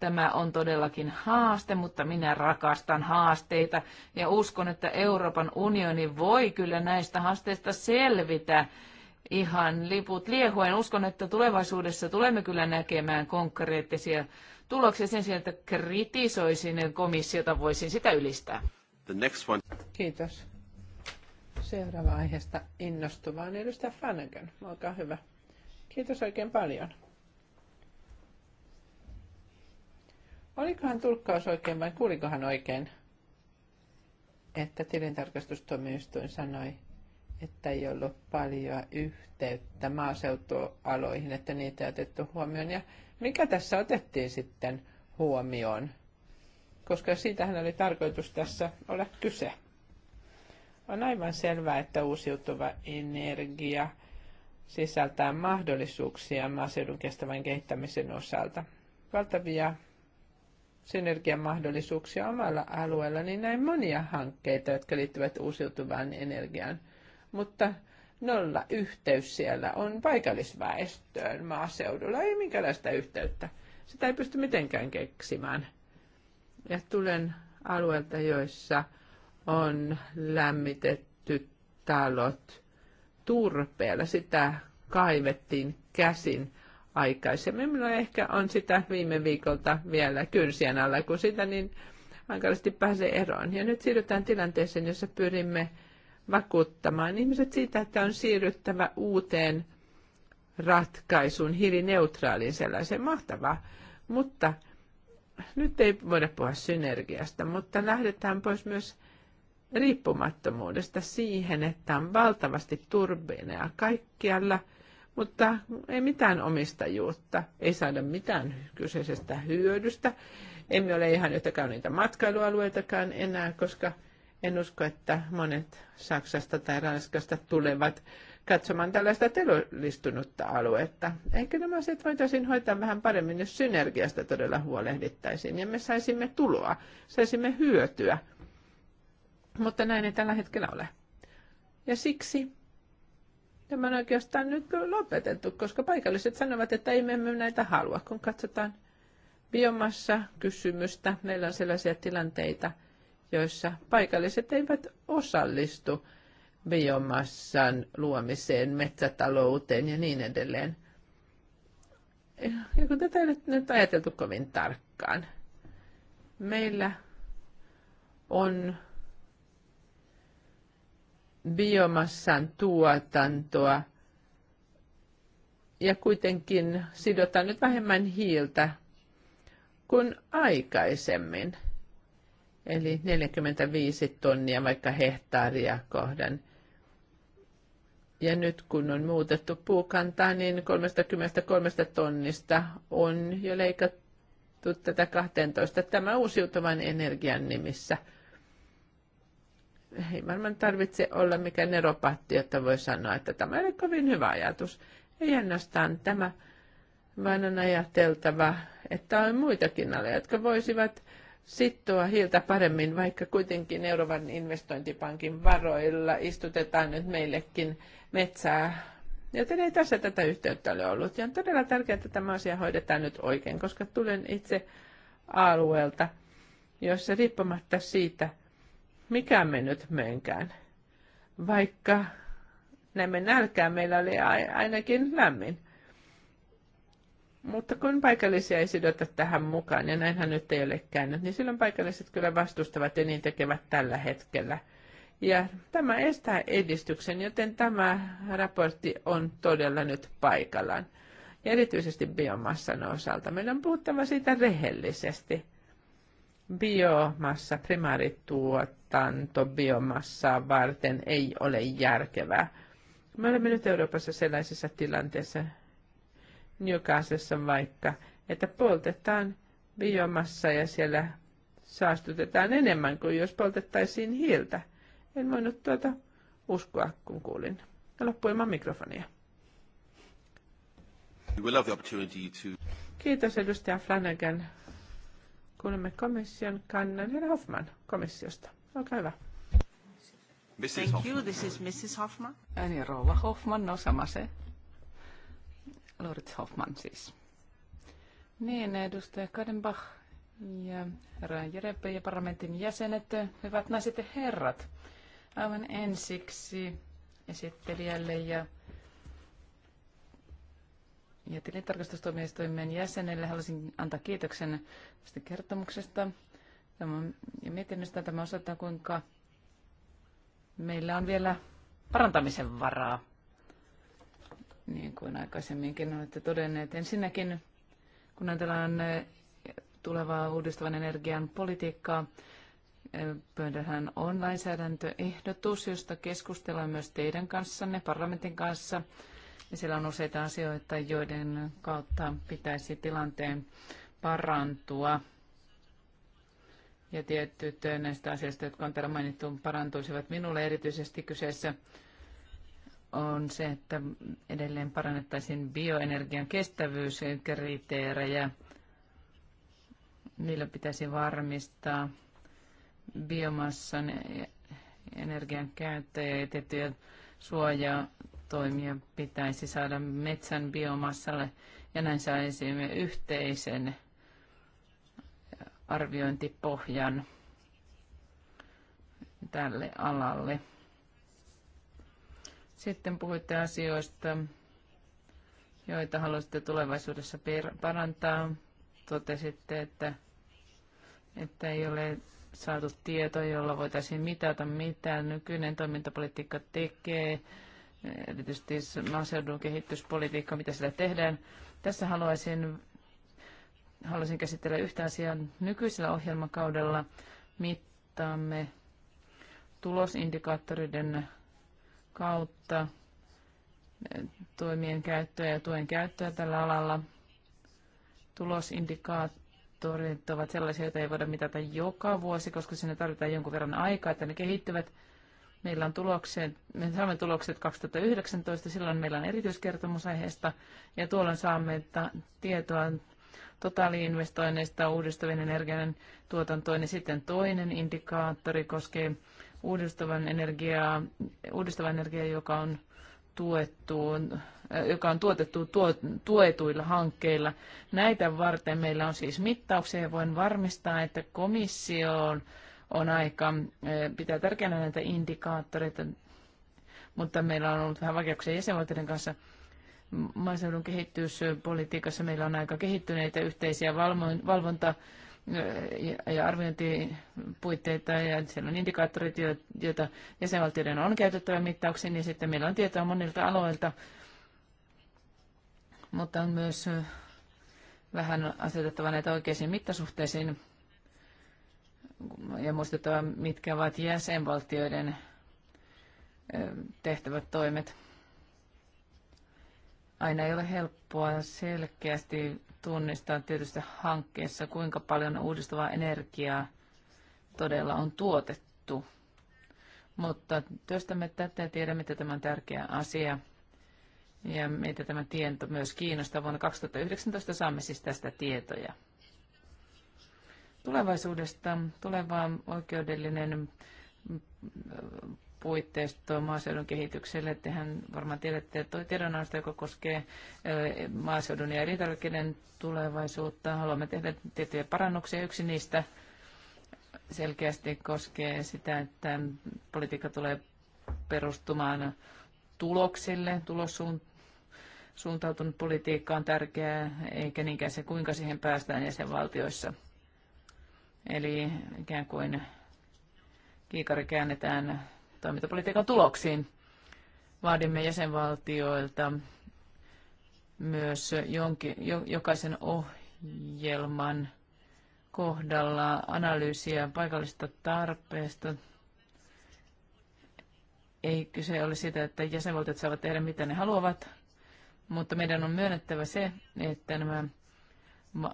tämä on todellakin haaste, mutta minä rakastan haasteita ja uskon, että Euroopan unioni voi kyllä näistä haasteista selvitä ihan liput liehuen. Uskon, että tulevaisuudessa tulemme kyllä näkemään konkreettisia tuloksia sen sijaan, että kritisoisin komissiota, voisin sitä ylistää. The next one. Kiitos. Seuraava aiheesta innostuvaan edustaja Fanagan. Olkaa hyvä. Kiitos oikein paljon. Olikohan tulkkaus oikein vai kuulikohan oikein, että tilintarkastustuomioistuin sanoi, että ei ollut paljon yhteyttä maaseutualoihin, että niitä ei otettu huomioon. Ja mikä tässä otettiin sitten huomioon? Koska siitähän oli tarkoitus tässä olla kyse. On aivan selvää, että uusiutuva energia sisältää mahdollisuuksia maaseudun kestävän kehittämisen osalta. Valtavia synergiamahdollisuuksia omalla alueella, niin näin monia hankkeita, jotka liittyvät uusiutuvaan energiaan mutta nolla yhteys siellä on paikallisväestöön maaseudulla. Ei minkäänlaista yhteyttä. Sitä ei pysty mitenkään keksimään. Ja tulen alueelta, joissa on lämmitetty talot turpeella. Sitä kaivettiin käsin aikaisemmin. Minulla ehkä on sitä viime viikolta vielä kynsien alla, kun sitä niin hankalasti pääsee eroon. Ja nyt siirrytään tilanteeseen, jossa pyrimme vakuuttamaan ihmiset siitä, että on siirryttävä uuteen ratkaisuun, hiilineutraaliin sellaiseen. Mahtavaa. Mutta nyt ei voida puhua synergiasta, mutta lähdetään pois myös riippumattomuudesta siihen, että on valtavasti turbiineja kaikkialla, mutta ei mitään omistajuutta, ei saada mitään kyseisestä hyödystä. Emme ole ihan yhtä kauniita matkailualueitakaan enää, koska – en usko, että monet Saksasta tai Ranskasta tulevat katsomaan tällaista telolistunutta aluetta. Eikö nämä asiat voitaisiin hoitaa vähän paremmin, jos synergiasta todella huolehdittaisiin ja me saisimme tuloa, saisimme hyötyä. Mutta näin ei tällä hetkellä ole. Ja siksi tämä on oikeastaan nyt lopetettu, koska paikalliset sanovat, että ei me näitä halua, kun katsotaan biomassa kysymystä. Meillä on sellaisia tilanteita – joissa paikalliset eivät osallistu biomassan luomiseen, metsätalouteen ja niin edelleen. Ja kun tätä ei nyt ajateltu kovin tarkkaan. Meillä on biomassan tuotantoa ja kuitenkin sidotaan nyt vähemmän hiiltä kuin aikaisemmin – eli 45 tonnia vaikka hehtaaria kohden. Ja nyt kun on muutettu puukantaa, niin 33 tonnista on jo leikattu tätä 12. Tämä uusiutuvan energian nimissä. Ei varmaan tarvitse olla mikään neropatti, jotta voi sanoa, että tämä ei ole kovin hyvä ajatus. Ei ainoastaan tämä, vaan on ajateltava, että on muitakin aloja, jotka voisivat sittoa hiiltä paremmin, vaikka kuitenkin Euroopan investointipankin varoilla istutetaan nyt meillekin metsää. Joten ei tässä tätä yhteyttä ole ollut. Ja on todella tärkeää, että tämä asia hoidetaan nyt oikein, koska tulen itse alueelta, jossa riippumatta siitä, mikä me nyt mönkään, vaikka näemme nälkää, meillä oli ainakin lämmin. Mutta kun paikallisia ei sidota tähän mukaan, ja näinhän nyt ei ole käynyt, niin silloin paikalliset kyllä vastustavat ja niin tekevät tällä hetkellä. Ja tämä estää edistyksen, joten tämä raportti on todella nyt paikallaan. Ja erityisesti biomassan osalta. Meidän on puhuttava siitä rehellisesti. Biomassa, primaarituotanto biomassaa varten ei ole järkevää. Me olemme nyt Euroopassa sellaisessa tilanteessa, Newcastlessa vaikka, että poltetaan biomassa ja siellä saastutetaan enemmän kuin jos poltettaisiin hiiltä. En voinut tuota uskoa, kun kuulin. Ja loppui ilman mikrofonia. Kiitos edustaja Flanagan. Kuulemme komission kannan. Herra Hoffman komissiosta. Olkaa hyvä. Mrs. Thank you. This is Mrs. Hoffman. Ääni rouva Hoffman, no sama se. Lorit Hoffman siis. Niin, edustaja Kadenbach ja herra Jerepe ja parlamentin jäsenet, hyvät naiset ja herrat. Aivan ensiksi esittelijälle ja ja tilintarkastustoimistoimien jäsenelle haluaisin antaa kiitoksen tästä kertomuksesta tämä, ja mietinnöstä. Tämä osoittaa, kuinka meillä on vielä parantamisen varaa niin kuin aikaisemminkin olette todenneet. Ensinnäkin, kun ajatellaan eh, tulevaa uudistuvan energian politiikkaa, eh, pöydähän on lainsäädäntöehdotus, josta keskustellaan myös teidän kanssanne, parlamentin kanssa. Ja siellä on useita asioita, joiden kautta pitäisi tilanteen parantua. Ja tietyt eh, näistä asioista, jotka on täällä mainittu, parantuisivat minulle erityisesti kyseessä on se, että edelleen parannettaisiin bioenergian kestävyyskriteerejä. Niillä pitäisi varmistaa biomassan e- energian käyttäjä ja tiettyjä suojatoimia pitäisi saada metsän biomassalle ja näin saisimme yhteisen arviointipohjan tälle alalle. Sitten puhuitte asioista, joita haluaisitte tulevaisuudessa parantaa. Totesitte, että, että ei ole saatu tietoa, jolla voitaisiin mitata, mitä nykyinen toimintapolitiikka tekee, erityisesti maaseudun kehityspolitiikka, mitä sillä tehdään. Tässä haluaisin, haluaisin käsitellä yhtä asiaa. Nykyisellä ohjelmakaudella mittaamme tulosindikaattoreiden kautta toimien käyttöä ja tuen käyttöä tällä alalla. Tulosindikaattorit ovat sellaisia, joita ei voida mitata joka vuosi, koska sinne tarvitaan jonkun verran aikaa, että ne kehittyvät. Meillä on tulokset, me saamme tulokset 2019, silloin meillä on erityiskertomus aiheesta ja tuolloin saamme tietoa totaaliinvestoinneista uudistuvien energian tuotantoon. Ja sitten toinen indikaattori koskee Uudistavan energiaa, uudistava energia, joka on tuettu, joka on tuotettu tuetuilla hankkeilla. Näitä varten meillä on siis mittauksia ja voin varmistaa, että komissio on aika, eh, pitää tärkeänä näitä indikaattoreita, mutta meillä on ollut vähän vaikeuksia jäsenvaltioiden kanssa maaseudun kehityspolitiikassa meillä on aika kehittyneitä yhteisiä valvonta ja arviointipuitteita ja siellä on indikaattorit, joita jäsenvaltioiden on käytettävä mittauksiin, niin sitten meillä on tietoa monilta aloilta, mutta on myös vähän asetettava näitä oikeisiin mittasuhteisiin ja muistettava, mitkä ovat jäsenvaltioiden tehtävät toimet. Aina ei ole helppoa selkeästi tunnistaa tietystä hankkeessa, kuinka paljon uudistuvaa energiaa todella on tuotettu. Mutta työstämme tätä ja tiedämme, että tämä on tärkeä asia. Ja meitä tämä tieto myös kiinnostaa. Vuonna 2019 saamme siis tästä tietoja. Tulevaisuudesta tuleva oikeudellinen puitteistoa maaseudun kehitykselle. Tehän varmaan tiedätte että tiedonannosta, joka koskee maaseudun ja elintarvikkeiden tulevaisuutta. Haluamme tehdä tiettyjä parannuksia. Yksi niistä selkeästi koskee sitä, että politiikka tulee perustumaan tuloksille, tulossuuntaan suuntautunut politiikka on tärkeää, eikä niinkään se, kuinka siihen päästään jäsenvaltioissa. Eli ikään kuin kiikari käännetään toimintapolitiikan tuloksiin. Vaadimme jäsenvaltioilta myös jonkin, jokaisen ohjelman kohdalla analyysiä paikallisesta tarpeesta. Ei kyse ole sitä, että jäsenvaltiot saavat tehdä mitä ne haluavat, mutta meidän on myönnettävä se, että nämä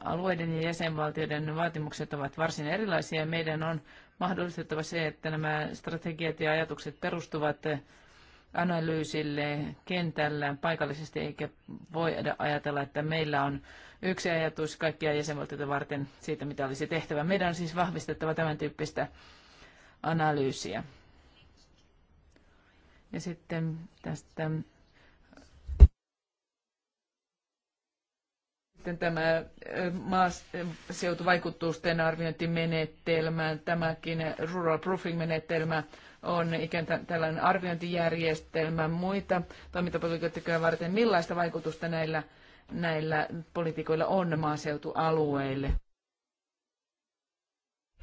alueiden ja jäsenvaltioiden vaatimukset ovat varsin erilaisia. Meidän on mahdollistettava se, että nämä strategiat ja ajatukset perustuvat analyysille kentällä paikallisesti, eikä voi ajatella, että meillä on yksi ajatus kaikkia jäsenvaltioita varten siitä, mitä olisi tehtävä. Meidän on siis vahvistettava tämän tyyppistä analyysiä. Ja sitten tästä Sitten tämä maaseutuvaikutusten arviointimenetelmä, tämäkin rural proofing-menetelmä on ikään tällainen arviointijärjestelmä muita toimintapolitiikoita varten. Millaista vaikutusta näillä, näillä politiikoilla on maaseutualueille?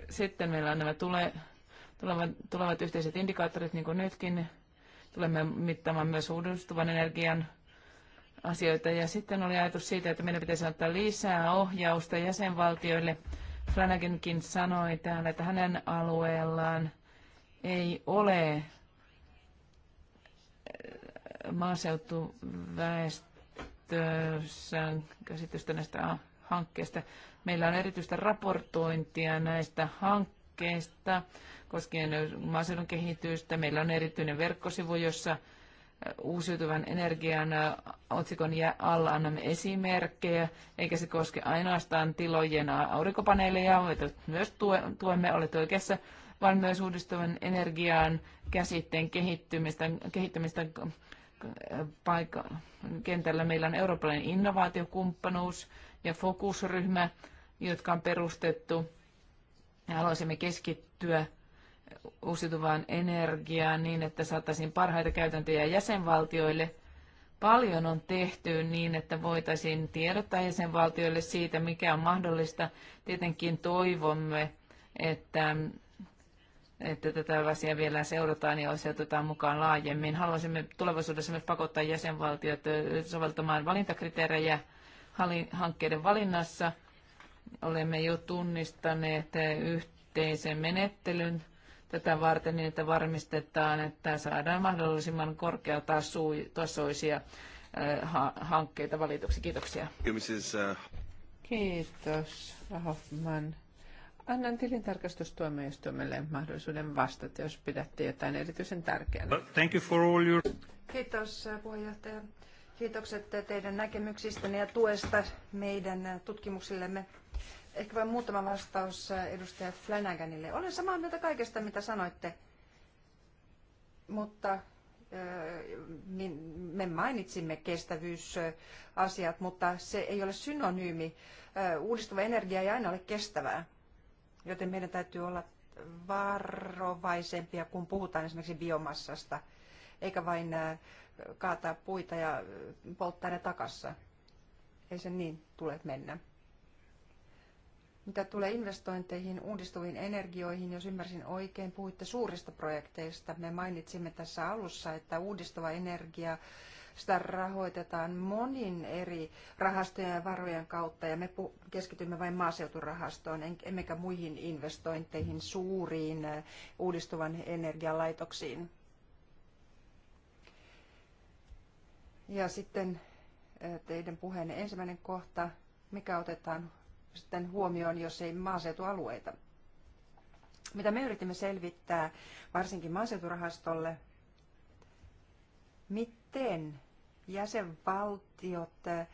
Sitten meillä on nämä tule, tulevat, tulevat yhteiset indikaattorit, niin kuin nytkin. Tulemme mittaamaan myös uudistuvan energian asioita. Ja sitten oli ajatus siitä, että meidän pitäisi antaa lisää ohjausta jäsenvaltioille. Flanagankin sanoi täällä, että hänen alueellaan ei ole äh, maaseutuväestössä käsitystä näistä hankkeista. Meillä on erityistä raportointia näistä hankkeista koskien maaseudun kehitystä. Meillä on erityinen verkkosivu, jossa uusiutuvan energian otsikon alla annamme esimerkkejä, eikä se koske ainoastaan tilojen aurinkopaneeleja, joita myös tuemme, olet oikeassa, vaan myös uudistuvan energian käsitteen kehittymistä, kehittymistä paikka, kentällä. Meillä on eurooppalainen innovaatiokumppanuus ja fokusryhmä, jotka on perustettu. Ja haluaisimme keskittyä uusiutuvaan energiaan niin, että saataisiin parhaita käytäntöjä jäsenvaltioille. Paljon on tehty niin, että voitaisiin tiedottaa jäsenvaltioille siitä, mikä on mahdollista. Tietenkin toivomme, että, että tätä asiaa vielä seurataan ja se mukaan laajemmin. Haluaisimme tulevaisuudessa myös pakottaa jäsenvaltiot soveltamaan valintakriteerejä hankkeiden valinnassa. Olemme jo tunnistaneet yhteisen menettelyn tätä varten niin, että varmistetaan, että saadaan mahdollisimman korkeatasoisia eh, hankkeita valituksi. Kiitoksia. Kiitos, Hoffman. Annan tilintarkastustuomioistuimelle mahdollisuuden vastata, jos pidätte jotain erityisen tärkeänä. Thank you for all your... Kiitos puheenjohtaja. Kiitokset teidän näkemyksistänne ja tuesta meidän tutkimuksillemme. Ehkä vain muutama vastaus edustaja Flanaganille. Olen samaa mieltä kaikesta, mitä sanoitte, mutta niin me mainitsimme kestävyysasiat, mutta se ei ole synonyymi. Uudistuva energia ei aina ole kestävää, joten meidän täytyy olla varovaisempia, kun puhutaan esimerkiksi biomassasta, eikä vain kaataa puita ja polttaa ne takassa. Ei se niin tule mennä. Mitä tulee investointeihin, uudistuviin energioihin, jos ymmärsin oikein, puhuitte suurista projekteista. Me mainitsimme tässä alussa, että uudistuva energia, sitä rahoitetaan monin eri rahastojen ja varojen kautta ja me keskitymme vain maaseuturahastoon, emmekä muihin investointeihin, suuriin äh, uudistuvan energialaitoksiin. Ja sitten äh, teidän puheenne ensimmäinen kohta, mikä otetaan sitten huomioon, jos ei maaseutualueita. Mitä me yritimme selvittää, varsinkin maaseuturahastolle, miten jäsenvaltiot eh,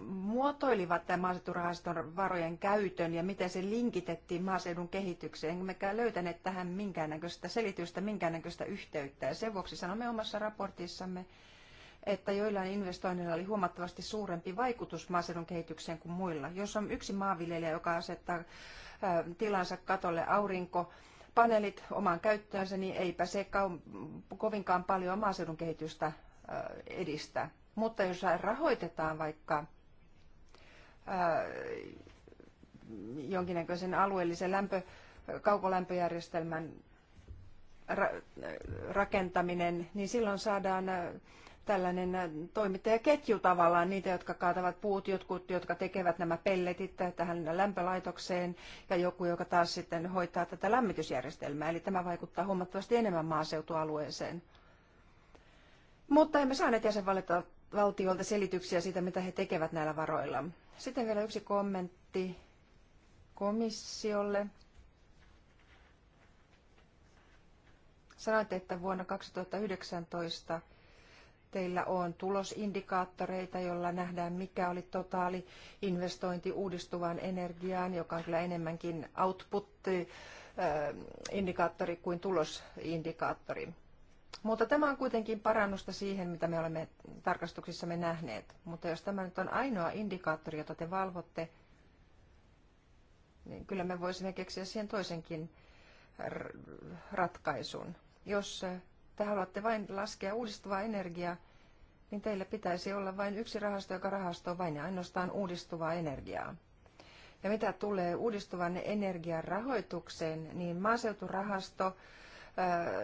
muotoilivat tämän maaseuturahaston varojen käytön ja miten se linkitettiin maaseudun kehitykseen. Mekään löytäneet tähän minkäännäköistä selitystä, minkäännäköistä yhteyttä. Ja sen vuoksi sanomme omassa raportissamme, että joillain investoinneilla oli huomattavasti suurempi vaikutus maaseudun kehitykseen kuin muilla. Jos on yksi maanviljelijä, joka asettaa tilansa katolle aurinko, paneelit omaan käyttöönsä, niin eipä se kovinkaan paljon maaseudun kehitystä edistä. Mutta jos rahoitetaan vaikka jonkinnäköisen alueellisen lämpö, kaukolämpöjärjestelmän rakentaminen, niin silloin saadaan tällainen äh, toimittajaketju tavallaan, niitä, jotka kaatavat puut, jotkut, jotka tekevät nämä pelletit tähän lämpölaitokseen ja joku, joka taas sitten hoitaa tätä lämmitysjärjestelmää. Eli tämä vaikuttaa huomattavasti enemmän maaseutualueeseen. Mutta emme saaneet jäsenvaltiolta selityksiä siitä, mitä he tekevät näillä varoilla. Sitten vielä yksi kommentti komissiolle. Sanoitte, että vuonna 2019 teillä on tulosindikaattoreita, jolla nähdään, mikä oli totaali investointi uudistuvaan energiaan, joka on kyllä enemmänkin output-indikaattori kuin tulosindikaattori. Mutta tämä on kuitenkin parannusta siihen, mitä me olemme tarkastuksissamme nähneet. Mutta jos tämä nyt on ainoa indikaattori, jota te valvotte, niin kyllä me voisimme keksiä siihen toisenkin ratkaisun. Jos te haluatte vain laskea uudistuvaa energiaa, niin teillä pitäisi olla vain yksi rahasto, joka rahastoo vain ja ainoastaan uudistuvaa energiaa. Ja mitä tulee uudistuvan energian rahoitukseen, niin maaseuturahasto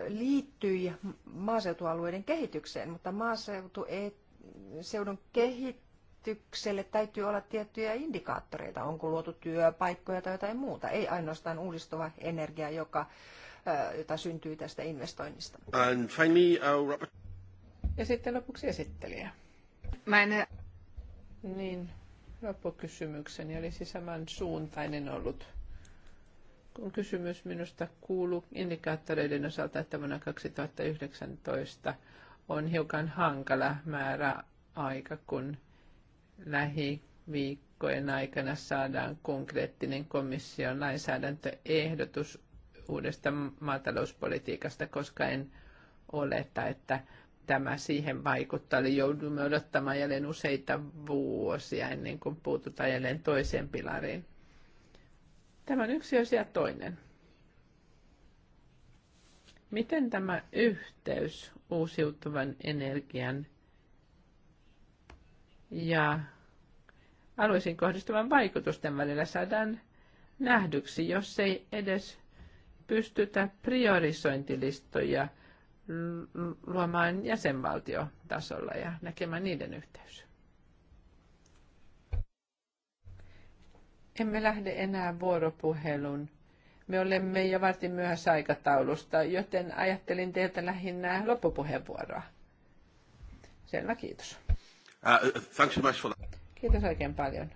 liittyi maaseutualueiden kehitykseen, mutta maaseudun e- kehitykselle täytyy olla tiettyjä indikaattoreita. Onko luotu työpaikkoja tai jotain muuta, ei ainoastaan uudistuva energia, joka jota syntyy tästä investoinnista. And finally, Ja sitten lopuksi esittelijä. Mä en... Niin, loppukysymykseni olisi saman suuntainen ollut. Kun kysymys minusta kuuluu indikaattoreiden osalta, että vuonna 2019 on hiukan hankala määrä aika, kun lähiviikkojen aikana saadaan konkreettinen komission lainsäädäntöehdotus uudesta maatalouspolitiikasta, koska en oleta, että tämä siihen vaikuttaa. Eli joudumme odottamaan jälleen useita vuosia ennen kuin puututaan jälleen toiseen pilariin. Tämä on yksi asia toinen. Miten tämä yhteys uusiutuvan energian ja alueisiin kohdistuvan vaikutusten välillä saadaan nähdyksi, jos ei edes pystytä priorisointilistoja luomaan jäsenvaltiotasolla ja näkemään niiden yhteys. Emme lähde enää vuoropuhelun. Me olemme jo varsin myöhässä aikataulusta, joten ajattelin teiltä lähinnä loppupuheenvuoroa. Selvä, kiitos. Uh, thanks so much for that. Kiitos oikein paljon.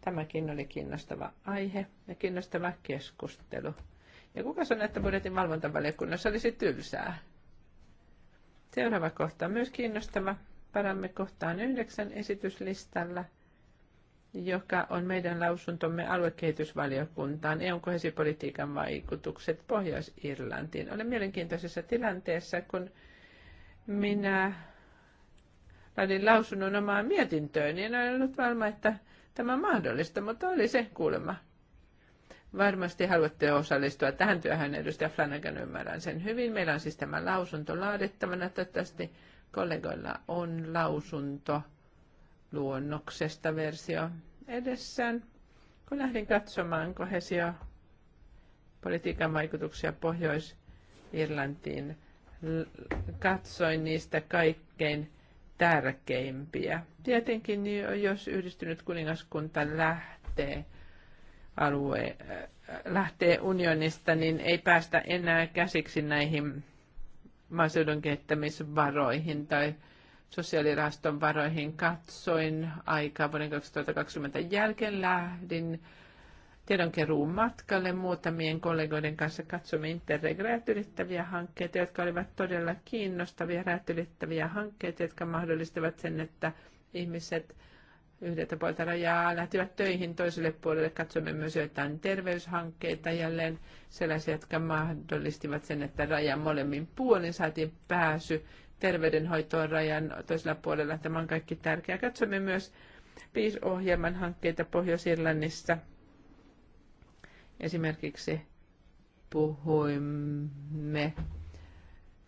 Tämäkin oli kiinnostava aihe ja kiinnostava keskustelu. Ja kuka sanoi, että budjetin valvontavaliokunnassa olisi tylsää? Seuraava kohta on myös kiinnostava. Parämme kohtaan yhdeksän esityslistalla, joka on meidän lausuntomme aluekehitysvaliokuntaan EUn kohesipolitiikan vaikutukset Pohjois-Irlantiin. Olen mielenkiintoisessa tilanteessa, kun minä laitin lausunnon omaan mietintöön, niin en ollut varma, että tämä on mahdollista, mutta oli se kuulemma. Varmasti haluatte osallistua tähän työhön, edustaja Flanagan, ymmärrän sen hyvin. Meillä on siis tämä lausunto laadittavana. Toivottavasti kollegoilla on lausunto luonnoksesta versio edessään. Kun lähdin katsomaan kohesio politiikan vaikutuksia Pohjois-Irlantiin, katsoin niistä kaikkein tärkeimpiä. Tietenkin jos yhdistynyt kuningaskunta lähtee – alue äh, lähtee unionista, niin ei päästä enää käsiksi näihin maaseudun kehittämisvaroihin tai sosiaaliraston varoihin. Katsoin aikaa vuoden 2020 jälkeen lähdin tiedonkeruun matkalle muutamien kollegoiden kanssa katsomme Interreg räätylittäviä hankkeita, jotka olivat todella kiinnostavia räätylittäviä hankkeita, jotka mahdollistavat sen, että ihmiset – yhdeltä puolelta rajaa lähtivät töihin toiselle puolelle. Katsomme myös joitain terveyshankkeita jälleen, sellaisia, jotka mahdollistivat sen, että rajan molemmin puolin saatiin pääsy terveydenhoitoon rajan toisella puolella. Tämä on kaikki tärkeää. Katsomme myös PIS-ohjelman hankkeita Pohjois-Irlannissa. Esimerkiksi puhuimme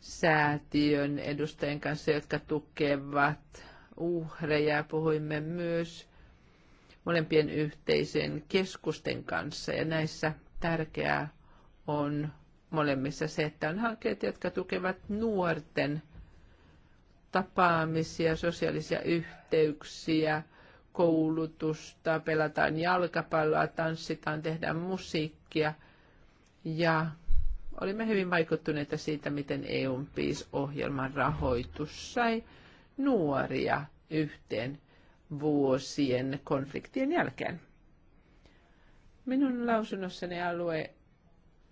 säätiön edustajien kanssa, jotka tukevat uhreja. Puhuimme myös molempien yhteisöjen keskusten kanssa ja näissä tärkeää on molemmissa se, että on hankkeet, jotka tukevat nuorten tapaamisia, sosiaalisia yhteyksiä, koulutusta, pelataan jalkapalloa, tanssitaan, tehdään musiikkia. Ja olimme hyvin vaikuttuneita siitä, miten EUn PIS-ohjelman rahoitus sai nuoria yhteen vuosien konfliktien jälkeen. Minun lausunnossani alue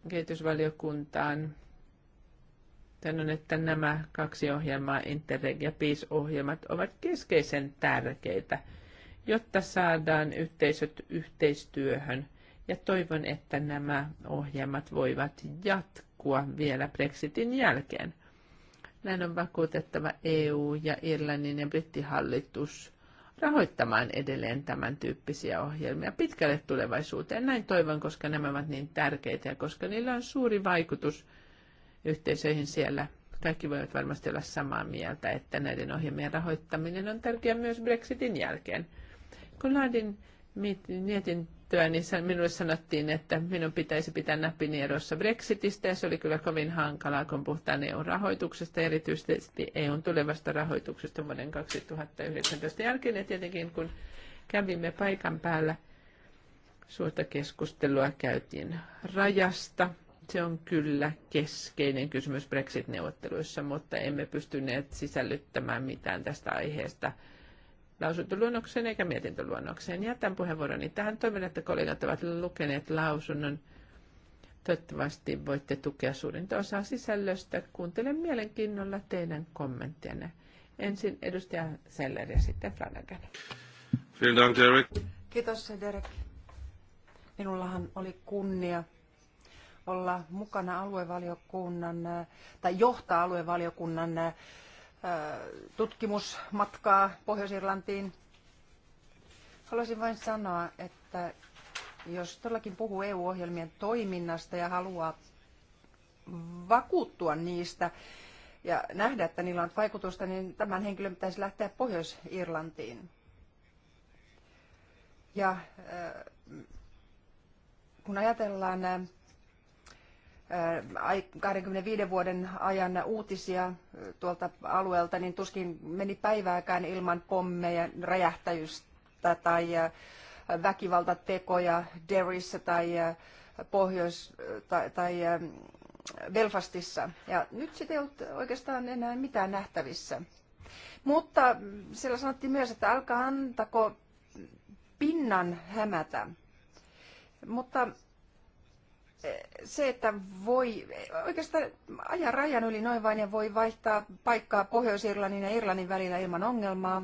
kehitysvaliokuntaan sanon, että nämä kaksi ohjelmaa, Interreg ja PIS-ohjelmat, ovat keskeisen tärkeitä, jotta saadaan yhteisöt yhteistyöhön. Ja toivon, että nämä ohjelmat voivat jatkua vielä Brexitin jälkeen. Näin on vakuutettava EU ja Irlannin ja brittihallitus rahoittamaan edelleen tämän tyyppisiä ohjelmia pitkälle tulevaisuuteen. Näin toivon, koska nämä ovat niin tärkeitä ja koska niillä on suuri vaikutus yhteisöihin siellä. Kaikki voivat varmasti olla samaa mieltä, että näiden ohjelmien rahoittaminen on tärkeää myös Brexitin jälkeen. Kun laadin mietin lähtöä, niin minulle sanottiin, että minun pitäisi pitää näppini erossa Brexitistä, ja se oli kyllä kovin hankalaa, kun puhutaan EU-rahoituksesta, erityisesti EUn tulevasta rahoituksesta vuoden 2019 jälkeen, ja tietenkin kun kävimme paikan päällä, suurta keskustelua käytiin rajasta. Se on kyllä keskeinen kysymys Brexit-neuvotteluissa, mutta emme pystyneet sisällyttämään mitään tästä aiheesta – lausuntoluonnokseen eikä mietintöluonnokseen. Jätän puheenvuoroni tähän. Toivon, että kollegat ovat lukeneet lausunnon. Toivottavasti voitte tukea suurinta osaa sisällöstä. Kuuntelen mielenkiinnolla teidän kommenttianne. Ensin edustaja Seller ja sitten Flanagan. Kiitos Derek. Minullahan oli kunnia olla mukana aluevaliokunnan tai johtaa aluevaliokunnan tutkimusmatkaa Pohjois-Irlantiin. Haluaisin vain sanoa, että jos todellakin puhuu EU-ohjelmien toiminnasta ja haluaa vakuuttua niistä ja nähdä, että niillä on vaikutusta, niin tämän henkilön pitäisi lähteä Pohjois-Irlantiin. Ja kun ajatellaan 25 vuoden ajan uutisia tuolta alueelta, niin tuskin meni päivääkään ilman pommeja, räjähtäjystä tai väkivaltatekoja Derryssä tai, Pohjois- tai, tai Belfastissa. Ja nyt sitten ei ollut oikeastaan enää mitään nähtävissä. Mutta siellä sanottiin myös, että alkaa antako pinnan hämätä. Mutta se, että voi oikeastaan ajan rajan yli noin vain ja voi vaihtaa paikkaa Pohjois-Irlannin ja Irlannin välillä ilman ongelmaa.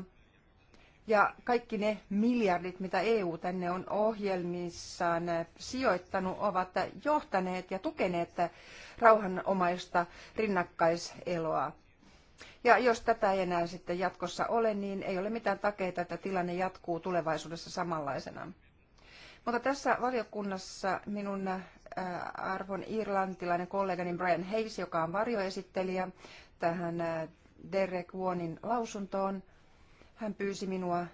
Ja kaikki ne miljardit, mitä EU tänne on ohjelmissaan sijoittanut, ovat johtaneet ja tukeneet rauhanomaista rinnakkaiseloa. Ja jos tätä ei enää sitten jatkossa ole, niin ei ole mitään takeita, että tilanne jatkuu tulevaisuudessa samanlaisena. Mutta tässä valiokunnassa minun Äh, arvon irlantilainen kollegani Brian Hayes, joka on varjoesittelijä tähän äh, Derek Wonin lausuntoon. Hän pyysi minua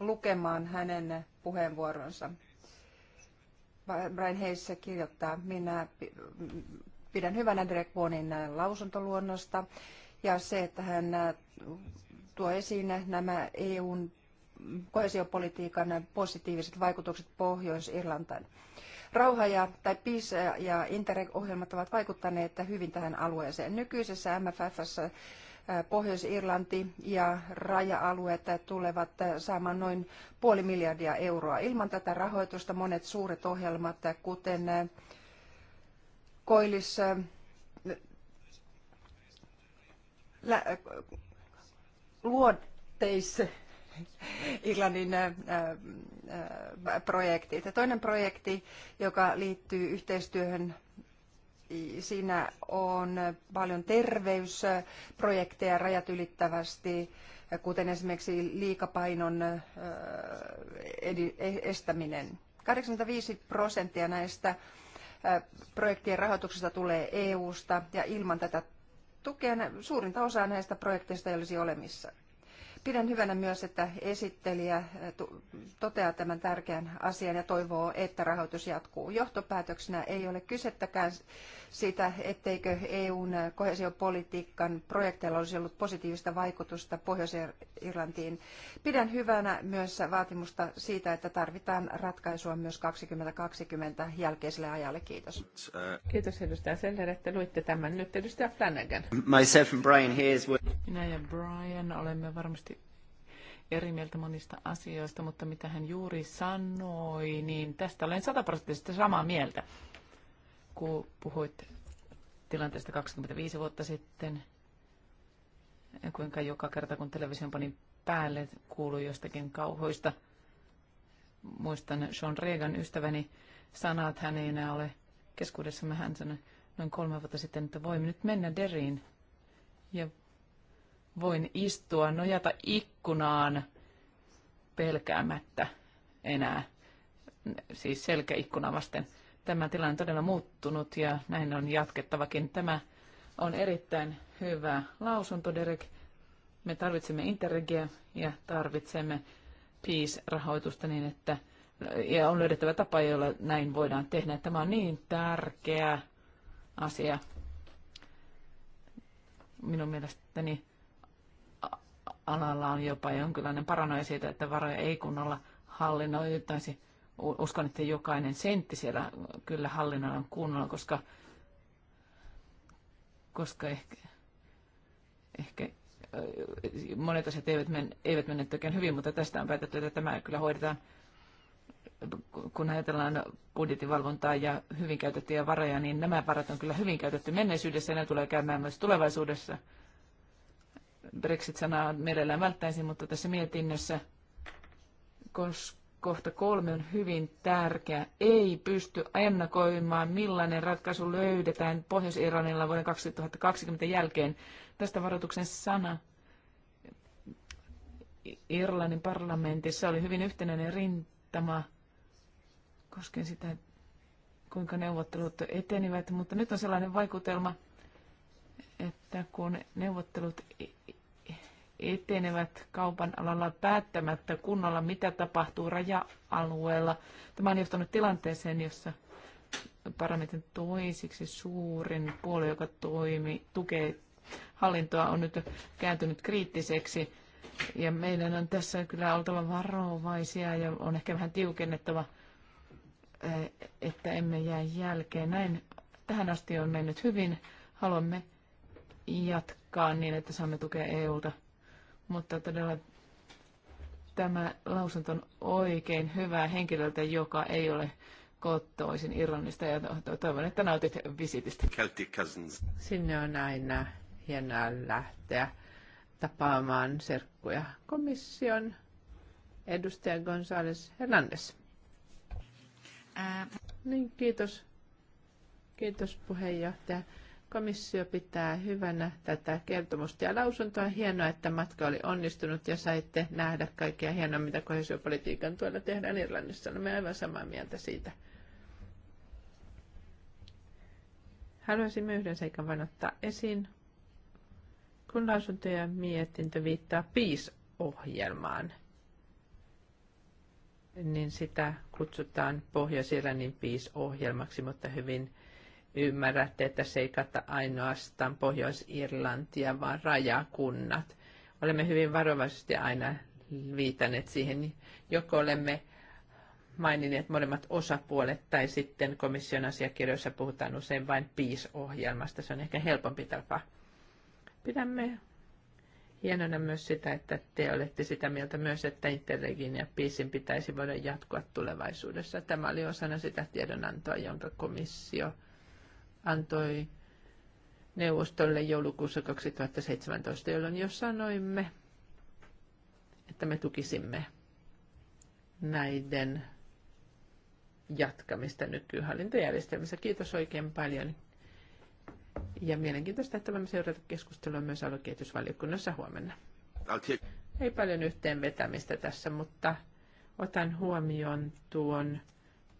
lukemaan hänen puheenvuoronsa. Brian Hayes kirjoittaa, minä pidän hyvänä Derek Wonin äh, lausuntoluonnosta ja se, että hän tuo esiin nämä EUn koesiopolitiikan positiiviset vaikutukset Pohjois-Irlantaan. Rauha ja, tai PIS ja Interreg-ohjelmat ovat vaikuttaneet hyvin tähän alueeseen. Nykyisessä MFF Pohjois-Irlanti ja raja-alueet tulevat saamaan noin puoli miljardia euroa. Ilman tätä rahoitusta monet suuret ohjelmat, kuten Koillis, luoteis Irlannin äh, äh, äh, projekti. Ja toinen projekti, joka liittyy yhteistyöhön, siinä on paljon terveysprojekteja rajat ylittävästi, kuten esimerkiksi liikapainon e, estäminen. 85 prosenttia näistä projektien rahoituksesta tulee EU-sta ja ilman tätä tukea suurinta osaa näistä projekteista ei olisi olemissa. Pidän hyvänä myös, että esittelijä eh, toteaa tämän tärkeän asian ja toivoo, että rahoitus jatkuu. Johtopäätöksenä ei ole kysettäkään sitä, etteikö EUn eh, kohesiopolitiikan projekteilla olisi ollut positiivista vaikutusta Pohjois-Irlantiin. Pidän hyvänä myös vaatimusta siitä, että tarvitaan ratkaisua myös 2020 jälkeiselle ajalle. Kiitos. Kiitos edustaja Seller, että luitte tämän. Nyt edustaja Flanagan. Myself and Brian Minä ja Brian olemme varmasti eri mieltä monista asioista, mutta mitä hän juuri sanoi, niin tästä olen sataprosenttisesti samaa mieltä. Kun puhuit tilanteesta 25 vuotta sitten, kuinka joka kerta kun television panin päälle kuului jostakin kauhoista. Muistan Sean Reagan ystäväni sanat, hän ei enää ole keskuudessamme, hän sanoi noin kolme vuotta sitten, että voimme nyt mennä Deriin ja voin istua, nojata ikkunaan pelkäämättä enää, siis selkäikkuna vasten. Tämä tilanne on todella muuttunut ja näin on jatkettavakin. Tämä on erittäin hyvä lausunto, Derek. Me tarvitsemme Interregia ja tarvitsemme Peace-rahoitusta niin, että ja on löydettävä tapa, jolla näin voidaan tehdä. Tämä on niin tärkeä asia minun mielestäni alalla on jopa jonkinlainen paranoja siitä, että varoja ei kunnolla hallinnoitaisi. Uskon, että jokainen sentti siellä kyllä hallinnoidaan kunnolla, koska, koska ehkä, ehkä monet asiat eivät, men, eivät mene oikein hyvin, mutta tästä on päätetty, että tämä kyllä hoidetaan, kun ajatellaan budjettivalvontaa ja hyvin käytettyjä varoja, niin nämä varat on kyllä hyvin käytetty menneisyydessä ja ne tulee käymään myös tulevaisuudessa – Brexit-sanaa mielellään välttäisin, mutta tässä mietinnössä kohta kolme on hyvin tärkeä. Ei pysty ennakoimaan, millainen ratkaisu löydetään Pohjois-Iranilla vuoden 2020 jälkeen. Tästä varoituksen sana Irlannin parlamentissa oli hyvin yhtenäinen rintama koskien sitä, kuinka neuvottelut etenivät, mutta nyt on sellainen vaikutelma, että kun neuvottelut etenevät kaupan alalla päättämättä kunnolla, mitä tapahtuu raja-alueella. Tämä on johtanut tilanteeseen, jossa parlamentin toisiksi suurin puoli, joka toimi, tukee hallintoa, on nyt kääntynyt kriittiseksi. Ja meidän on tässä kyllä oltava varovaisia ja on ehkä vähän tiukennettava, eh, että emme jää jälkeen. Näin tähän asti on mennyt hyvin. Haluamme jatkaa niin, että saamme tukea EUlta mutta todella tämä lausunto on oikein hyvää henkilöltä, joka ei ole kotoisin Irlannista ja toivon, että nautit visitistä. Celtic Cousins. Sinne on aina hienoa lähteä tapaamaan serkkuja komission edustaja González Hernández. Niin, kiitos. Kiitos puheenjohtaja. Komissio pitää hyvänä tätä kertomusta ja lausuntoa. Hienoa, että matka oli onnistunut ja saitte nähdä kaikkea hienoa, mitä kohesiopolitiikan tuolla tehdään Irlannissa. Olemme aivan samaa mieltä siitä. Haluaisin yhden seikan vain ottaa esiin. Kun lausunto ja mietintö viittaa PIS-ohjelmaan, niin sitä kutsutaan Pohjois-Irlannin PIS-ohjelmaksi, mutta hyvin ymmärrätte, että se ei kata ainoastaan Pohjois-Irlantia, vaan rajakunnat. Olemme hyvin varovaisesti aina viitanneet siihen, joko olemme maininneet molemmat osapuolet, tai sitten komission asiakirjoissa puhutaan usein vain pis ohjelmasta Se on ehkä helpompi tapa. Pidämme hienona myös sitä, että te olette sitä mieltä myös, että Interregin ja pisin pitäisi voida jatkua tulevaisuudessa. Tämä oli osana sitä tiedonantoa, jonka komissio antoi neuvostolle joulukuussa 2017, jolloin jo sanoimme, että me tukisimme näiden jatkamista nykyhallintojärjestelmässä. Kiitos oikein paljon. Ja mielenkiintoista, että voimme seurata keskustelua myös aluekehitysvaliokunnassa huomenna. Ei paljon yhteenvetämistä tässä, mutta otan huomioon tuon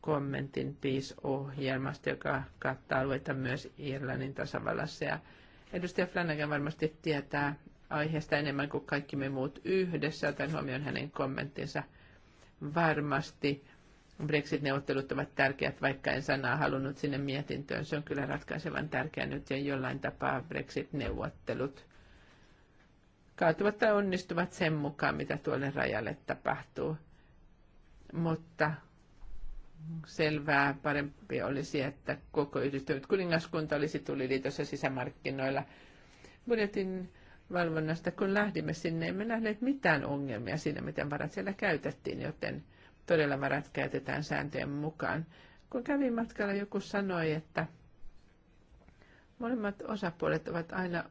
kommentin Peace-ohjelmasta, joka kattaa alueita myös Irlannin tasavallassa. Ja edustaja Flanagan varmasti tietää aiheesta enemmän kuin kaikki me muut yhdessä, otan huomioon hänen kommenttinsa. Varmasti Brexit-neuvottelut ovat tärkeät, vaikka en sanaa halunnut sinne mietintöön. Se on kyllä ratkaisevan tärkeä nyt ja jollain tapaa Brexit-neuvottelut kaatuvat tai onnistuvat sen mukaan, mitä tuolle rajalle tapahtuu. Mutta selvää parempi olisi, että koko yhdistynyt kuningaskunta olisi tuliliitossa sisämarkkinoilla. Budjetin valvonnasta, kun lähdimme sinne, emme nähneet mitään ongelmia siinä, miten varat siellä käytettiin, joten todella varat käytetään sääntöjen mukaan. Kun kävin matkalla, joku sanoi, että molemmat osapuolet ovat aina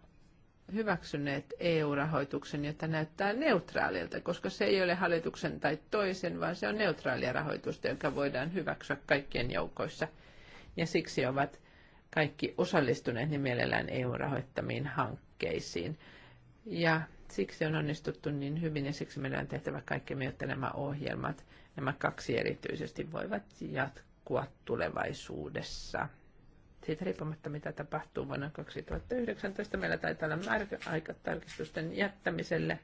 hyväksyneet EU-rahoituksen, jota näyttää neutraalilta, koska se ei ole hallituksen tai toisen, vaan se on neutraalia rahoitusta, joka voidaan hyväksyä kaikkien joukoissa. Ja siksi ovat kaikki osallistuneet niin mielellään EU-rahoittamiin hankkeisiin. Ja siksi on onnistuttu niin hyvin ja siksi meidän on tehtävä kaikki, jotta nämä ohjelmat, nämä kaksi erityisesti, voivat jatkua tulevaisuudessa siitä riippumatta, mitä tapahtuu vuonna 2019. Meillä taitaa olla määräaika tarkistusten jättämiselle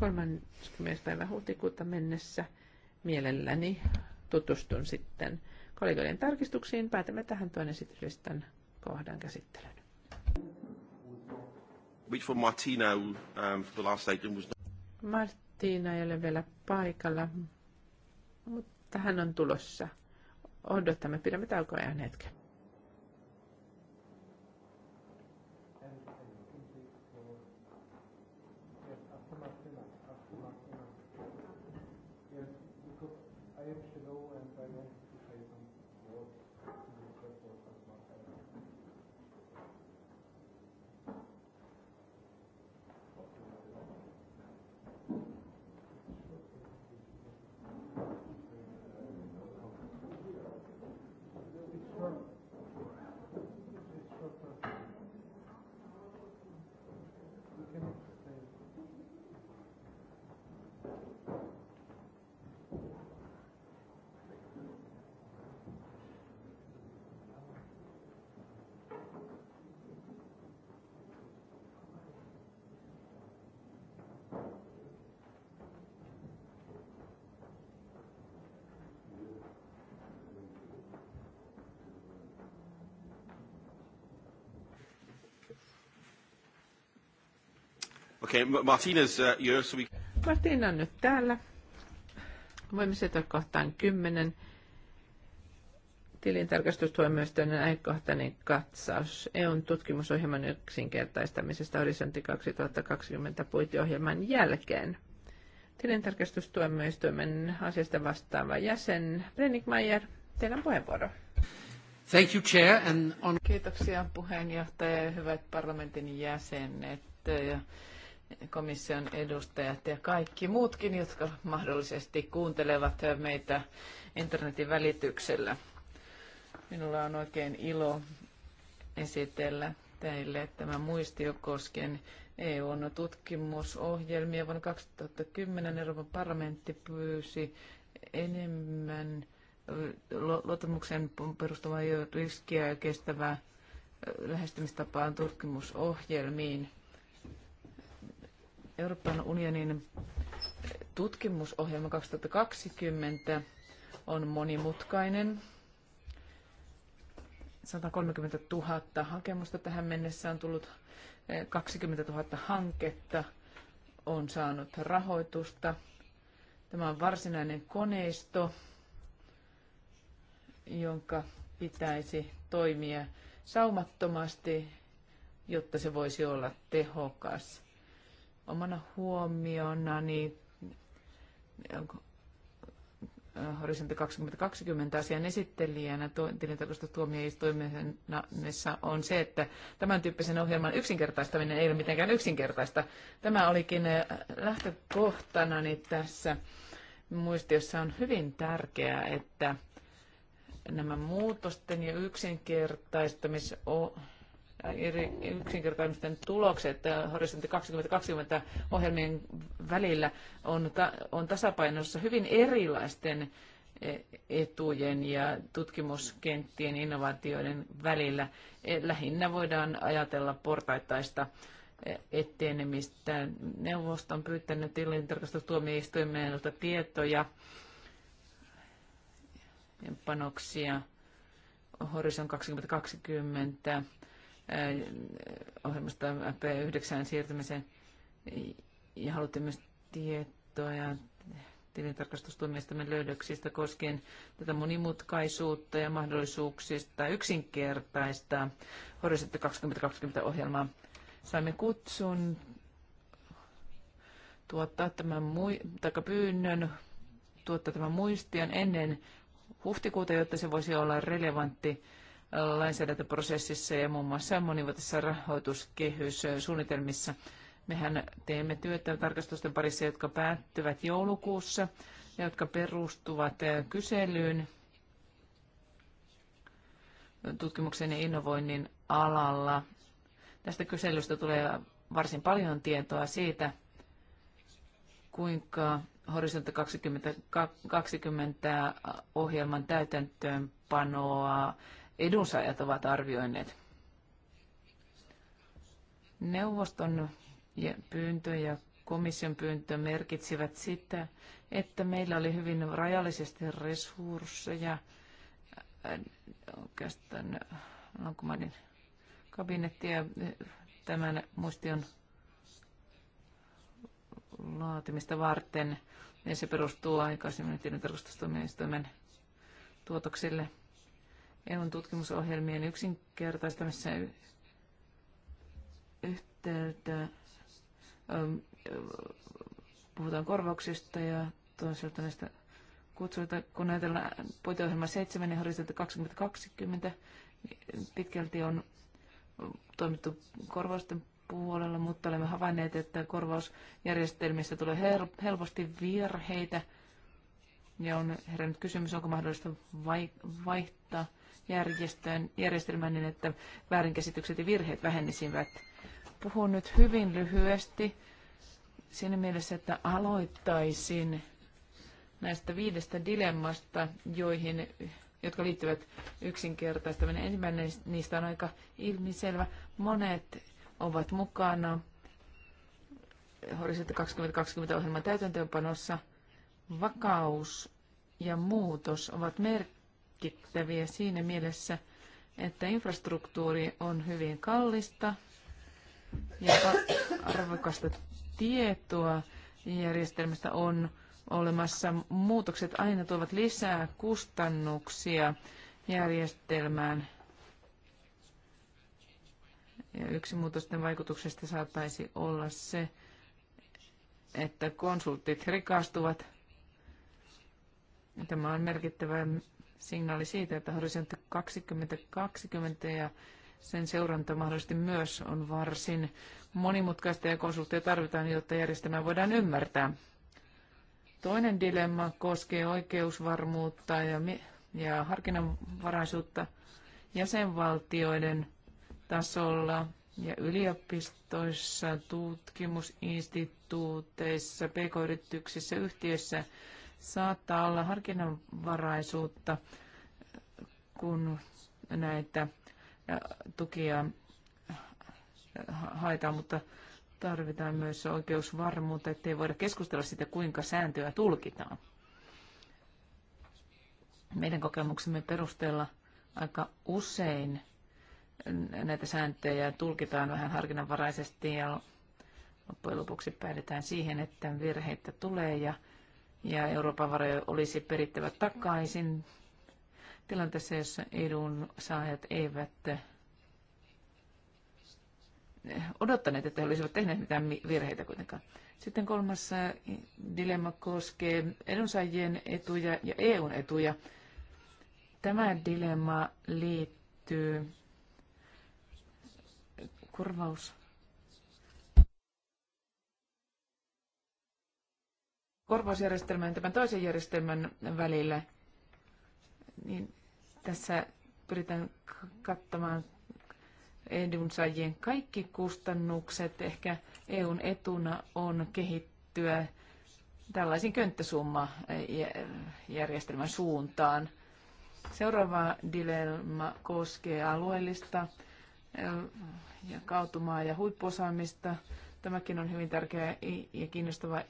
30. päivä huhtikuuta mennessä. Mielelläni tutustun sitten kollegoiden tarkistuksiin. Päätämme tähän tuon esityslistan kohdan käsittelyyn. Um, Martina, ei ole vielä paikalla, mutta hän on tulossa odotamme, pidämme taukoa ajan hetken. Okay, Martina's uh, here, so we... Martina on nyt täällä. Voimme sieltä kohtaan 10. Tilintarkastustoimistojen ajankohtainen katsaus EUn tutkimusohjelman yksinkertaistamisesta horisontti 2020 puitiohjelman jälkeen. Tilintarkastustuomioistuimen asiasta vastaava jäsen Brennick Meyer, teidän puheenvuoro. Thank you, Chair, and on... Kiitoksia puheenjohtaja ja hyvät parlamentin jäsenet. Ja komission edustajat ja kaikki muutkin, jotka mahdollisesti kuuntelevat meitä internetin välityksellä. Minulla on oikein ilo esitellä teille tämä muistio koskien EUn tutkimusohjelmia. Vuonna 2010 Euroopan parlamentti pyysi enemmän luottamuksen perustuvaa riskiä ja kestävää lähestymistapaan tutkimusohjelmiin – Euroopan unionin tutkimusohjelma 2020 on monimutkainen. 130 000 hakemusta tähän mennessä on tullut, 20 000 hanketta on saanut rahoitusta. Tämä on varsinainen koneisto, jonka pitäisi toimia saumattomasti, jotta se voisi olla tehokas omana huomionani niin, äh, Horisontti 2020 asian esittelijänä tuomioistuimessa on se, että tämän tyyppisen ohjelman yksinkertaistaminen ei ole mitenkään yksinkertaista. Tämä olikin äh, lähtökohtana niin tässä muistiossa on hyvin tärkeää, että nämä muutosten ja yksinkertaistamisohjelmat eri yksinkertaisten tulokset horisontti 2020 ohjelmien välillä on, ta, on tasapainossa hyvin erilaisten e, etujen ja tutkimuskenttien innovaatioiden välillä. E, lähinnä voidaan ajatella portaittaista e, etenemistä. Neuvosto on pyytänyt tilintarkastustuomioistuimelta tietoja ja panoksia Horizon 2020 ohjelmasta P9 siirtymiseen ja haluttiin myös tietoja tilintarkastustuomioistuimen löydöksistä koskien tätä monimutkaisuutta ja mahdollisuuksista yksinkertaista Horisontti 2020-ohjelmaa. Saimme kutsun tuottaa tämän mui- tai pyynnön tuottaa tämän muistion ennen huhtikuuta, jotta se voisi olla relevantti lainsäädäntöprosessissa ja muun muassa monivuotisissa rahoituskehyssuunnitelmissa. Mehän teemme työtä tarkastusten parissa, jotka päättyvät joulukuussa ja jotka perustuvat eh, kyselyyn tutkimuksen ja innovoinnin alalla. Tästä kyselystä tulee varsin paljon tietoa siitä, kuinka Horisontti 2020 ohjelman täytäntöönpanoa edunsaajat ovat arvioineet. Neuvoston pyyntö ja komission pyyntö merkitsivät sitä, että meillä oli hyvin rajallisesti resursseja äh, oikeastaan äh, Lankomanin kabinettia tämän muistion laatimista varten. Ja se perustuu aikaisemmin tarkastustoimistoimen tuotoksille – EUn tutkimusohjelmien yksinkertaistamissa yhteyttä puhutaan korvauksista ja toisaalta näistä kutsuita, kun ajatellaan puiteohjelma 7 ja horisontti 2020, niin pitkälti on toimittu korvausten puolella, mutta olemme havainneet, että korvausjärjestelmissä tulee helposti virheitä ja on herännyt kysymys, onko mahdollista vaihtaa järjestelmän niin, että väärinkäsitykset ja virheet vähenisivät. Puhun nyt hyvin lyhyesti siinä mielessä, että aloittaisin näistä viidestä dilemmasta, joihin, jotka liittyvät yksinkertaistaminen. Ensimmäinen niistä on aika ilmiselvä. Monet ovat mukana Horisontti 2020 ohjelman täytäntöönpanossa. Vakaus ja muutos ovat merkki merkittäviä siinä mielessä, että infrastruktuuri on hyvin kallista ja arvokasta tietoa järjestelmästä on olemassa. Muutokset aina tuovat lisää kustannuksia järjestelmään. Ja yksi muutosten vaikutuksesta saattaisi olla se, että konsultit rikastuvat. Tämä on merkittävä signaali siitä, että horisontti 2020 ja sen seuranta mahdollisesti myös on varsin monimutkaista ja konsultteja tarvitaan, jotta järjestelmää voidaan ymmärtää. Toinen dilemma koskee oikeusvarmuutta ja, ja harkinnanvaraisuutta jäsenvaltioiden tasolla ja yliopistoissa, tutkimusinstituuteissa, pk-yrityksissä, yhtiöissä saattaa olla harkinnanvaraisuutta, kun näitä äh, tukia äh, haetaan, mutta tarvitaan myös oikeusvarmuutta, ettei voida keskustella siitä, kuinka sääntöä tulkitaan. Meidän kokemuksemme perusteella aika usein näitä sääntöjä tulkitaan vähän harkinnanvaraisesti ja loppujen lopuksi päädytään siihen, että virheitä tulee ja ja Euroopan varoja olisi perittävä takaisin tilanteessa, jossa edun saajat eivät eh, odottaneet, että he olisivat tehneet mitään virheitä kuitenkaan. Sitten kolmas eh, dilemma koskee edunsaajien etuja ja EUn etuja. Tämä dilemma liittyy korvaus korvausjärjestelmän ja tämän toisen järjestelmän välillä, niin tässä pyritään kattamaan edunsaajien kaikki kustannukset. Ehkä EUn etuna on kehittyä tällaisen könttäsummajärjestelmän eh, suuntaan. Seuraava dilemma koskee alueellista eh, jakautumaa ja huippuosaamista. Tämäkin on hyvin tärkeä ja kiinnostava.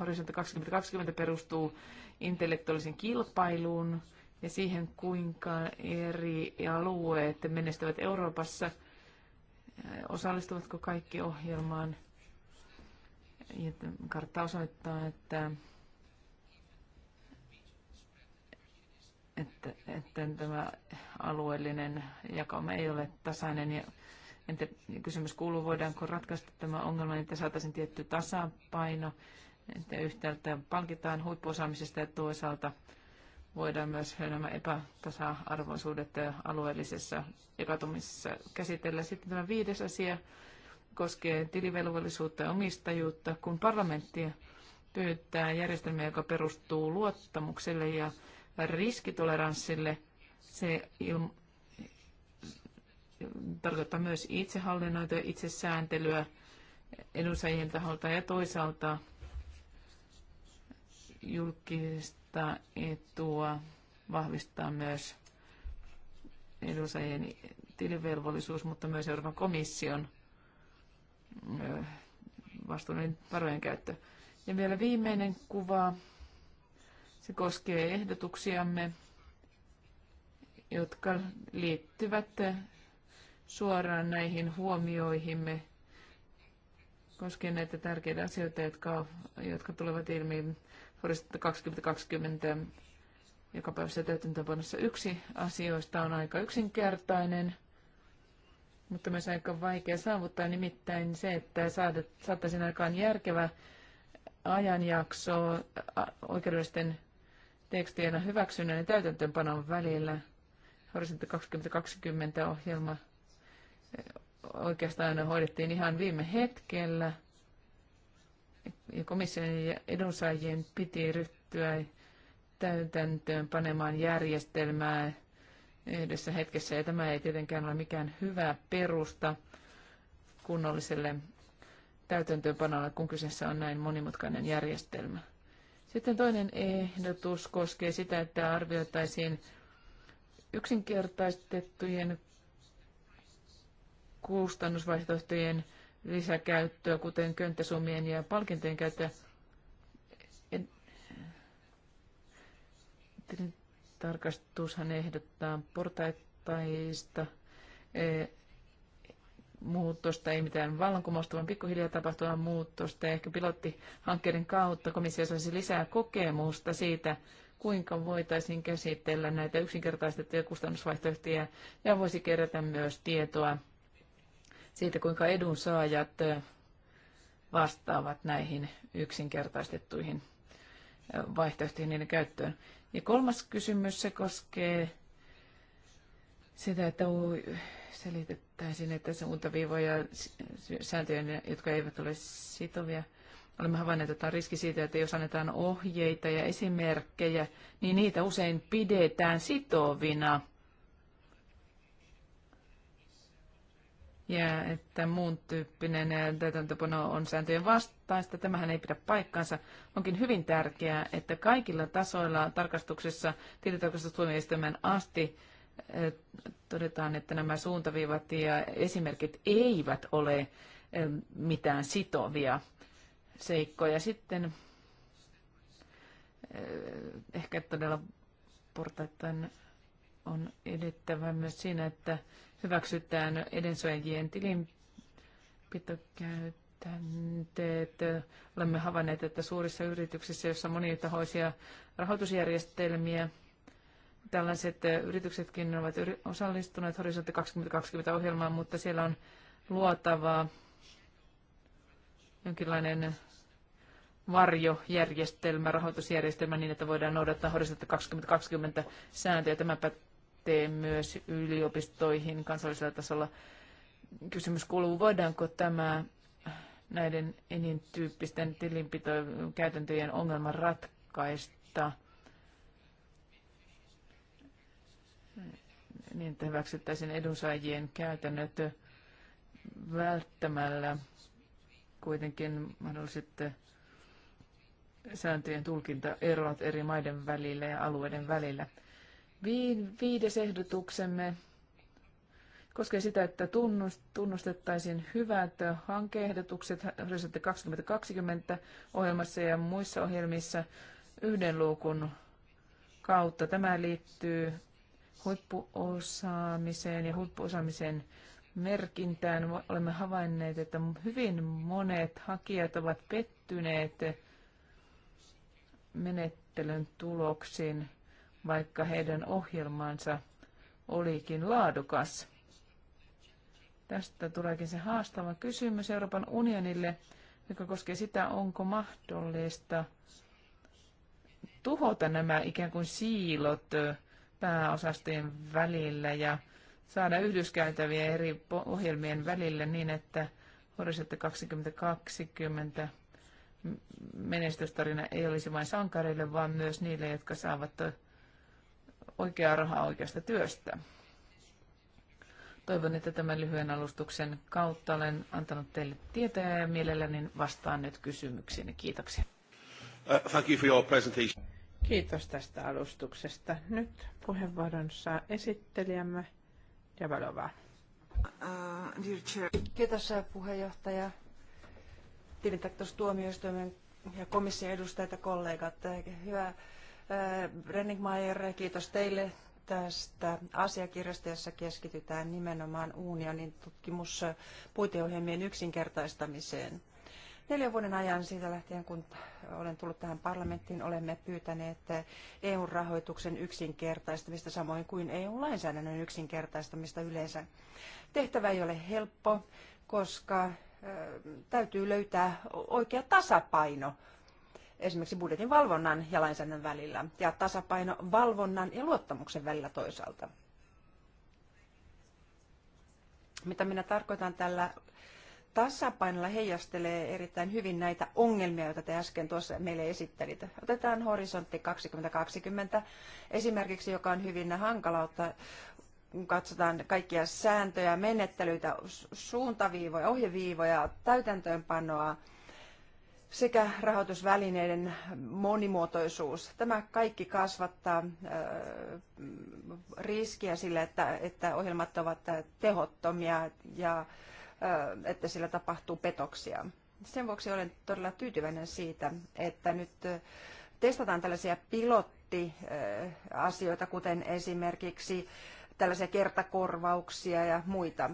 Horisontti 2020 perustuu intellektuaalisen kilpailuun ja siihen, kuinka eri alueet menestyvät Euroopassa. Osallistuvatko kaikki ohjelmaan? Kartta osoittaa, että että, että tämä alueellinen jakauma ei ole tasainen ja Entä kysymys kuuluu, voidaanko ratkaista tämä ongelma, niin, että saataisiin tietty tasapaino, että yhtäältä palkitaan huippuosaamisesta ja toisaalta voidaan myös nämä epätasa-arvoisuudet alueellisessa epätumisessa käsitellä. Sitten tämä viides asia koskee tilivelvollisuutta ja omistajuutta, kun parlamentti pyytää järjestelmää, joka perustuu luottamukselle ja riskitoleranssille. Se ilm- tarkoittaa myös itsehallinnointia, itsesääntelyä edunsaajien taholta ja toisaalta julkista etua vahvistaa myös edunsaajien tilivelvollisuus, mutta myös Euroopan komission vastuullinen varojen käyttö. Ja vielä viimeinen kuva. Se koskee ehdotuksiamme, jotka liittyvät suoraan näihin huomioihimme koskien näitä tärkeitä asioita, jotka, jotka tulevat ilmi vuodesta 2020 joka päivässä täytäntöpanossa. Yksi asioista on aika yksinkertainen, mutta myös aika vaikea saavuttaa, nimittäin se, että saataisiin aikaan järkevä ajanjakso oikeudellisten tekstien hyväksynnän ja täytäntöönpanon välillä. Horisontti 2020 ohjelma oikeastaan ne hoidettiin ihan viime hetkellä. Ja komission ja edunsaajien piti ryhtyä täytäntöön panemaan järjestelmää yhdessä hetkessä. Ja tämä ei tietenkään ole mikään hyvä perusta kunnolliselle täytäntöönpanolle, kun kyseessä on näin monimutkainen järjestelmä. Sitten toinen ehdotus koskee sitä, että arvioitaisiin yksinkertaistettujen kustannusvaihtoehtojen lisäkäyttöä, kuten könttäsummien ja palkintojen käyttöä. Tarkastushan ehdottaa portaittaista e, muutosta, ei mitään vallankumousta, vaan pikkuhiljaa tapahtuvaa muutosta. ehkä pilottihankkeiden kautta komissio saisi lisää kokemusta siitä, kuinka voitaisiin käsitellä näitä yksinkertaistettuja kustannusvaihtoehtoja ja voisi kerätä myös tietoa siitä, kuinka edunsaajat vastaavat näihin yksinkertaistettuihin vaihtoehtoihin niiden käyttöön. Ja kolmas kysymys, se koskee sitä, että selitettäisiin, että suuntaviivoja sääntöjä, jotka eivät ole sitovia. Olemme havainneet, että on riski siitä, että jos annetaan ohjeita ja esimerkkejä, niin niitä usein pidetään sitovina – ja että muun tyyppinen täytäntöpano on sääntöjen vastaista. Tämähän ei pidä paikkaansa. Onkin hyvin tärkeää, että kaikilla tasoilla tarkastuksessa tilintarkastustuomioistuimen asti eh, todetaan, että nämä suuntaviivat ja esimerkit eivät ole eh, mitään sitovia seikkoja. Sitten eh, ehkä todella portaittain on edettävä myös siinä, että hyväksytään edensoijien tilinpitokäytänteet. Olemme havainneet, että suurissa yrityksissä, joissa on monitahoisia rahoitusjärjestelmiä, tällaiset yrityksetkin ovat osallistuneet Horisontti 2020-ohjelmaan, mutta siellä on luotavaa jonkinlainen varjojärjestelmä, rahoitusjärjestelmä niin, että voidaan noudattaa horisontti 2020 sääntöjä. Tämä pätee myös yliopistoihin kansallisella tasolla. Kysymys kuuluu, voidaanko tämä näiden enin tyyppisten tilinpitokäytäntöjen ongelman ratkaista niin, että hyväksyttäisiin edunsaajien käytännöt välttämällä kuitenkin mahdolliset sääntöjen tulkintaerot eri maiden välillä ja alueiden välillä. Viides ehdotuksemme koskee sitä, että tunnustettaisiin hyvät hankeehdotukset Horisontti 2020 ohjelmassa ja muissa ohjelmissa yhden luukun kautta. Tämä liittyy huippuosaamiseen ja huippuosaamisen merkintään. Olemme havainneet, että hyvin monet hakijat ovat pettyneet menettelyn tuloksiin vaikka heidän ohjelmansa olikin laadukas. Tästä tuleekin se haastava kysymys Euroopan unionille, joka koskee sitä, onko mahdollista tuhota nämä ikään kuin siilot pääosastojen välillä ja saada yhdyskäytäviä eri ohjelmien välillä niin, että Horisontti 2020 menestystarina ei olisi vain sankareille, vaan myös niille, jotka saavat oikeaa rahaa oikeasta työstä. Toivon, että tämän lyhyen alustuksen kautta olen antanut teille tietoja ja mielelläni vastaan nyt kysymyksiin. Kiitoksia. Uh, thank you for your presentation. Kiitos tästä alustuksesta. Nyt puheenvuoron saa esittelijämme Javalova. Uh, Kiitos äh, puheenjohtaja, tilintarkastustuomioistuimen ja komission edustajat ja kollegat. Äh, hyvää Äh, Brenningmeier, kiitos teille tästä asiakirjasta, jossa keskitytään nimenomaan unionin tutkimuspuiteohjelmien yksinkertaistamiseen. Neljän vuoden ajan siitä lähtien, kun olen tullut tähän parlamenttiin, olemme pyytäneet EU-rahoituksen yksinkertaistamista, samoin kuin EU-lainsäädännön yksinkertaistamista yleensä. Tehtävä ei ole helppo, koska äh, täytyy löytää oikea tasapaino esimerkiksi budjetin valvonnan ja lainsäädännön välillä ja tasapaino valvonnan ja luottamuksen välillä toisaalta. Mitä minä tarkoitan tällä tasapainolla heijastelee erittäin hyvin näitä ongelmia, joita te äsken tuossa meille esittelitte. Otetaan horisontti 2020 esimerkiksi, joka on hyvin hankala ottaa kun katsotaan kaikkia sääntöjä, menettelyitä, suuntaviivoja, ohjeviivoja, täytäntöönpanoa, sekä rahoitusvälineiden monimuotoisuus. Tämä kaikki kasvattaa riskiä sille, että, että ohjelmat ovat tehottomia ja että sillä tapahtuu petoksia. Sen vuoksi olen todella tyytyväinen siitä, että nyt testataan tällaisia pilottiasioita, kuten esimerkiksi tällaisia kertakorvauksia ja muita.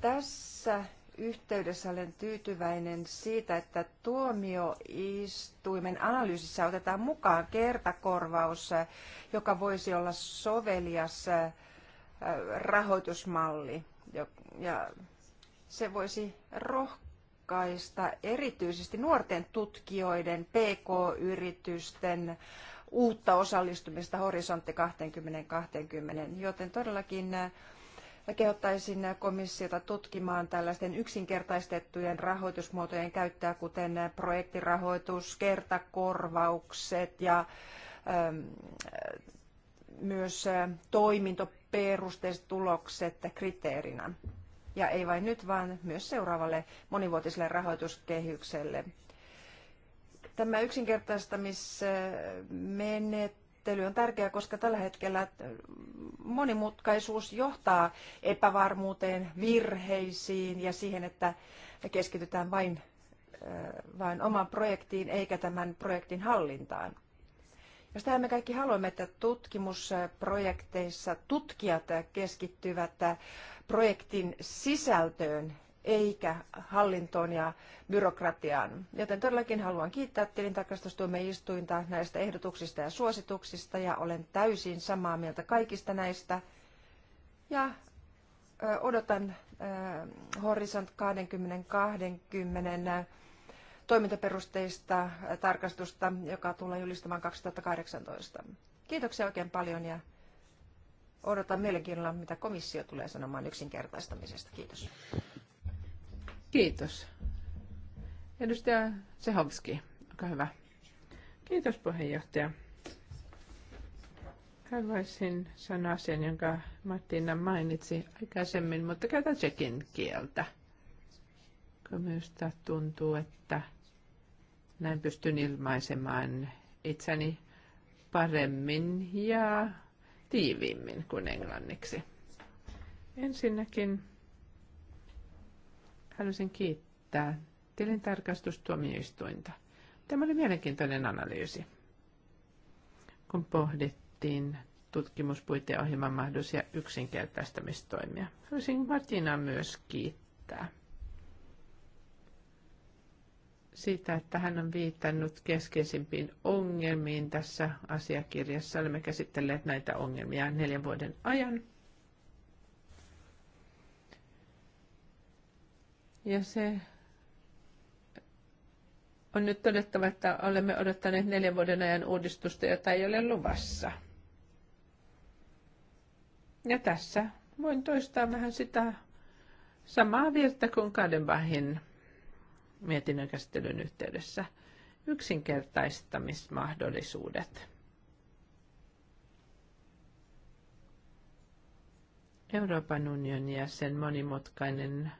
Tässä yhteydessä olen tyytyväinen siitä, että tuomioistuimen analyysissä otetaan mukaan kertakorvaus, joka voisi olla sovelias rahoitusmalli. Ja se voisi rohkaista erityisesti nuorten tutkijoiden, PK-yritysten uutta osallistumista Horisontti 2020, joten todellakin ja kehottaisin komissiota tutkimaan tällaisten yksinkertaistettujen rahoitusmuotojen käyttöä, kuten projektirahoitus, kertakorvaukset ja ähm, myös äh, toimintoperusteiset tulokset kriteerinä. Ja ei vain nyt, vaan myös seuraavalle monivuotiselle rahoituskehykselle. Tämä yksinkertaistamismenet sääntely on tärkeää, koska tällä hetkellä monimutkaisuus johtaa epävarmuuteen, virheisiin ja siihen, että keskitytään vain, äh, vain omaan projektiin eikä tämän projektin hallintaan. Ja sitä me kaikki haluamme, että tutkimusprojekteissa tutkijat keskittyvät projektin sisältöön eikä hallintoon ja byrokratiaan. Joten todellakin haluan kiittää tilintarkastustuomioistuinta näistä ehdotuksista ja suosituksista ja olen täysin samaa mieltä kaikista näistä. Ja odotan Horisont 2020 toimintaperusteista tarkastusta, joka tulee julistamaan 2018. Kiitoksia oikein paljon ja odotan mielenkiinnolla, mitä komissio tulee sanomaan yksinkertaistamisesta. Kiitos. Kiitos. Edustaja Sehovski, olkaa hyvä. Kiitos puheenjohtaja. Haluaisin sanoa sen, jonka Martina mainitsi aikaisemmin, mutta käytän tsekin kieltä. minusta tuntuu, että näin pystyn ilmaisemaan itseni paremmin ja tiiviimmin kuin englanniksi. Ensinnäkin halusin kiittää tilintarkastustuomioistuinta. Tämä oli mielenkiintoinen analyysi, kun pohdittiin tutkimuspuiteohjelman mahdollisia yksinkertaistamistoimia. Haluaisin Martina myös kiittää siitä, että hän on viitannut keskeisimpiin ongelmiin tässä asiakirjassa. Olemme käsitelleet näitä ongelmia neljän vuoden ajan. Ja se on nyt todettava, että olemme odottaneet neljän vuoden ajan uudistusta, jota ei ole luvassa. Ja tässä voin toistaa vähän sitä samaa virta kuin Kadenbahin mietinnön käsittelyn yhteydessä. Yksinkertaistamismahdollisuudet. Euroopan unionin ja sen monimutkainen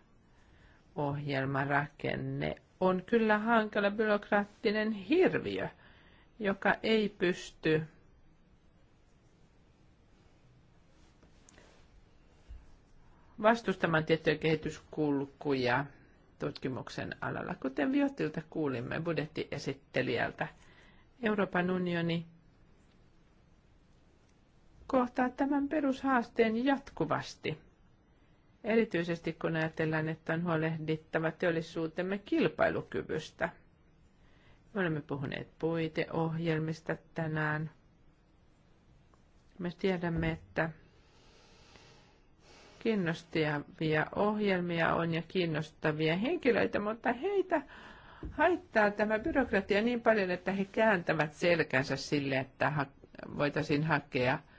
ohjelmarakenne on kyllä hankala byrokraattinen hirviö, joka ei pysty vastustamaan tiettyjä kehityskulkuja tutkimuksen alalla. Kuten Viotilta kuulimme budjettiesittelijältä, Euroopan unioni kohtaa tämän perushaasteen jatkuvasti – Erityisesti kun ajatellaan, että on huolehdittava teollisuutemme kilpailukyvystä. Me olemme puhuneet puiteohjelmista tänään. Me tiedämme, että kiinnostavia ohjelmia on ja kiinnostavia henkilöitä, mutta heitä haittaa tämä byrokratia niin paljon, että he kääntävät selkänsä sille, että voitaisiin hakea –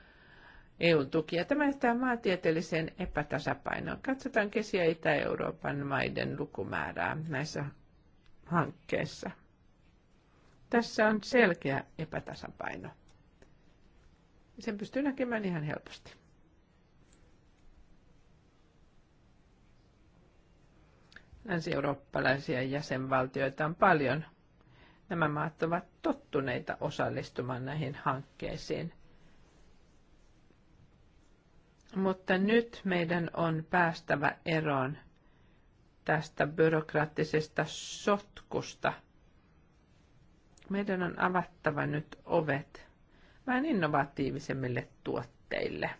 EUn tukia. Tämä johtaa maantieteelliseen epätasapainoon. Katsotaan Kesi- ja Itä-Euroopan maiden lukumäärää näissä hankkeissa. Tässä on selkeä epätasapaino. Sen pystyy näkemään ihan helposti. Länsi-eurooppalaisia jäsenvaltioita on paljon. Nämä maat ovat tottuneita osallistumaan näihin hankkeisiin – mutta nyt meidän on päästävä eroon tästä byrokraattisesta sotkusta. Meidän on avattava nyt ovet vähän innovatiivisemmille tuotteille.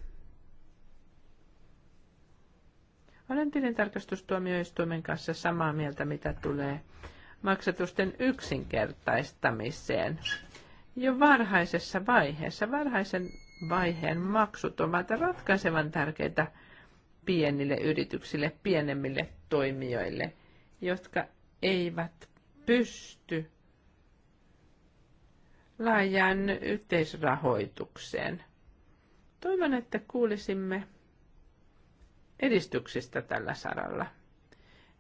Olen tilintarkastustuomioistuimen kanssa samaa mieltä, mitä tulee maksatusten yksinkertaistamiseen. Jo varhaisessa vaiheessa, varhaisen vaiheen maksut ovat ratkaisevan tärkeitä pienille yrityksille, pienemmille toimijoille, jotka eivät pysty laajan yhteisrahoitukseen. Toivon, että kuulisimme edistyksistä tällä saralla.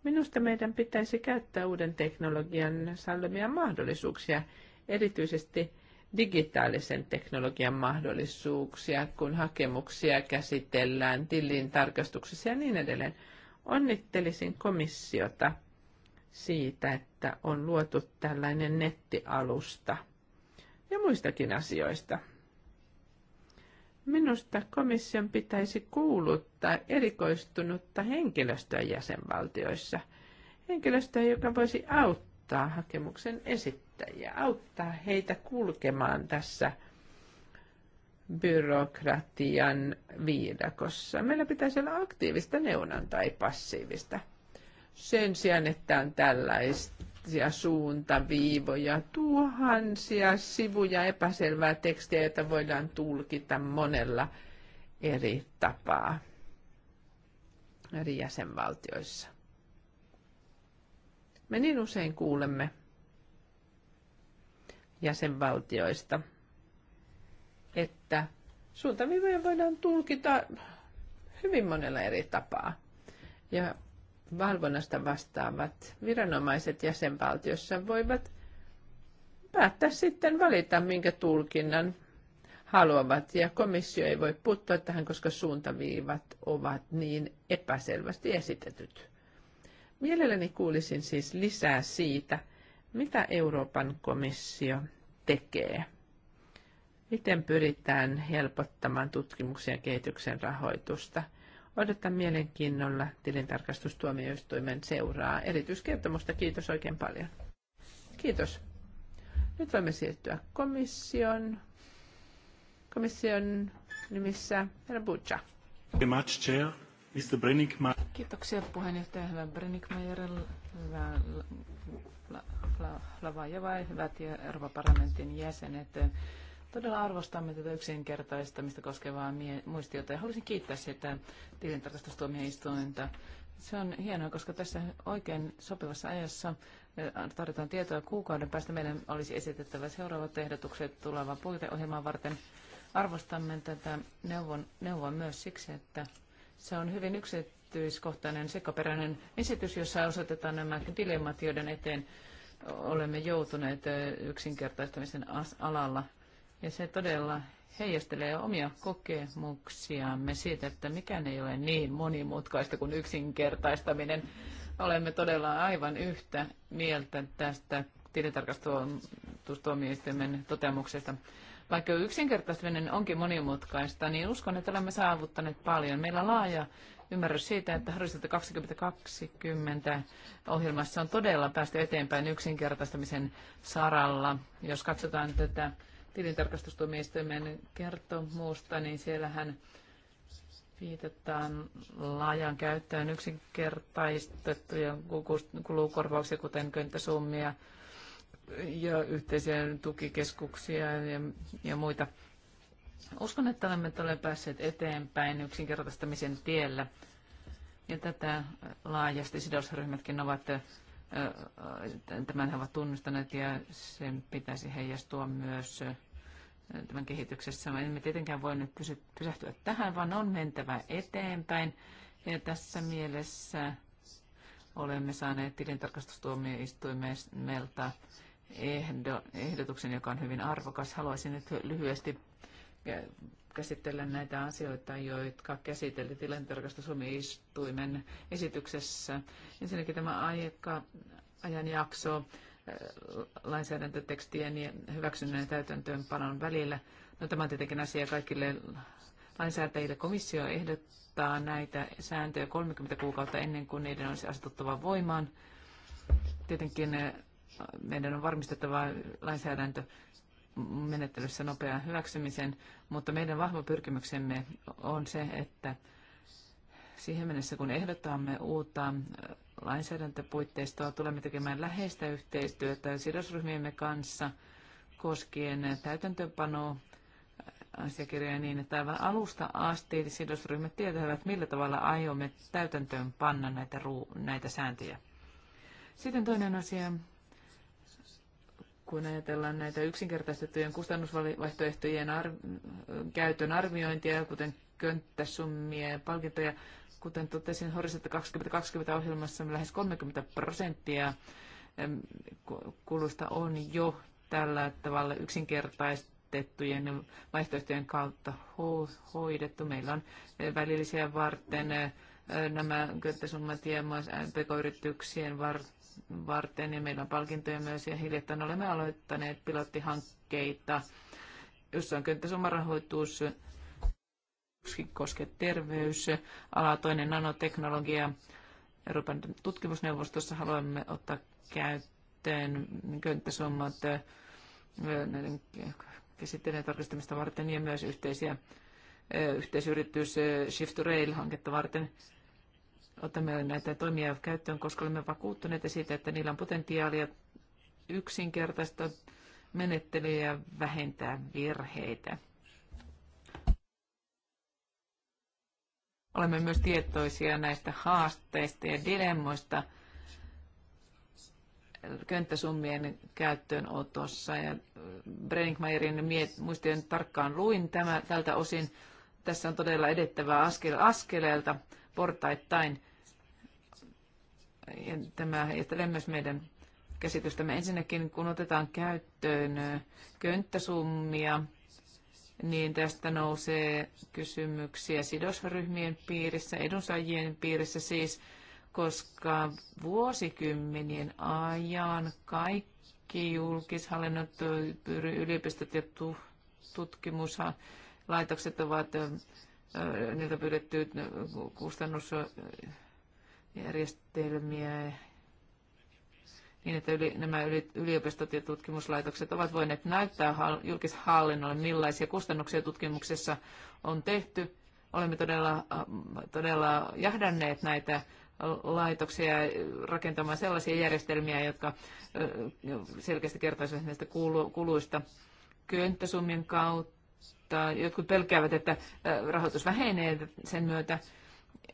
Minusta meidän pitäisi käyttää uuden teknologian sallimia mahdollisuuksia, erityisesti – digitaalisen teknologian mahdollisuuksia, kun hakemuksia käsitellään tilin tarkastuksessa ja niin edelleen. Onnittelisin komissiota siitä, että on luotu tällainen nettialusta ja muistakin asioista. Minusta komission pitäisi kuuluttaa erikoistunutta henkilöstöä jäsenvaltioissa. Henkilöstöä, joka voisi auttaa auttaa hakemuksen esittäjiä, auttaa heitä kulkemaan tässä byrokratian viidakossa. Meillä pitäisi olla aktiivista neuvontaa ei passiivista. Sen sijaan, että on tällaisia suuntaviivoja, tuhansia sivuja epäselvää tekstiä, jota voidaan tulkita monella eri tapaa eri jäsenvaltioissa. Me niin usein kuulemme jäsenvaltioista, että suuntaviivoja voidaan tulkita hyvin monella eri tapaa. Ja valvonnasta vastaavat viranomaiset jäsenvaltiossa voivat päättää sitten valita, minkä tulkinnan haluavat. Ja komissio ei voi puuttua tähän, koska suuntaviivat ovat niin epäselvästi esitetyt. Mielelläni kuulisin siis lisää siitä, mitä Euroopan komissio tekee. Miten pyritään helpottamaan tutkimuksen ja kehityksen rahoitusta? Odotan mielenkiinnolla tilintarkastustuomioistuimen seuraa erityiskertomusta. Kiitos oikein paljon. Kiitos. Nyt voimme siirtyä komission, komission nimissä. Herra Butcha. Very much, Chair. Mr. Brenningmeier. Kiitoksia puheenjohtaja, hyvä Brenningmeier, hyvä ja Euroopan parlamentin jäsenet. Todella arvostamme tätä yksinkertaistamista koskevaa mie- muistiota ja haluaisin kiittää sitä tilintarkastustuomioistuinta. Se on hienoa, koska tässä oikein sopivassa ajassa eh, tarjotaan tietoa kuukauden päästä. Meidän olisi esitettävä seuraavat ehdotukset tulevaa puiteohjelmaa varten. Arvostamme tätä neuvon, neuvoa myös siksi, että se on hyvin yksityiskohtainen, sekaperäinen esitys, jossa osoitetaan nämä dilemmat, joiden eteen olemme joutuneet yksinkertaistamisen alalla. Ja se todella heijastelee omia kokemuksiamme siitä, että mikään ei ole niin monimutkaista kuin yksinkertaistaminen. Olemme todella aivan yhtä mieltä tästä tilintarkastustuomioistuimen toteamuksesta. Vaikka yksinkertaistaminen onkin monimutkaista, niin uskon, että olemme saavuttaneet paljon. Meillä on laaja ymmärrys siitä, että Horisontti 2020 ohjelmassa on todella päästy eteenpäin yksinkertaistamisen saralla. Jos katsotaan tätä tilintarkastustuomioistuimen kertomusta, niin siellähän viitataan laajan käyttöön yksinkertaistettuja kulukorvauksia, kuten könttäsummia, ja yhteisiä tukikeskuksia ja, ja muita. Uskon, että olemme tulleet päässeet eteenpäin yksinkertaistamisen tiellä. Ja tätä äh, laajasti sidosryhmätkin ovat, äh, äh, tämän he ovat tunnustaneet ja sen pitäisi heijastua myös tämän kehityksessä. Emme tietenkään voi nyt pysähtyä tähän, vaan on mentävä eteenpäin. Ja tässä mielessä olemme saaneet tilintarkastustuomioistuimelta ehdo, ehdotuksen, joka on hyvin arvokas. Haluaisin nyt lyhyesti käsitellä näitä asioita, jotka käsiteltiin tilintarkastusomistuimen esityksessä. Ensinnäkin tämä aika, ajanjakso äh, lainsäädäntötekstien ja hyväksynnän ja täytäntöönpanon välillä. No, tämä on tietenkin asia kaikille lainsäätäjille. Komissio ehdottaa näitä sääntöjä 30 kuukautta ennen kuin niiden olisi asetuttava voimaan. Tietenkin äh, meidän on varmistettava lainsäädäntö menettelyssä nopean hyväksymisen, mutta meidän vahva pyrkimyksemme on se, että siihen mennessä kun ehdotamme uutta lainsäädäntöpuitteistoa, tulemme tekemään läheistä yhteistyötä sidosryhmiemme kanssa koskien täytäntöönpanoa asiakirjoja niin, että aivan alusta asti sidosryhmät tietävät, millä tavalla aiomme täytäntöön panna näitä, ruu- näitä sääntöjä. Sitten toinen asia, kun ajatellaan näitä yksinkertaistettujen kustannusvaihtoehtojen ar- käytön arviointia, kuten könttäsummia ja palkintoja, kuten totesin Horisontti 2020 ohjelmassa lähes 30 prosenttia kulusta on jo tällä tavalla yksinkertaistettujen vaihtoehtojen kautta hoidettu. Meillä on välillisiä varten nämä könttäsummat ja pk-yrityksien varten varten ja meillä on palkintoja myös ja hiljattain olemme aloittaneet pilottihankkeita, jossa on könttäsummarahoitus, yksi koske ala toinen nanoteknologia. Euroopan tutkimusneuvostossa haluamme ottaa käyttöön könttäsummat näiden käsitteiden tarkistamista varten ja myös yhteisiä yhteisyritys Shift to Rail-hanketta varten otamme näitä toimia käyttöön, koska olemme vakuuttuneita siitä, että niillä on potentiaalia yksinkertaista menettelyä ja vähentää virheitä. Olemme myös tietoisia näistä haasteista ja dilemmoista könttäsummien käyttöönotossa. Ja Brenningmeierin muistion tarkkaan luin tämä, tältä osin. Tässä on todella edettävää askel askeleelta portaittain. Ja tämä heijastelee myös meidän käsitystämme. Ensinnäkin, kun otetaan käyttöön könttäsummia, niin tästä nousee kysymyksiä sidosryhmien piirissä, edunsaajien piirissä siis, koska vuosikymmenien ajan kaikki julkishallinnot, yliopistot ja tutkimuslaitokset ovat niiltä pyydetty kustannusjärjestelmiä niin, että yli, nämä yliopistot ja tutkimuslaitokset ovat voineet näyttää julkishallinnolle, millaisia kustannuksia tutkimuksessa on tehty. Olemme todella, todella jahdanneet näitä laitoksia rakentamaan sellaisia järjestelmiä, jotka selkeästi kertoisivat näistä kuluista könttäsummin kautta Jotkut pelkäävät, että äh, rahoitus vähenee sen myötä.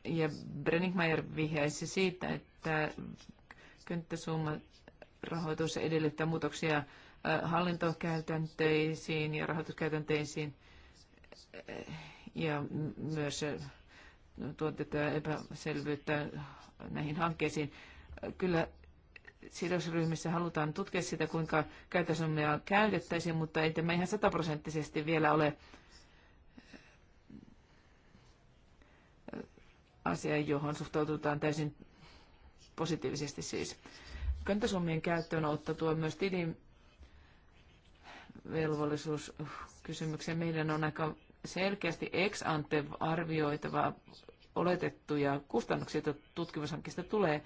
Ja Brenningmeier vihjaisi siitä, että könttäsumma rahoitus edellyttää muutoksia äh, hallintokäytänteisiin ja rahoituskäytänteisiin äh, ja myös tuotetta epäselvyyttä näihin hankkeisiin. Kyllä sidosryhmissä halutaan tutkia sitä, kuinka käytösnormeja käytettäisiin, mutta ei tämä ihan sataprosenttisesti vielä ole äh, asia, johon suhtaututaan täysin positiivisesti siis. käyttöön ottaa tuo myös tilin velvollisuuskysymykseen. Meidän on aika selkeästi ex ante arvioitava oletettuja kustannuksia, joita tutkimushankkeesta tulee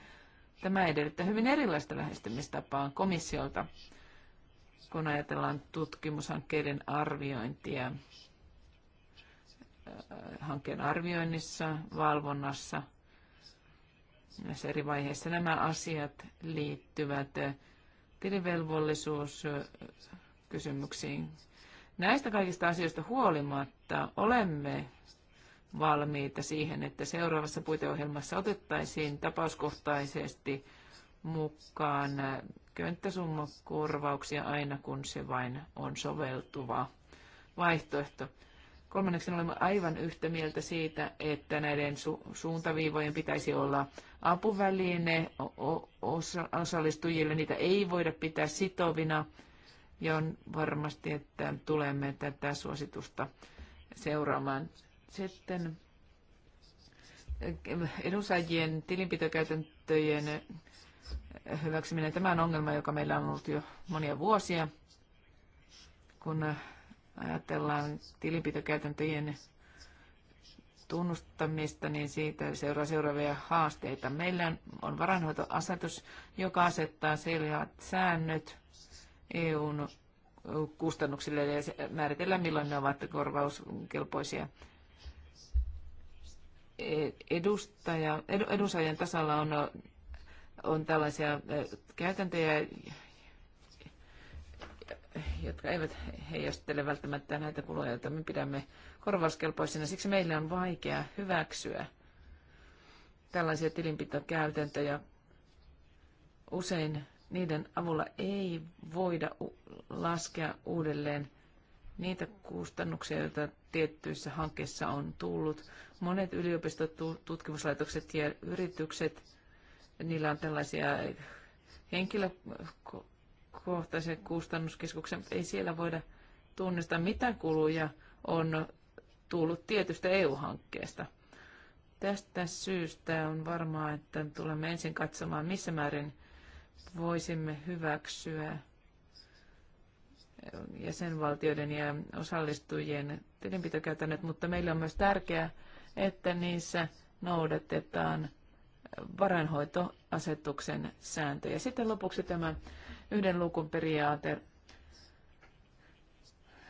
Tämä edellyttää hyvin erilaista lähestymistapaa komissiolta, kun ajatellaan tutkimushankkeiden arviointia. Äh, hankkeen arvioinnissa, valvonnassa, näissä eri vaiheissa nämä asiat liittyvät äh, tilivelvollisuuskysymyksiin. Äh, Näistä kaikista asioista huolimatta olemme valmiita siihen, että seuraavassa puiteohjelmassa otettaisiin tapauskohtaisesti mukaan könttäsummakorvauksia aina, kun se vain on soveltuva vaihtoehto. Kolmanneksi olemme aivan yhtä mieltä siitä, että näiden su- suuntaviivojen pitäisi olla apuväline osallistujille. Niitä ei voida pitää sitovina ja on varmasti, että tulemme tätä suositusta seuraamaan. Sitten eh, edunsaajien tilinpitokäytäntöjen eh, hyväksyminen. Tämä on ongelma, joka meillä on ollut jo monia vuosia, kun eh, ajatellaan tilinpitokäytäntöjen tunnustamista, niin siitä seuraa seuraavia haasteita. Meillä on varainhoitoasetus, joka asettaa selvät säännöt EUn kustannuksille ja määritellään, milloin ne ovat korvauskelpoisia edustaja, edunsaajan tasalla on, on tällaisia käytäntöjä, jotka eivät heijastele välttämättä näitä kuluja, joita me pidämme korvauskelpoisina. Siksi meille on vaikea hyväksyä tällaisia tilinpitokäytäntöjä. Usein niiden avulla ei voida laskea uudelleen niitä kustannuksia, joita tiettyissä hankkeissa on tullut. Monet yliopistot, tutkimuslaitokset ja yritykset, niillä on tällaisia henkilökohtaisen kustannuskeskuksen, mutta ei siellä voida tunnistaa, mitä kuluja on tullut tietystä EU-hankkeesta. Tästä syystä on varmaa, että tulemme ensin katsomaan, missä määrin voisimme hyväksyä jäsenvaltioiden ja osallistujien tilinpitokäytännöt, mutta meillä on myös tärkeää, että niissä noudatetaan varainhoitoasetuksen sääntöjä. Sitten lopuksi tämä yhden luukun periaate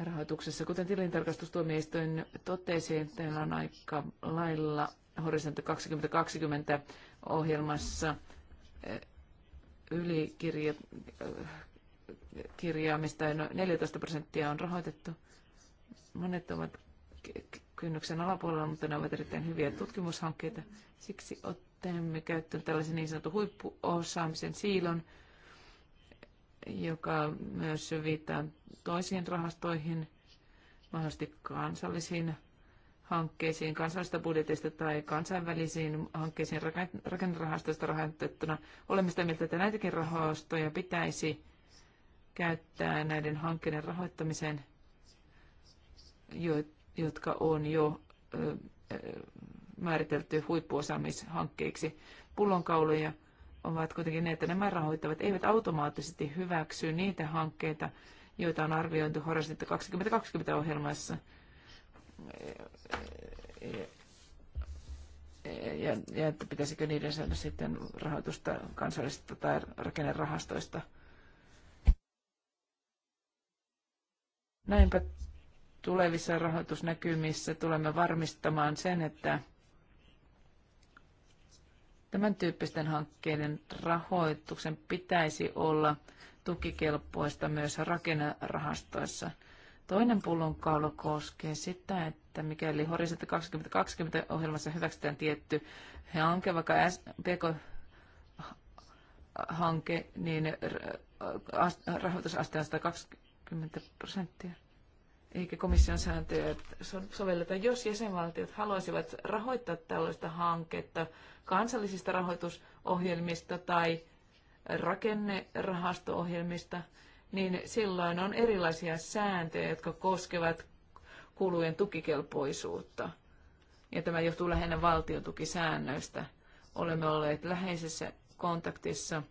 rahoituksessa. Kuten tilintarkastustuomioistuin totesi, teillä on aika lailla Horisontti 2020 ohjelmassa eh, ylikirjaamista eh, noin 14 prosenttia on rahoitettu. Monet ovat kynnyksen alapuolella, mutta ne ovat erittäin hyviä tutkimushankkeita. Siksi otamme käyttöön tällaisen niin sanotun huippuosaamisen siilon, joka myös viittaa toisiin rahastoihin, mahdollisesti kansallisiin hankkeisiin kansallisista budjeteista tai kansainvälisiin hankkeisiin rakennerahastoista rahoitettuna. Olemme sitä mieltä, että näitäkin rahastoja pitäisi käyttää näiden hankkeiden rahoittamiseen, jotka on jo määritelty huippuosaamishankkeiksi. Pullonkauloja ovat kuitenkin ne, että nämä rahoittavat eivät automaattisesti hyväksy niitä hankkeita, joita on arvioitu Horisontti 2020 ohjelmassa. Ja, ja että pitäisikö niiden saada sitten rahoitusta kansallisista tai rakennerahastoista. Näinpä tulevissa rahoitusnäkymissä tulemme varmistamaan sen, että tämän tyyppisten hankkeiden rahoituksen pitäisi olla tukikelpoista myös rakennerahastoissa. Toinen pullonkaula koskee sitä, että mikäli Horisontti 2020 ohjelmassa hyväksytään tietty hanke, vaikka PK-hanke, niin rahoitusaste on 120 prosenttia eikä komission sääntöjä sovelleta. Jos jäsenvaltiot haluaisivat rahoittaa tällaista hanketta kansallisista rahoitusohjelmista tai rakennerahasto-ohjelmista, niin silloin on erilaisia sääntöjä, jotka koskevat kulujen tukikelpoisuutta. Ja tämä johtuu lähinnä valtiotukisäännöistä. Olemme olleet läheisessä kontaktissa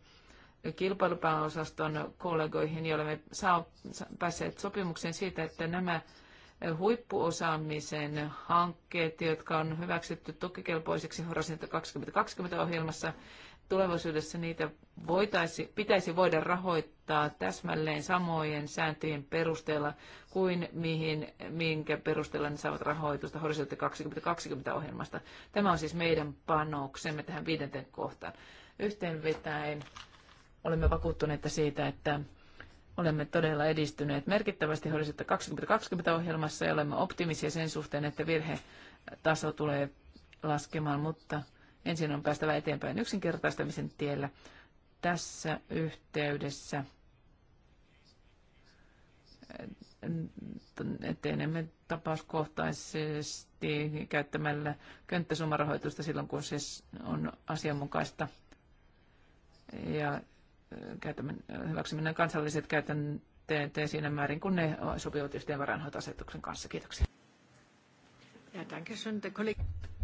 kilpailupääosaston kollegoihin, joilla niin me saa, päässeet sopimukseen siitä, että nämä huippuosaamisen hankkeet, jotka on hyväksytty tukikelpoisiksi Horisontti 2020-ohjelmassa, tulevaisuudessa niitä voitaisi, pitäisi voida rahoittaa täsmälleen samojen sääntöjen perusteella kuin mihin, minkä perusteella ne saavat rahoitusta Horisontti 2020-ohjelmasta. Tämä on siis meidän panoksemme tähän viidenteen kohtaan. Yhteenvetäen olemme vakuuttuneita siitä, että olemme todella edistyneet merkittävästi Horisontti 2020-ohjelmassa ja olemme optimisia sen suhteen, että virhetaso tulee laskemaan, mutta ensin on päästävä eteenpäin yksinkertaistamisen tiellä. Tässä yhteydessä etenemme tapauskohtaisesti käyttämällä könttäsummarahoitusta silloin, kun se on asianmukaista. Ja hyväksyminen kansalliset käytänteet siinä määrin, kun ne sopivat yhteen varainhoitoasetuksen kanssa. Kiitoksia.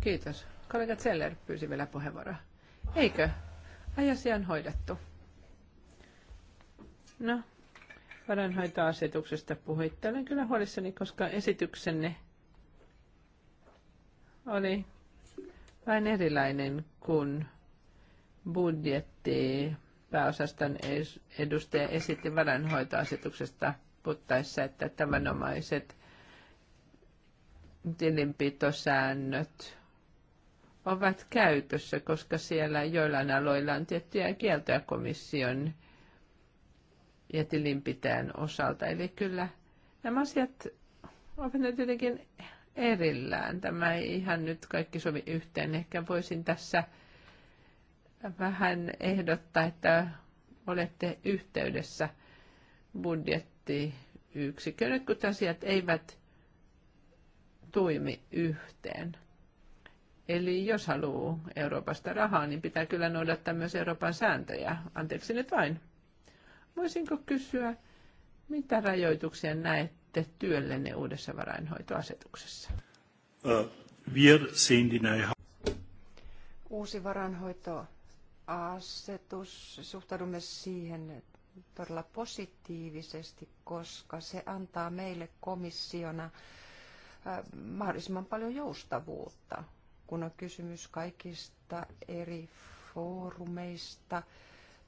Kiitos. Kollega Zeller pyysi vielä puheenvuoroa. Eikö? Ajasia on hoidettu. No, varainhoitoasetuksesta puhuitte. Olen kyllä huolissani, koska esityksenne oli vain erilainen kuin budjetti pääosaston edustaja esitti varainhoitoasetuksesta puttaessa, että tavanomaiset tilinpitosäännöt ovat käytössä, koska siellä joillain aloilla on tiettyjä kieltoja komission ja tilinpitäjän osalta. Eli kyllä nämä asiat ovat nyt jotenkin erillään. Tämä ei ihan nyt kaikki sovi yhteen. Ehkä voisin tässä vähän ehdottaa, että olette yhteydessä budjettiyksikölle, kun asiat eivät toimi yhteen. Eli jos haluaa Euroopasta rahaa, niin pitää kyllä noudattaa myös Euroopan sääntöjä. Anteeksi nyt vain. Voisinko kysyä, mitä rajoituksia näette työllenne uudessa varainhoitoasetuksessa? Uusi varainhoitoasetus asetus, suhtaudumme siihen todella positiivisesti, koska se antaa meille komissiona äh, mahdollisimman paljon joustavuutta, kun on kysymys kaikista eri foorumeista,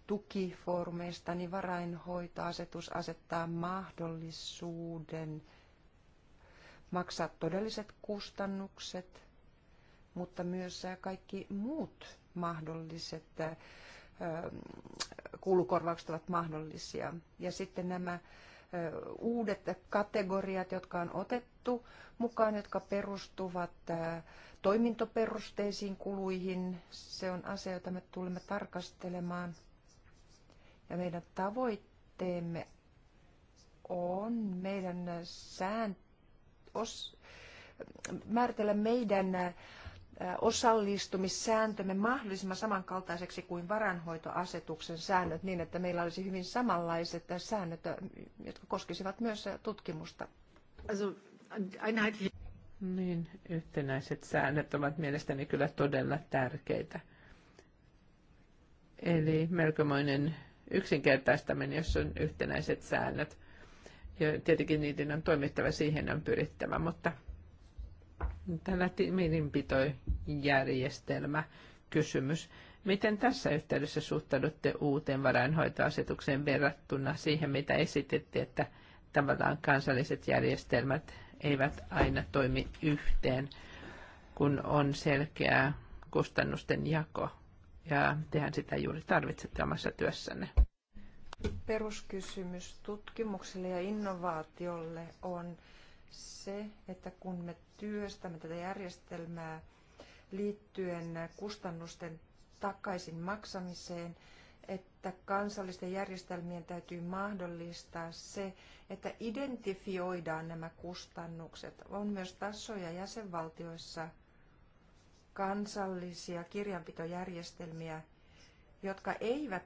tukifoorumeista, niin varainhoitoasetus asettaa mahdollisuuden maksaa todelliset kustannukset, mutta myös kaikki muut mahdolliset kulukorvaukset ovat mahdollisia. Ja sitten nämä uudet kategoriat, jotka on otettu mukaan, jotka perustuvat toimintoperusteisiin kuluihin. Se on asia, jota me tulemme tarkastelemaan. Ja meidän tavoitteemme on meidän sään, os, määritellä meidän osallistumissääntömme mahdollisimman samankaltaiseksi kuin varanhoitoasetuksen säännöt niin, että meillä olisi hyvin samanlaiset säännöt, jotka koskisivat myös tutkimusta. Niin, yhtenäiset säännöt ovat mielestäni kyllä todella tärkeitä. Eli melkomoinen yksinkertaistaminen, jos on yhtenäiset säännöt. Ja tietenkin niiden on toimittava, siihen on pyrittävä, mutta tällä tilinpitojärjestelmä kysymys. Miten tässä yhteydessä suhtaudutte uuteen varainhoitoasetukseen verrattuna siihen, mitä esititte, että tavallaan kansalliset järjestelmät eivät aina toimi yhteen, kun on selkeä kustannusten jako? Ja tehän sitä juuri tarvitsette omassa työssänne. Peruskysymys tutkimukselle ja innovaatiolle on se, että kun me työstämme tätä järjestelmää liittyen kustannusten takaisin maksamiseen, että kansallisten järjestelmien täytyy mahdollistaa se, että identifioidaan nämä kustannukset. On myös tasoja jäsenvaltioissa kansallisia kirjanpitojärjestelmiä, jotka eivät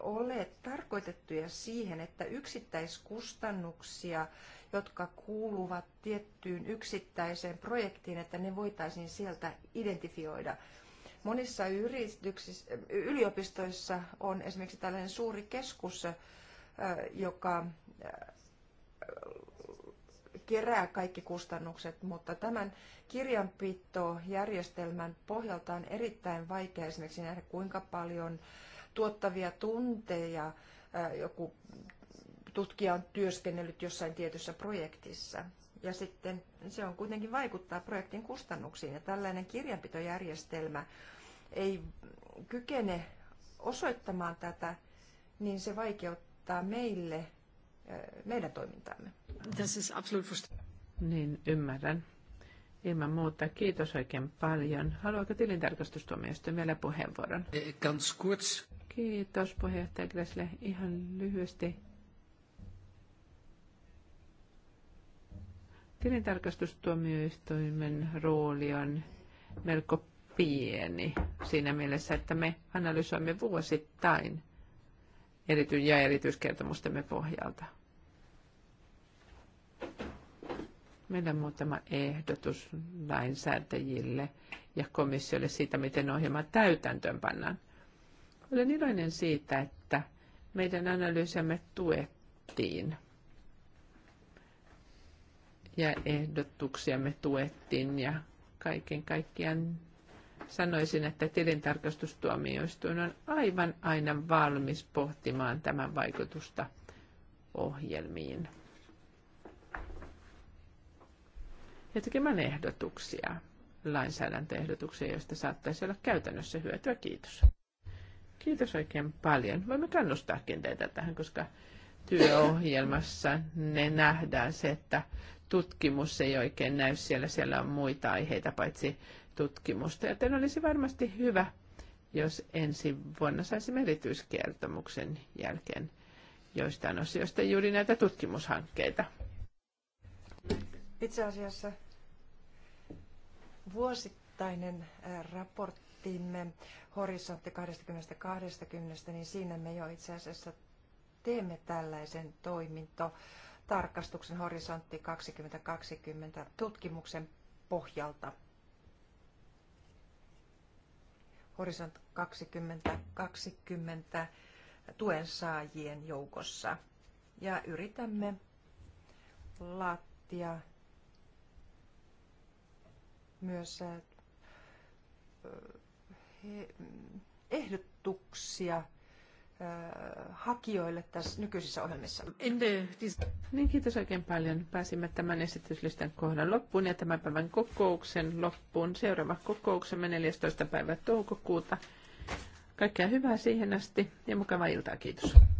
ole tarkoitettuja siihen, että yksittäiskustannuksia jotka kuuluvat tiettyyn yksittäiseen projektiin, että ne voitaisiin sieltä identifioida. Monissa yliopistoissa on esimerkiksi tällainen suuri keskus, joka kerää kaikki kustannukset, mutta tämän kirjanpitojärjestelmän pohjalta on erittäin vaikea esimerkiksi nähdä, kuinka paljon tuottavia tunteja joku tutkija on työskennellyt jossain tietyssä projektissa. Ja sitten se on kuitenkin vaikuttaa projektin kustannuksiin. Ja tällainen kirjanpitojärjestelmä ei kykene osoittamaan tätä, niin se vaikeuttaa meille, eh, meidän toimintamme. Tässä is absolut Niin, ymmärrän. Ilman muuta, kiitos oikein paljon. Haluaako tilintarkastustuomioistuin vielä puheenvuoron? Eh, kiitos puheenjohtaja Gressle. Ihan lyhyesti Tilintarkastustuomioistuimen rooli on melko pieni siinä mielessä, että me analysoimme vuosittain erity- ja erityiskertomustemme pohjalta. Meillä on muutama ehdotus lainsäätäjille ja komissiolle siitä, miten ohjelma täytäntöön pannaan. Olen iloinen siitä, että meidän analyysiamme tuettiin ja me tuettiin ja kaiken kaikkiaan sanoisin, että tilintarkastustuomioistuin on aivan aina valmis pohtimaan tämän vaikutusta ohjelmiin ja tekemään ehdotuksia, lainsäädäntöehdotuksia, joista saattaisi olla käytännössä hyötyä. Kiitos. Kiitos oikein paljon. Voimme kannustaakin teitä tähän, koska työohjelmassa ne nähdään se, että tutkimus ei oikein näy siellä. Siellä on muita aiheita paitsi tutkimusta, joten olisi varmasti hyvä, jos ensi vuonna saisimme erityiskertomuksen jälkeen joistain osioista juuri näitä tutkimushankkeita. Itse asiassa vuosittainen äh, raporttimme Horisontti 2020, niin siinä me jo itse asiassa teemme tällaisen toiminto tarkastuksen horisontti 2020 tutkimuksen pohjalta. Horisont 2020 tuen saajien joukossa. Ja yritämme laatia myös äh, ehdotuksia Äh, hakijoille tässä nykyisissä ohjelmissa. Niin, kiitos oikein paljon. Pääsimme tämän esityslistan kohdan loppuun ja tämän päivän kokouksen loppuun. Seuraava kokouksemme 14. päivä toukokuuta. Kaikkea hyvää siihen asti ja mukavaa iltaa. Kiitos.